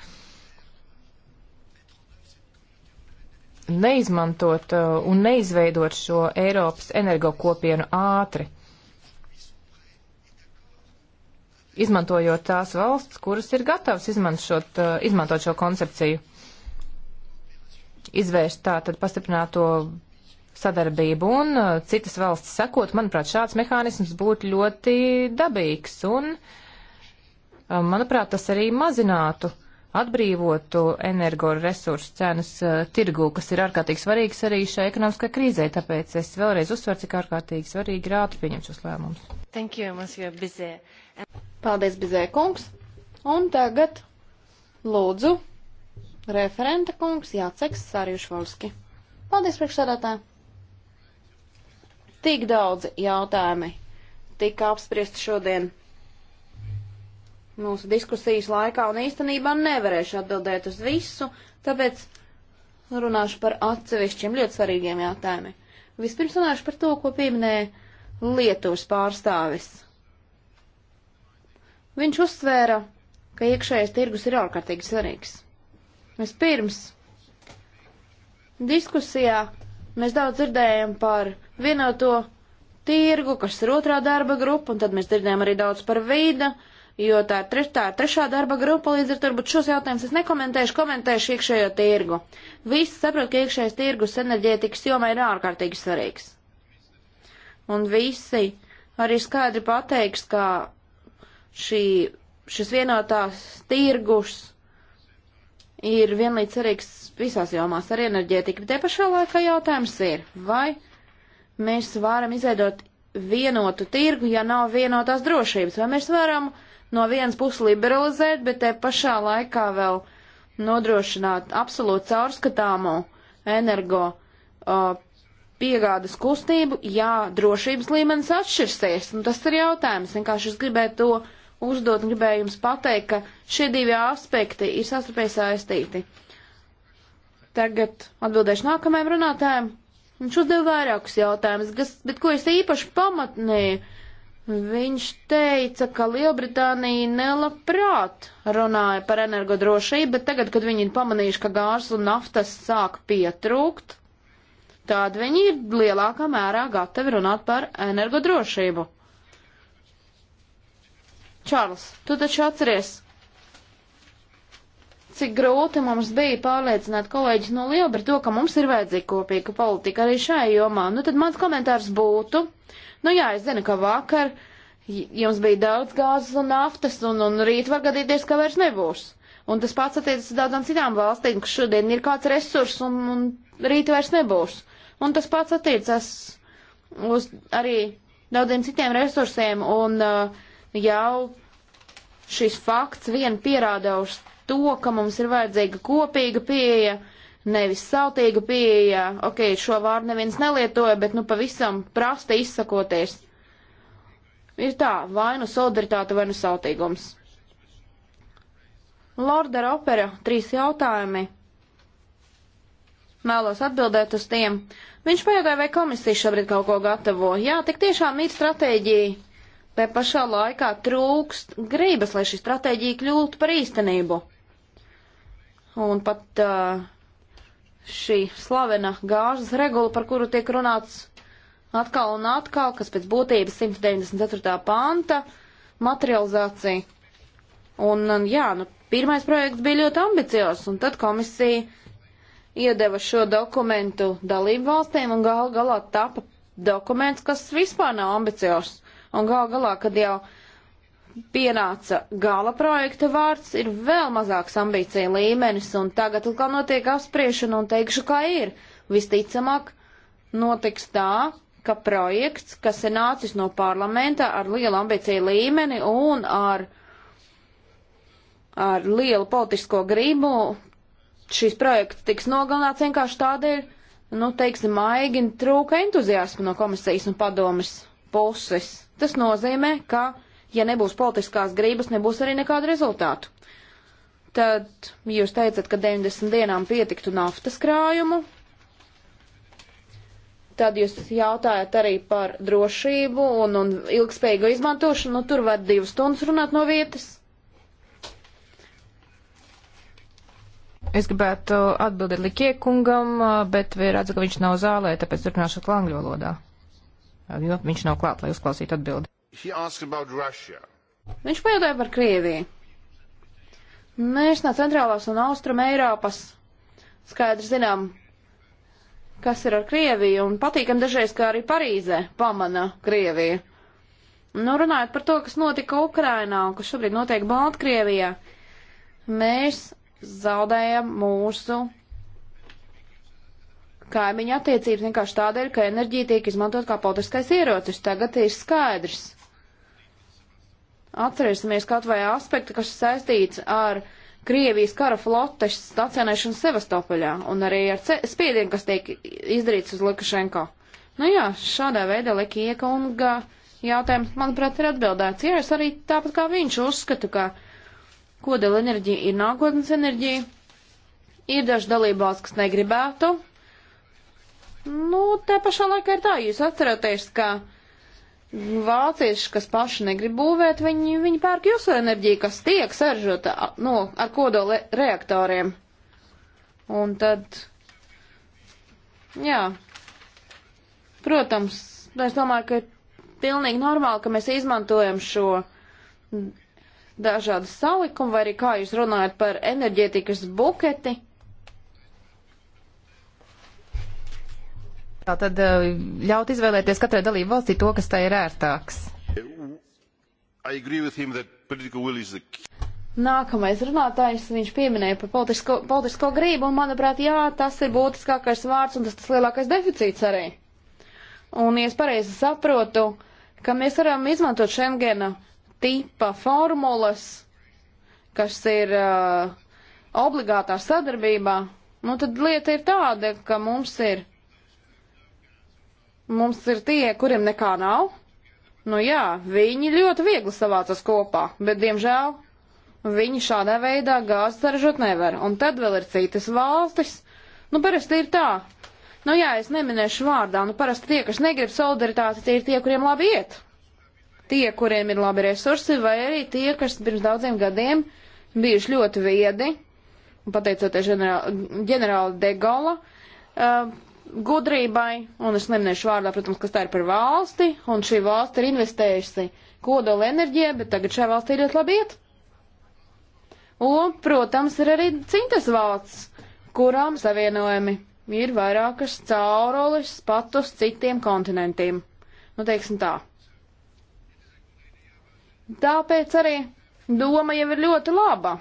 B: Neizmantot uh, un neizveidot šo Eiropas energokopienu ātri. Uh, izmantojot tās valsts, kuras ir gatavas izmantot, izmantot šo koncepciju. Izvērst tā tad pastiprināto sadarbību un uh, citas valsts sekot, manuprāt, šāds mehānisms būtu ļoti dabīgs un, uh, manuprāt, tas arī mazinātu atbrīvotu energoresursu cenas uh, tirgu, kas ir ārkārtīgi svarīgs arī šai ekonomiskā krīzē, tāpēc es vēlreiz uzsveru, cik ārkārtīgi svarīgi ir ātri pieņemt šos lēmumus.
C: Thank you, monsieur Bizet. Paldies, Bizē kungs. Un tagad lūdzu referenta kungs Jāceks Sārjušvalski. Paldies, priekšsēdētāji. Tik daudzi jautājumi tika apspriesti šodien mūsu diskusijas laikā un īstenībā nevarēšu atbildēt uz visu, tāpēc runāšu par atsevišķiem ļoti svarīgiem jautājumiem. Vispirms runāšu par to, ko pieminēja Lietuvas pārstāvis. Viņš uzsvēra, ka iekšējais tirgus ir ārkārtīgi svarīgs. Vispirms diskusijā mēs daudz dzirdējam par vienoto tirgu, kas ir otrā darba grupa, un tad mēs dzirdējam arī daudz par vīdu, jo tā ir, treš, tā ir trešā darba grupa, līdz ar to varbūt šos jautājumus es nekomentēšu, komentēšu iekšējo tirgu. Visi saprot, ka iekšējais tirgus enerģētikas jomā ir ārkārtīgi svarīgs. Un visi arī skaidri pateiks, ka šī, šis vienotās tirgus ir vienlīdz svarīgs visās jomās ar enerģētiku. Te pašā laikā jautājums ir, vai mēs varam izveidot vienotu tirgu, ja nav vienotās drošības, vai mēs varam no vienas puses liberalizēt, bet te pašā laikā vēl nodrošināt absolūti caurskatāmu energo uh, piegādas kustību, ja drošības līmenis atšķirsies. Un nu, tas ir jautājums. Vienkārši es gribēju to uzdot, un gribēju jums pateikt, ka šie divi aspekti ir sastarpēji saistīti. Tagad atbildēšu nākamajam runātājam. Viņš uzdeva vairākus jautājumus, bet ko es īpaši pamatnēju? Viņš teica, ka Lielbritānija nelabprāt runāja par energodrošību, bet tagad, kad viņi ir pamanījuši, ka gāzes un naftas sāk pietrūkt, tad viņi ir lielākā mērā gatavi runāt par energodrošību. Čārlis, tu taču atceries, cik grūti mums bija pārliecināt kolēģis no Lielbritānijas to, ka mums ir vajadzīga kopīga politika arī šajā jomā. Nu, tad mans komentārs būtu, nu jā, es zinu, ka vakar jums bija daudz gāzes un naftas, un, un rīt var gadīties, ka vairs nebūs. Un tas pats attiecas daudzām citām valstīm, ka šodien ir kāds resurs, un, un rīt vairs nebūs. Un tas pats attiecas uz arī daudziem citiem resursiem, un uh, jau šis fakts vien pierāda uz to, ka mums ir vajadzīga kopīga pieeja, nevis sautīga pieeja. Ok, šo vārdu neviens nelietoja, bet nu pavisam prasti izsakoties. Ir tā, vai nu solidaritāte, vai nu sautīgums. Lorda opera, trīs jautājumi. Mēlos atbildēt uz tiem. Viņš pajautāja, vai komisija šobrīd kaut ko gatavo. Jā, tik tiešām ir stratēģija Te pašā laikā trūkst grības, lai šī stratēģija kļūtu par īstenību. Un pat uh, šī slavena gāzes regula, par kuru tiek runāts atkal un atkal, kas pēc būtības 194. panta materializācija. Un, jā, nu, pirmais projekts bija ļoti ambiciozs, un tad komisija iedeva šo dokumentu dalību valstīm, un gal galā tapa dokuments, kas vispār nav ambiciozs. Un gal galā, kad jau pienāca gala projekta vārds, ir vēl mazāks ambīcija līmenis, un tagad atkal notiek apspriešana, un teikšu, kā ir. Visticamāk, notiks tā, ka projekts, kas ir nācis no parlamenta ar lielu ambīciju līmeni un ar, ar lielu politisko gribu, šis projekts tiks nogalināts vienkārši tādēļ, nu, teiksim, maigi trūka entuziasma no komisijas un padomas puses. Tas nozīmē, ka, ja nebūs politiskās grības, nebūs arī nekādu rezultātu. Tad jūs teicat, ka 90 dienām pietiktu naftas krājumu. Tad jūs jautājat arī par drošību un, un ilgspējīgu izmantošanu. Nu, tur var divas stundas runāt no vietas.
B: Es gribētu atbildēt Likie kungam, bet redzu, ka viņš nav zālē, tāpēc turpināšu angļu valodā
C: jo viņš nav klāt, lai uzklausītu atbildi. Viņš pajautāja par Krieviju. Mēs no centrālās un austrum Eiropas skaidri zinām, kas ir ar Krieviju, un patīkam dažreiz, kā arī Parīzē pamana Krieviju. Nu, runājot par to, kas notika Ukrainā un kas šobrīd notiek Baltkrievijā, mēs zaudējam mūsu kaimiņa attiecības vienkārši tādēļ, ka enerģija tiek izmantot kā politiskais ierocis. Tagad ir skaidrs. Atcerēsimies kaut vai aspektu, kas saistīts ar Krievijas kara flotes stacionēšanu Sevastopoļā un arī ar spiedienu, kas tiek izdarīts uz Lukašenko. Nu jā, šādā veidā Lekieka un Ga jautājums, manuprāt, ir atbildēts. Jā, es arī tāpat kā viņš uzskatu, ka kodola enerģija ir nākotnes enerģija. Ir daži dalībās, kas negribētu Nu, tā pašā laikā ir tā, jūs atceraties, ka vācieši, kas paši negrib būvēt, viņi, viņi pērk jūsu enerģiju, kas tiek saržota nu, ar kodola reaktoriem. Un tad, jā, protams, es domāju, ka ir pilnīgi normāli, ka mēs izmantojam šo dažādu salikumu, vai arī kā jūs runājat par enerģētikas buketi.
B: Tātad eh, ļaut izvēlēties
C: katrai dalību valstī to, kas tai ir ērtāks. Nākamais runātājs, viņš pieminēja par politisko, politisko grību, un manuprāt, jā, tas ir būtiskākais vārds, un tas tas lielākais deficīts arī. Un, ja es pareizi saprotu, ka mēs varam izmantot Schengena tipa formulas, kas ir uh, obligātā sadarbībā, nu tad lieta ir tāda, ka mums ir Mums ir tie, kuriem nekā nav. Nu jā, viņi ļoti viegli savācas kopā, bet, diemžēl, viņi šādā veidā gāzi saražot nevar. Un tad vēl ir citas valstis. Nu, parasti ir tā. Nu jā, es neminēšu vārdā, nu parasti tie, kas negrib solidaritāti, tie ir tie, kuriem labi iet. Tie, kuriem ir labi resursi, vai arī tie, kas pirms daudziem gadiem bijuši ļoti viedi, pateicoties ģenerāla Degola, uh, gudrībai, un es neminēšu vārdā, protams, kas tā ir par valsti, un šī valsts ir investējusi kodola enerģijā, bet tagad šai valstī ir ļoti labi iet. Un, protams, ir arī citas valsts, kurām savienojumi ir vairākas caurulis pat uz citiem kontinentiem. Nu, teiksim tā. Tāpēc arī doma jau ir ļoti laba.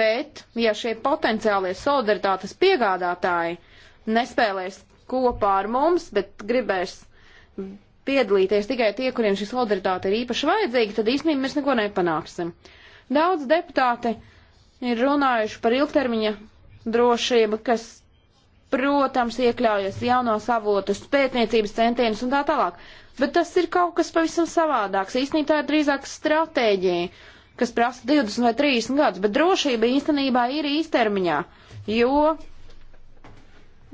C: Bet, ja šie potenciālie solidaritātes piegādātāji nespēlēs kopā ar mums, bet gribēs piedalīties tikai tie, kuriem šī solidaritāte ir īpaši vajadzīga, tad īstenībā mēs neko nepanāksim. Daudz deputāti ir runājuši par ilgtermiņa drošību, kas, protams, iekļaujas jaunos avotus, pētniecības centienus un tā tālāk. Bet tas ir kaut kas pavisam savādāks. Īstenībā tā ir drīzāk stratēģija, kas prasa 20 vai 30 gadus, bet drošība īstenībā ir īstermiņā, jo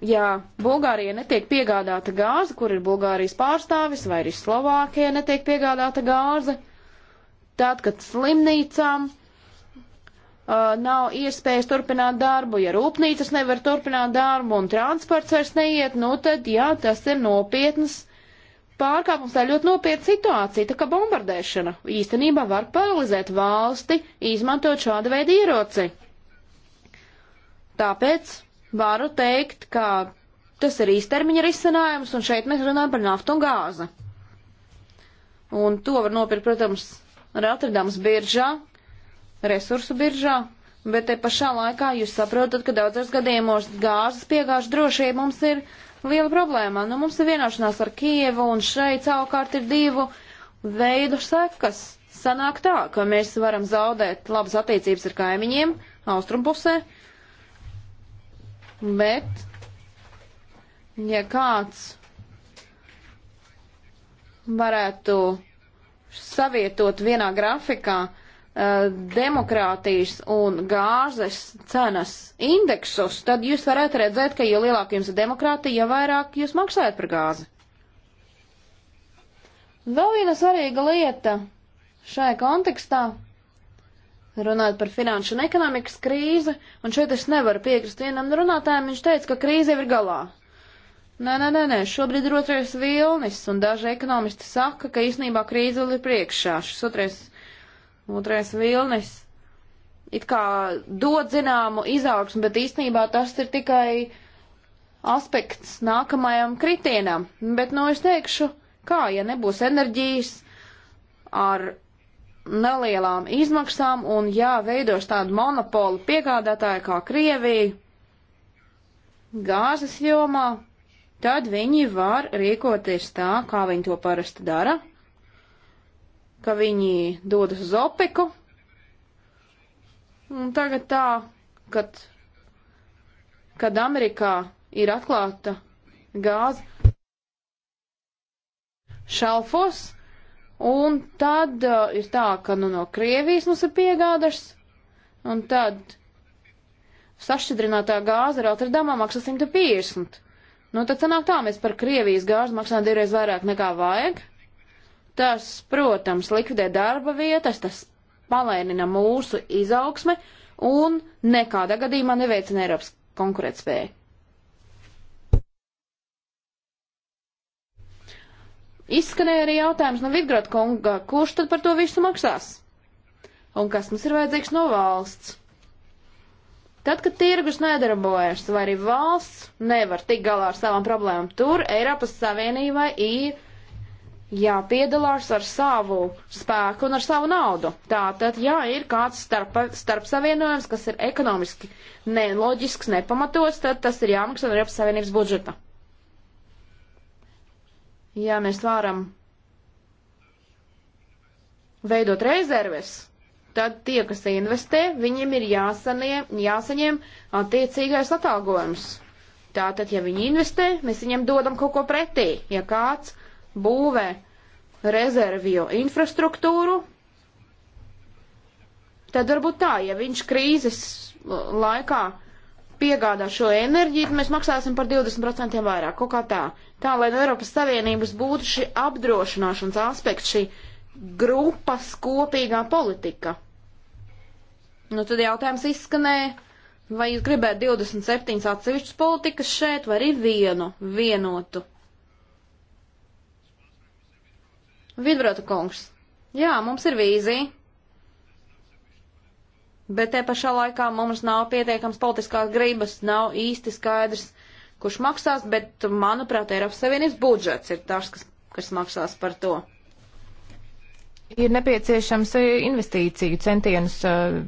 C: ja Bulgārija netiek piegādāta gāze, kur ir Bulgārijas pārstāvis, vai arī Slovākija netiek piegādāta gāze, tad, kad slimnīcām uh, nav iespējas turpināt darbu, ja rūpnīcas nevar turpināt darbu un transports vairs neiet, nu tad, jā, tas ir nopietnas pārkāpums, tā ir ļoti nopietna situācija, tā kā bombardēšana īstenībā var paralizēt valsti, izmantojot šādu veidu ieroci. Tāpēc varu teikt, ka tas ir īstermiņa risinājums, un šeit mēs runājam par naftu un gāzi. Un to var nopirkt, protams, Rotterdams biržā, resursu biržā, bet te pašā laikā jūs saprotat, ka daudzos gadījumos gāzes piegāžu drošība mums ir liela problēma. Nu, mums ir vienošanās ar Kievu, un šeit savukārt ir divu veidu sekas. Sanāk tā, ka mēs varam zaudēt labas attiecības ar kaimiņiem, austrumpusē, pusē, bet ja kāds varētu savietot vienā grafikā uh, demokrātijas un gāzes cenas indeksus, tad jūs varētu redzēt, ka jo lielāka jums ir demokrātija, jo vairāk jūs maksājat par gāzi. Vēl viena svarīga lieta šajā kontekstā runājot par finanšu un ekonomikas krīzi, un šeit es nevaru piekrist vienam runātājam, viņš teica, ka krīze jau ir galā. Nē, nē, nē, nē, šobrīd ir otrais vilnis, un daži ekonomisti saka, ka īsnībā krīze vēl ir priekšā. Šis otrais, otrais vilnis it kā dod zināmu izaugsmu, bet īsnībā tas ir tikai aspekts nākamajam kritienam. Bet, nu, es teikšu, kā, ja nebūs enerģijas ar nelielām izmaksām un jāveidos tādu monopolu piegādātāju kā Krievija gāzes jomā, tad viņi var rīkoties tā, kā viņi to parasti dara, ka viņi dodas uz opeku. Un tagad tā, kad, kad Amerikā ir atklāta gāze šalfos, Un tad uh, ir tā, ka nu, no Krievijas mums ir piegādas, un tad sašķidrinātā gāze Rotterdamā maksā 150. Nu, tad sanāk tā, mēs par Krievijas gāzi maksājam divreiz vairāk nekā vajag. Tas, protams, likvidē darba vietas, tas palēnina mūsu izaugsme un nekādā gadījumā neveicina Eiropas konkurētspēju. Izskanēja arī jautājums no Vidgrada kunga, kurš tad par to visu maksās? Un kas mums ir vajadzīgs no valsts? Tad, kad tirgus nedarbojas, vai arī valsts nevar tikt galā ar savām problēmām, tur Eiropas Savienībai ir jāpiedalās ar savu spēku un ar savu naudu. Tātad, jā, ir kāds starp, starp savienojums, kas ir ekonomiski neloģisks, nepamatots, tad tas ir jāmaksā no Eiropas Savienības budžeta ja mēs varam veidot rezerves, tad tie, kas investē, viņiem ir jāsaniem, jāsaņem attiecīgais atalgojums. Tātad, ja viņi investē, mēs viņiem dodam kaut ko pretī. Ja kāds būvē rezerviju infrastruktūru, tad varbūt tā, ja viņš krīzes laikā piegādā šo enerģiju, tad mēs maksāsim par 20% vairāk, kaut kā tā. Tā, lai no Eiropas Savienības būtu šī apdrošināšanas aspekts, šī grupas kopīgā politika. Nu, tad jautājums izskanēja, vai jūs gribētu 27 atsevišķas politikas šeit, vai arī vienu, vienotu. Vidbrota kungs, jā, mums ir vīzija bet te pašā laikā mums nav pietiekams politiskās gribas, nav īsti skaidrs, kurš maksās, bet, manuprāt, Eiropas Savienības budžets ir tas, kas, kas maksās par to.
B: Ir nepieciešams eh, investīciju centienus uh,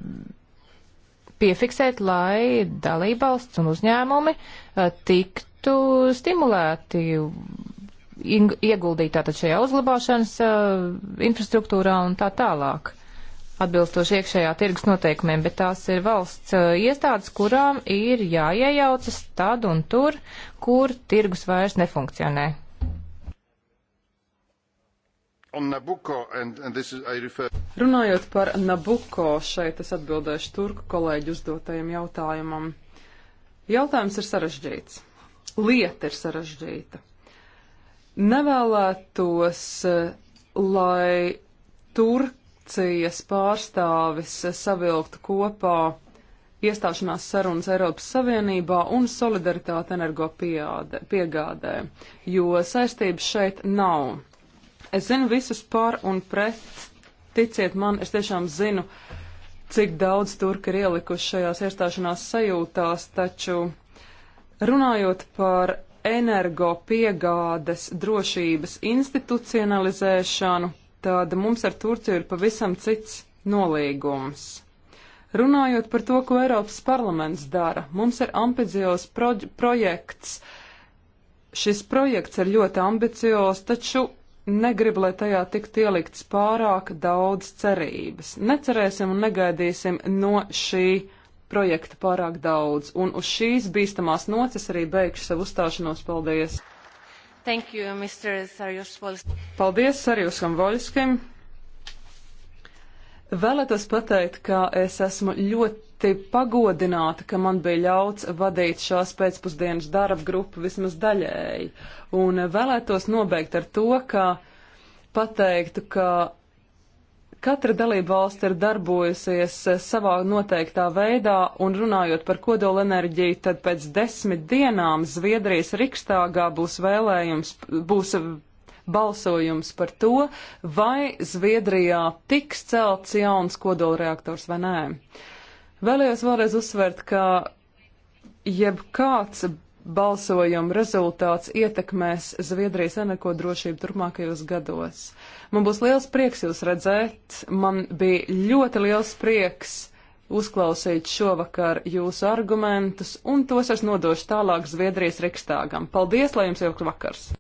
B: piefiksēt, lai dalībvalsts un uzņēmumi uh, tiktu stimulēti ieguldīt tātad šajā uzglabāšanas uh, infrastruktūrā un tā tālāk atbilstoši iekšējā tirgus noteikumiem, bet tās ir valsts uh, iestādes, kurām ir jāiejaucas tad un tur, kur tirgus vairs nefunkcionē. And, and is, refer...
D: Runājot par Nabuko, šeit es atbildēšu turku kolēģi uzdotajam jautājumam. Jautājums ir sarežģīts. Lieta ir sarežģīta. Nevēlētos, uh, lai turki Turcijas pārstāvis savilktu kopā iestāšanās sarunas Eiropas Savienībā un solidaritāte energo pieāde, piegādē, jo saistības šeit nav. Es zinu visus par un pret, ticiet man, es tiešām zinu, cik daudz turki ir ielikuši šajās iestāšanās sajūtās, taču runājot par energo piegādes drošības institucionalizēšanu, tad mums ar Turciju ir pavisam cits nolīgums. Runājot par to, ko Eiropas parlaments dara, mums ir ambiciozs pro projekts. Šis projekts ir ļoti ambiciozs, taču negribu, lai tajā tiktu ielikts pārāk daudz cerības. Necerēsim un negaidīsim no šī projekta pārāk daudz, un uz šīs bīstamās nocis arī beigšu savu uzstāšanos. Paldies!
A: Thank you, Mr. Sarjus
D: Volskim. Paldies Sarjusam Volskim. Vēlētos pateikt, ka es esmu ļoti pagodināta, ka man bija ļauts vadīt šās pēcpusdienas darba grupu vismaz daļēji. Un vēlētos nobeigt ar to, ka pateiktu, ka Katra dalība valsts ir darbojusies eh, savā noteiktā veidā, un runājot par kodolenerģiju, tad pēc desmit dienām Zviedrijas Rikstāgā būs vēlējums, būs eh, balsojums par to, vai Zviedrijā tiks celts jauns kodolreaktors vai nē. Vēlējos vēlreiz uzsvērt, ka jebkāds balsojuma rezultāts ietekmēs Zviedrijas energo drošību turpmākajos gados. Man būs liels prieks jūs redzēt, man bija ļoti liels prieks uzklausīt šovakar jūsu argumentus, un tos es nodošu tālāk Zviedrijas Rikstāgam. Paldies, lai jums jauks vakars!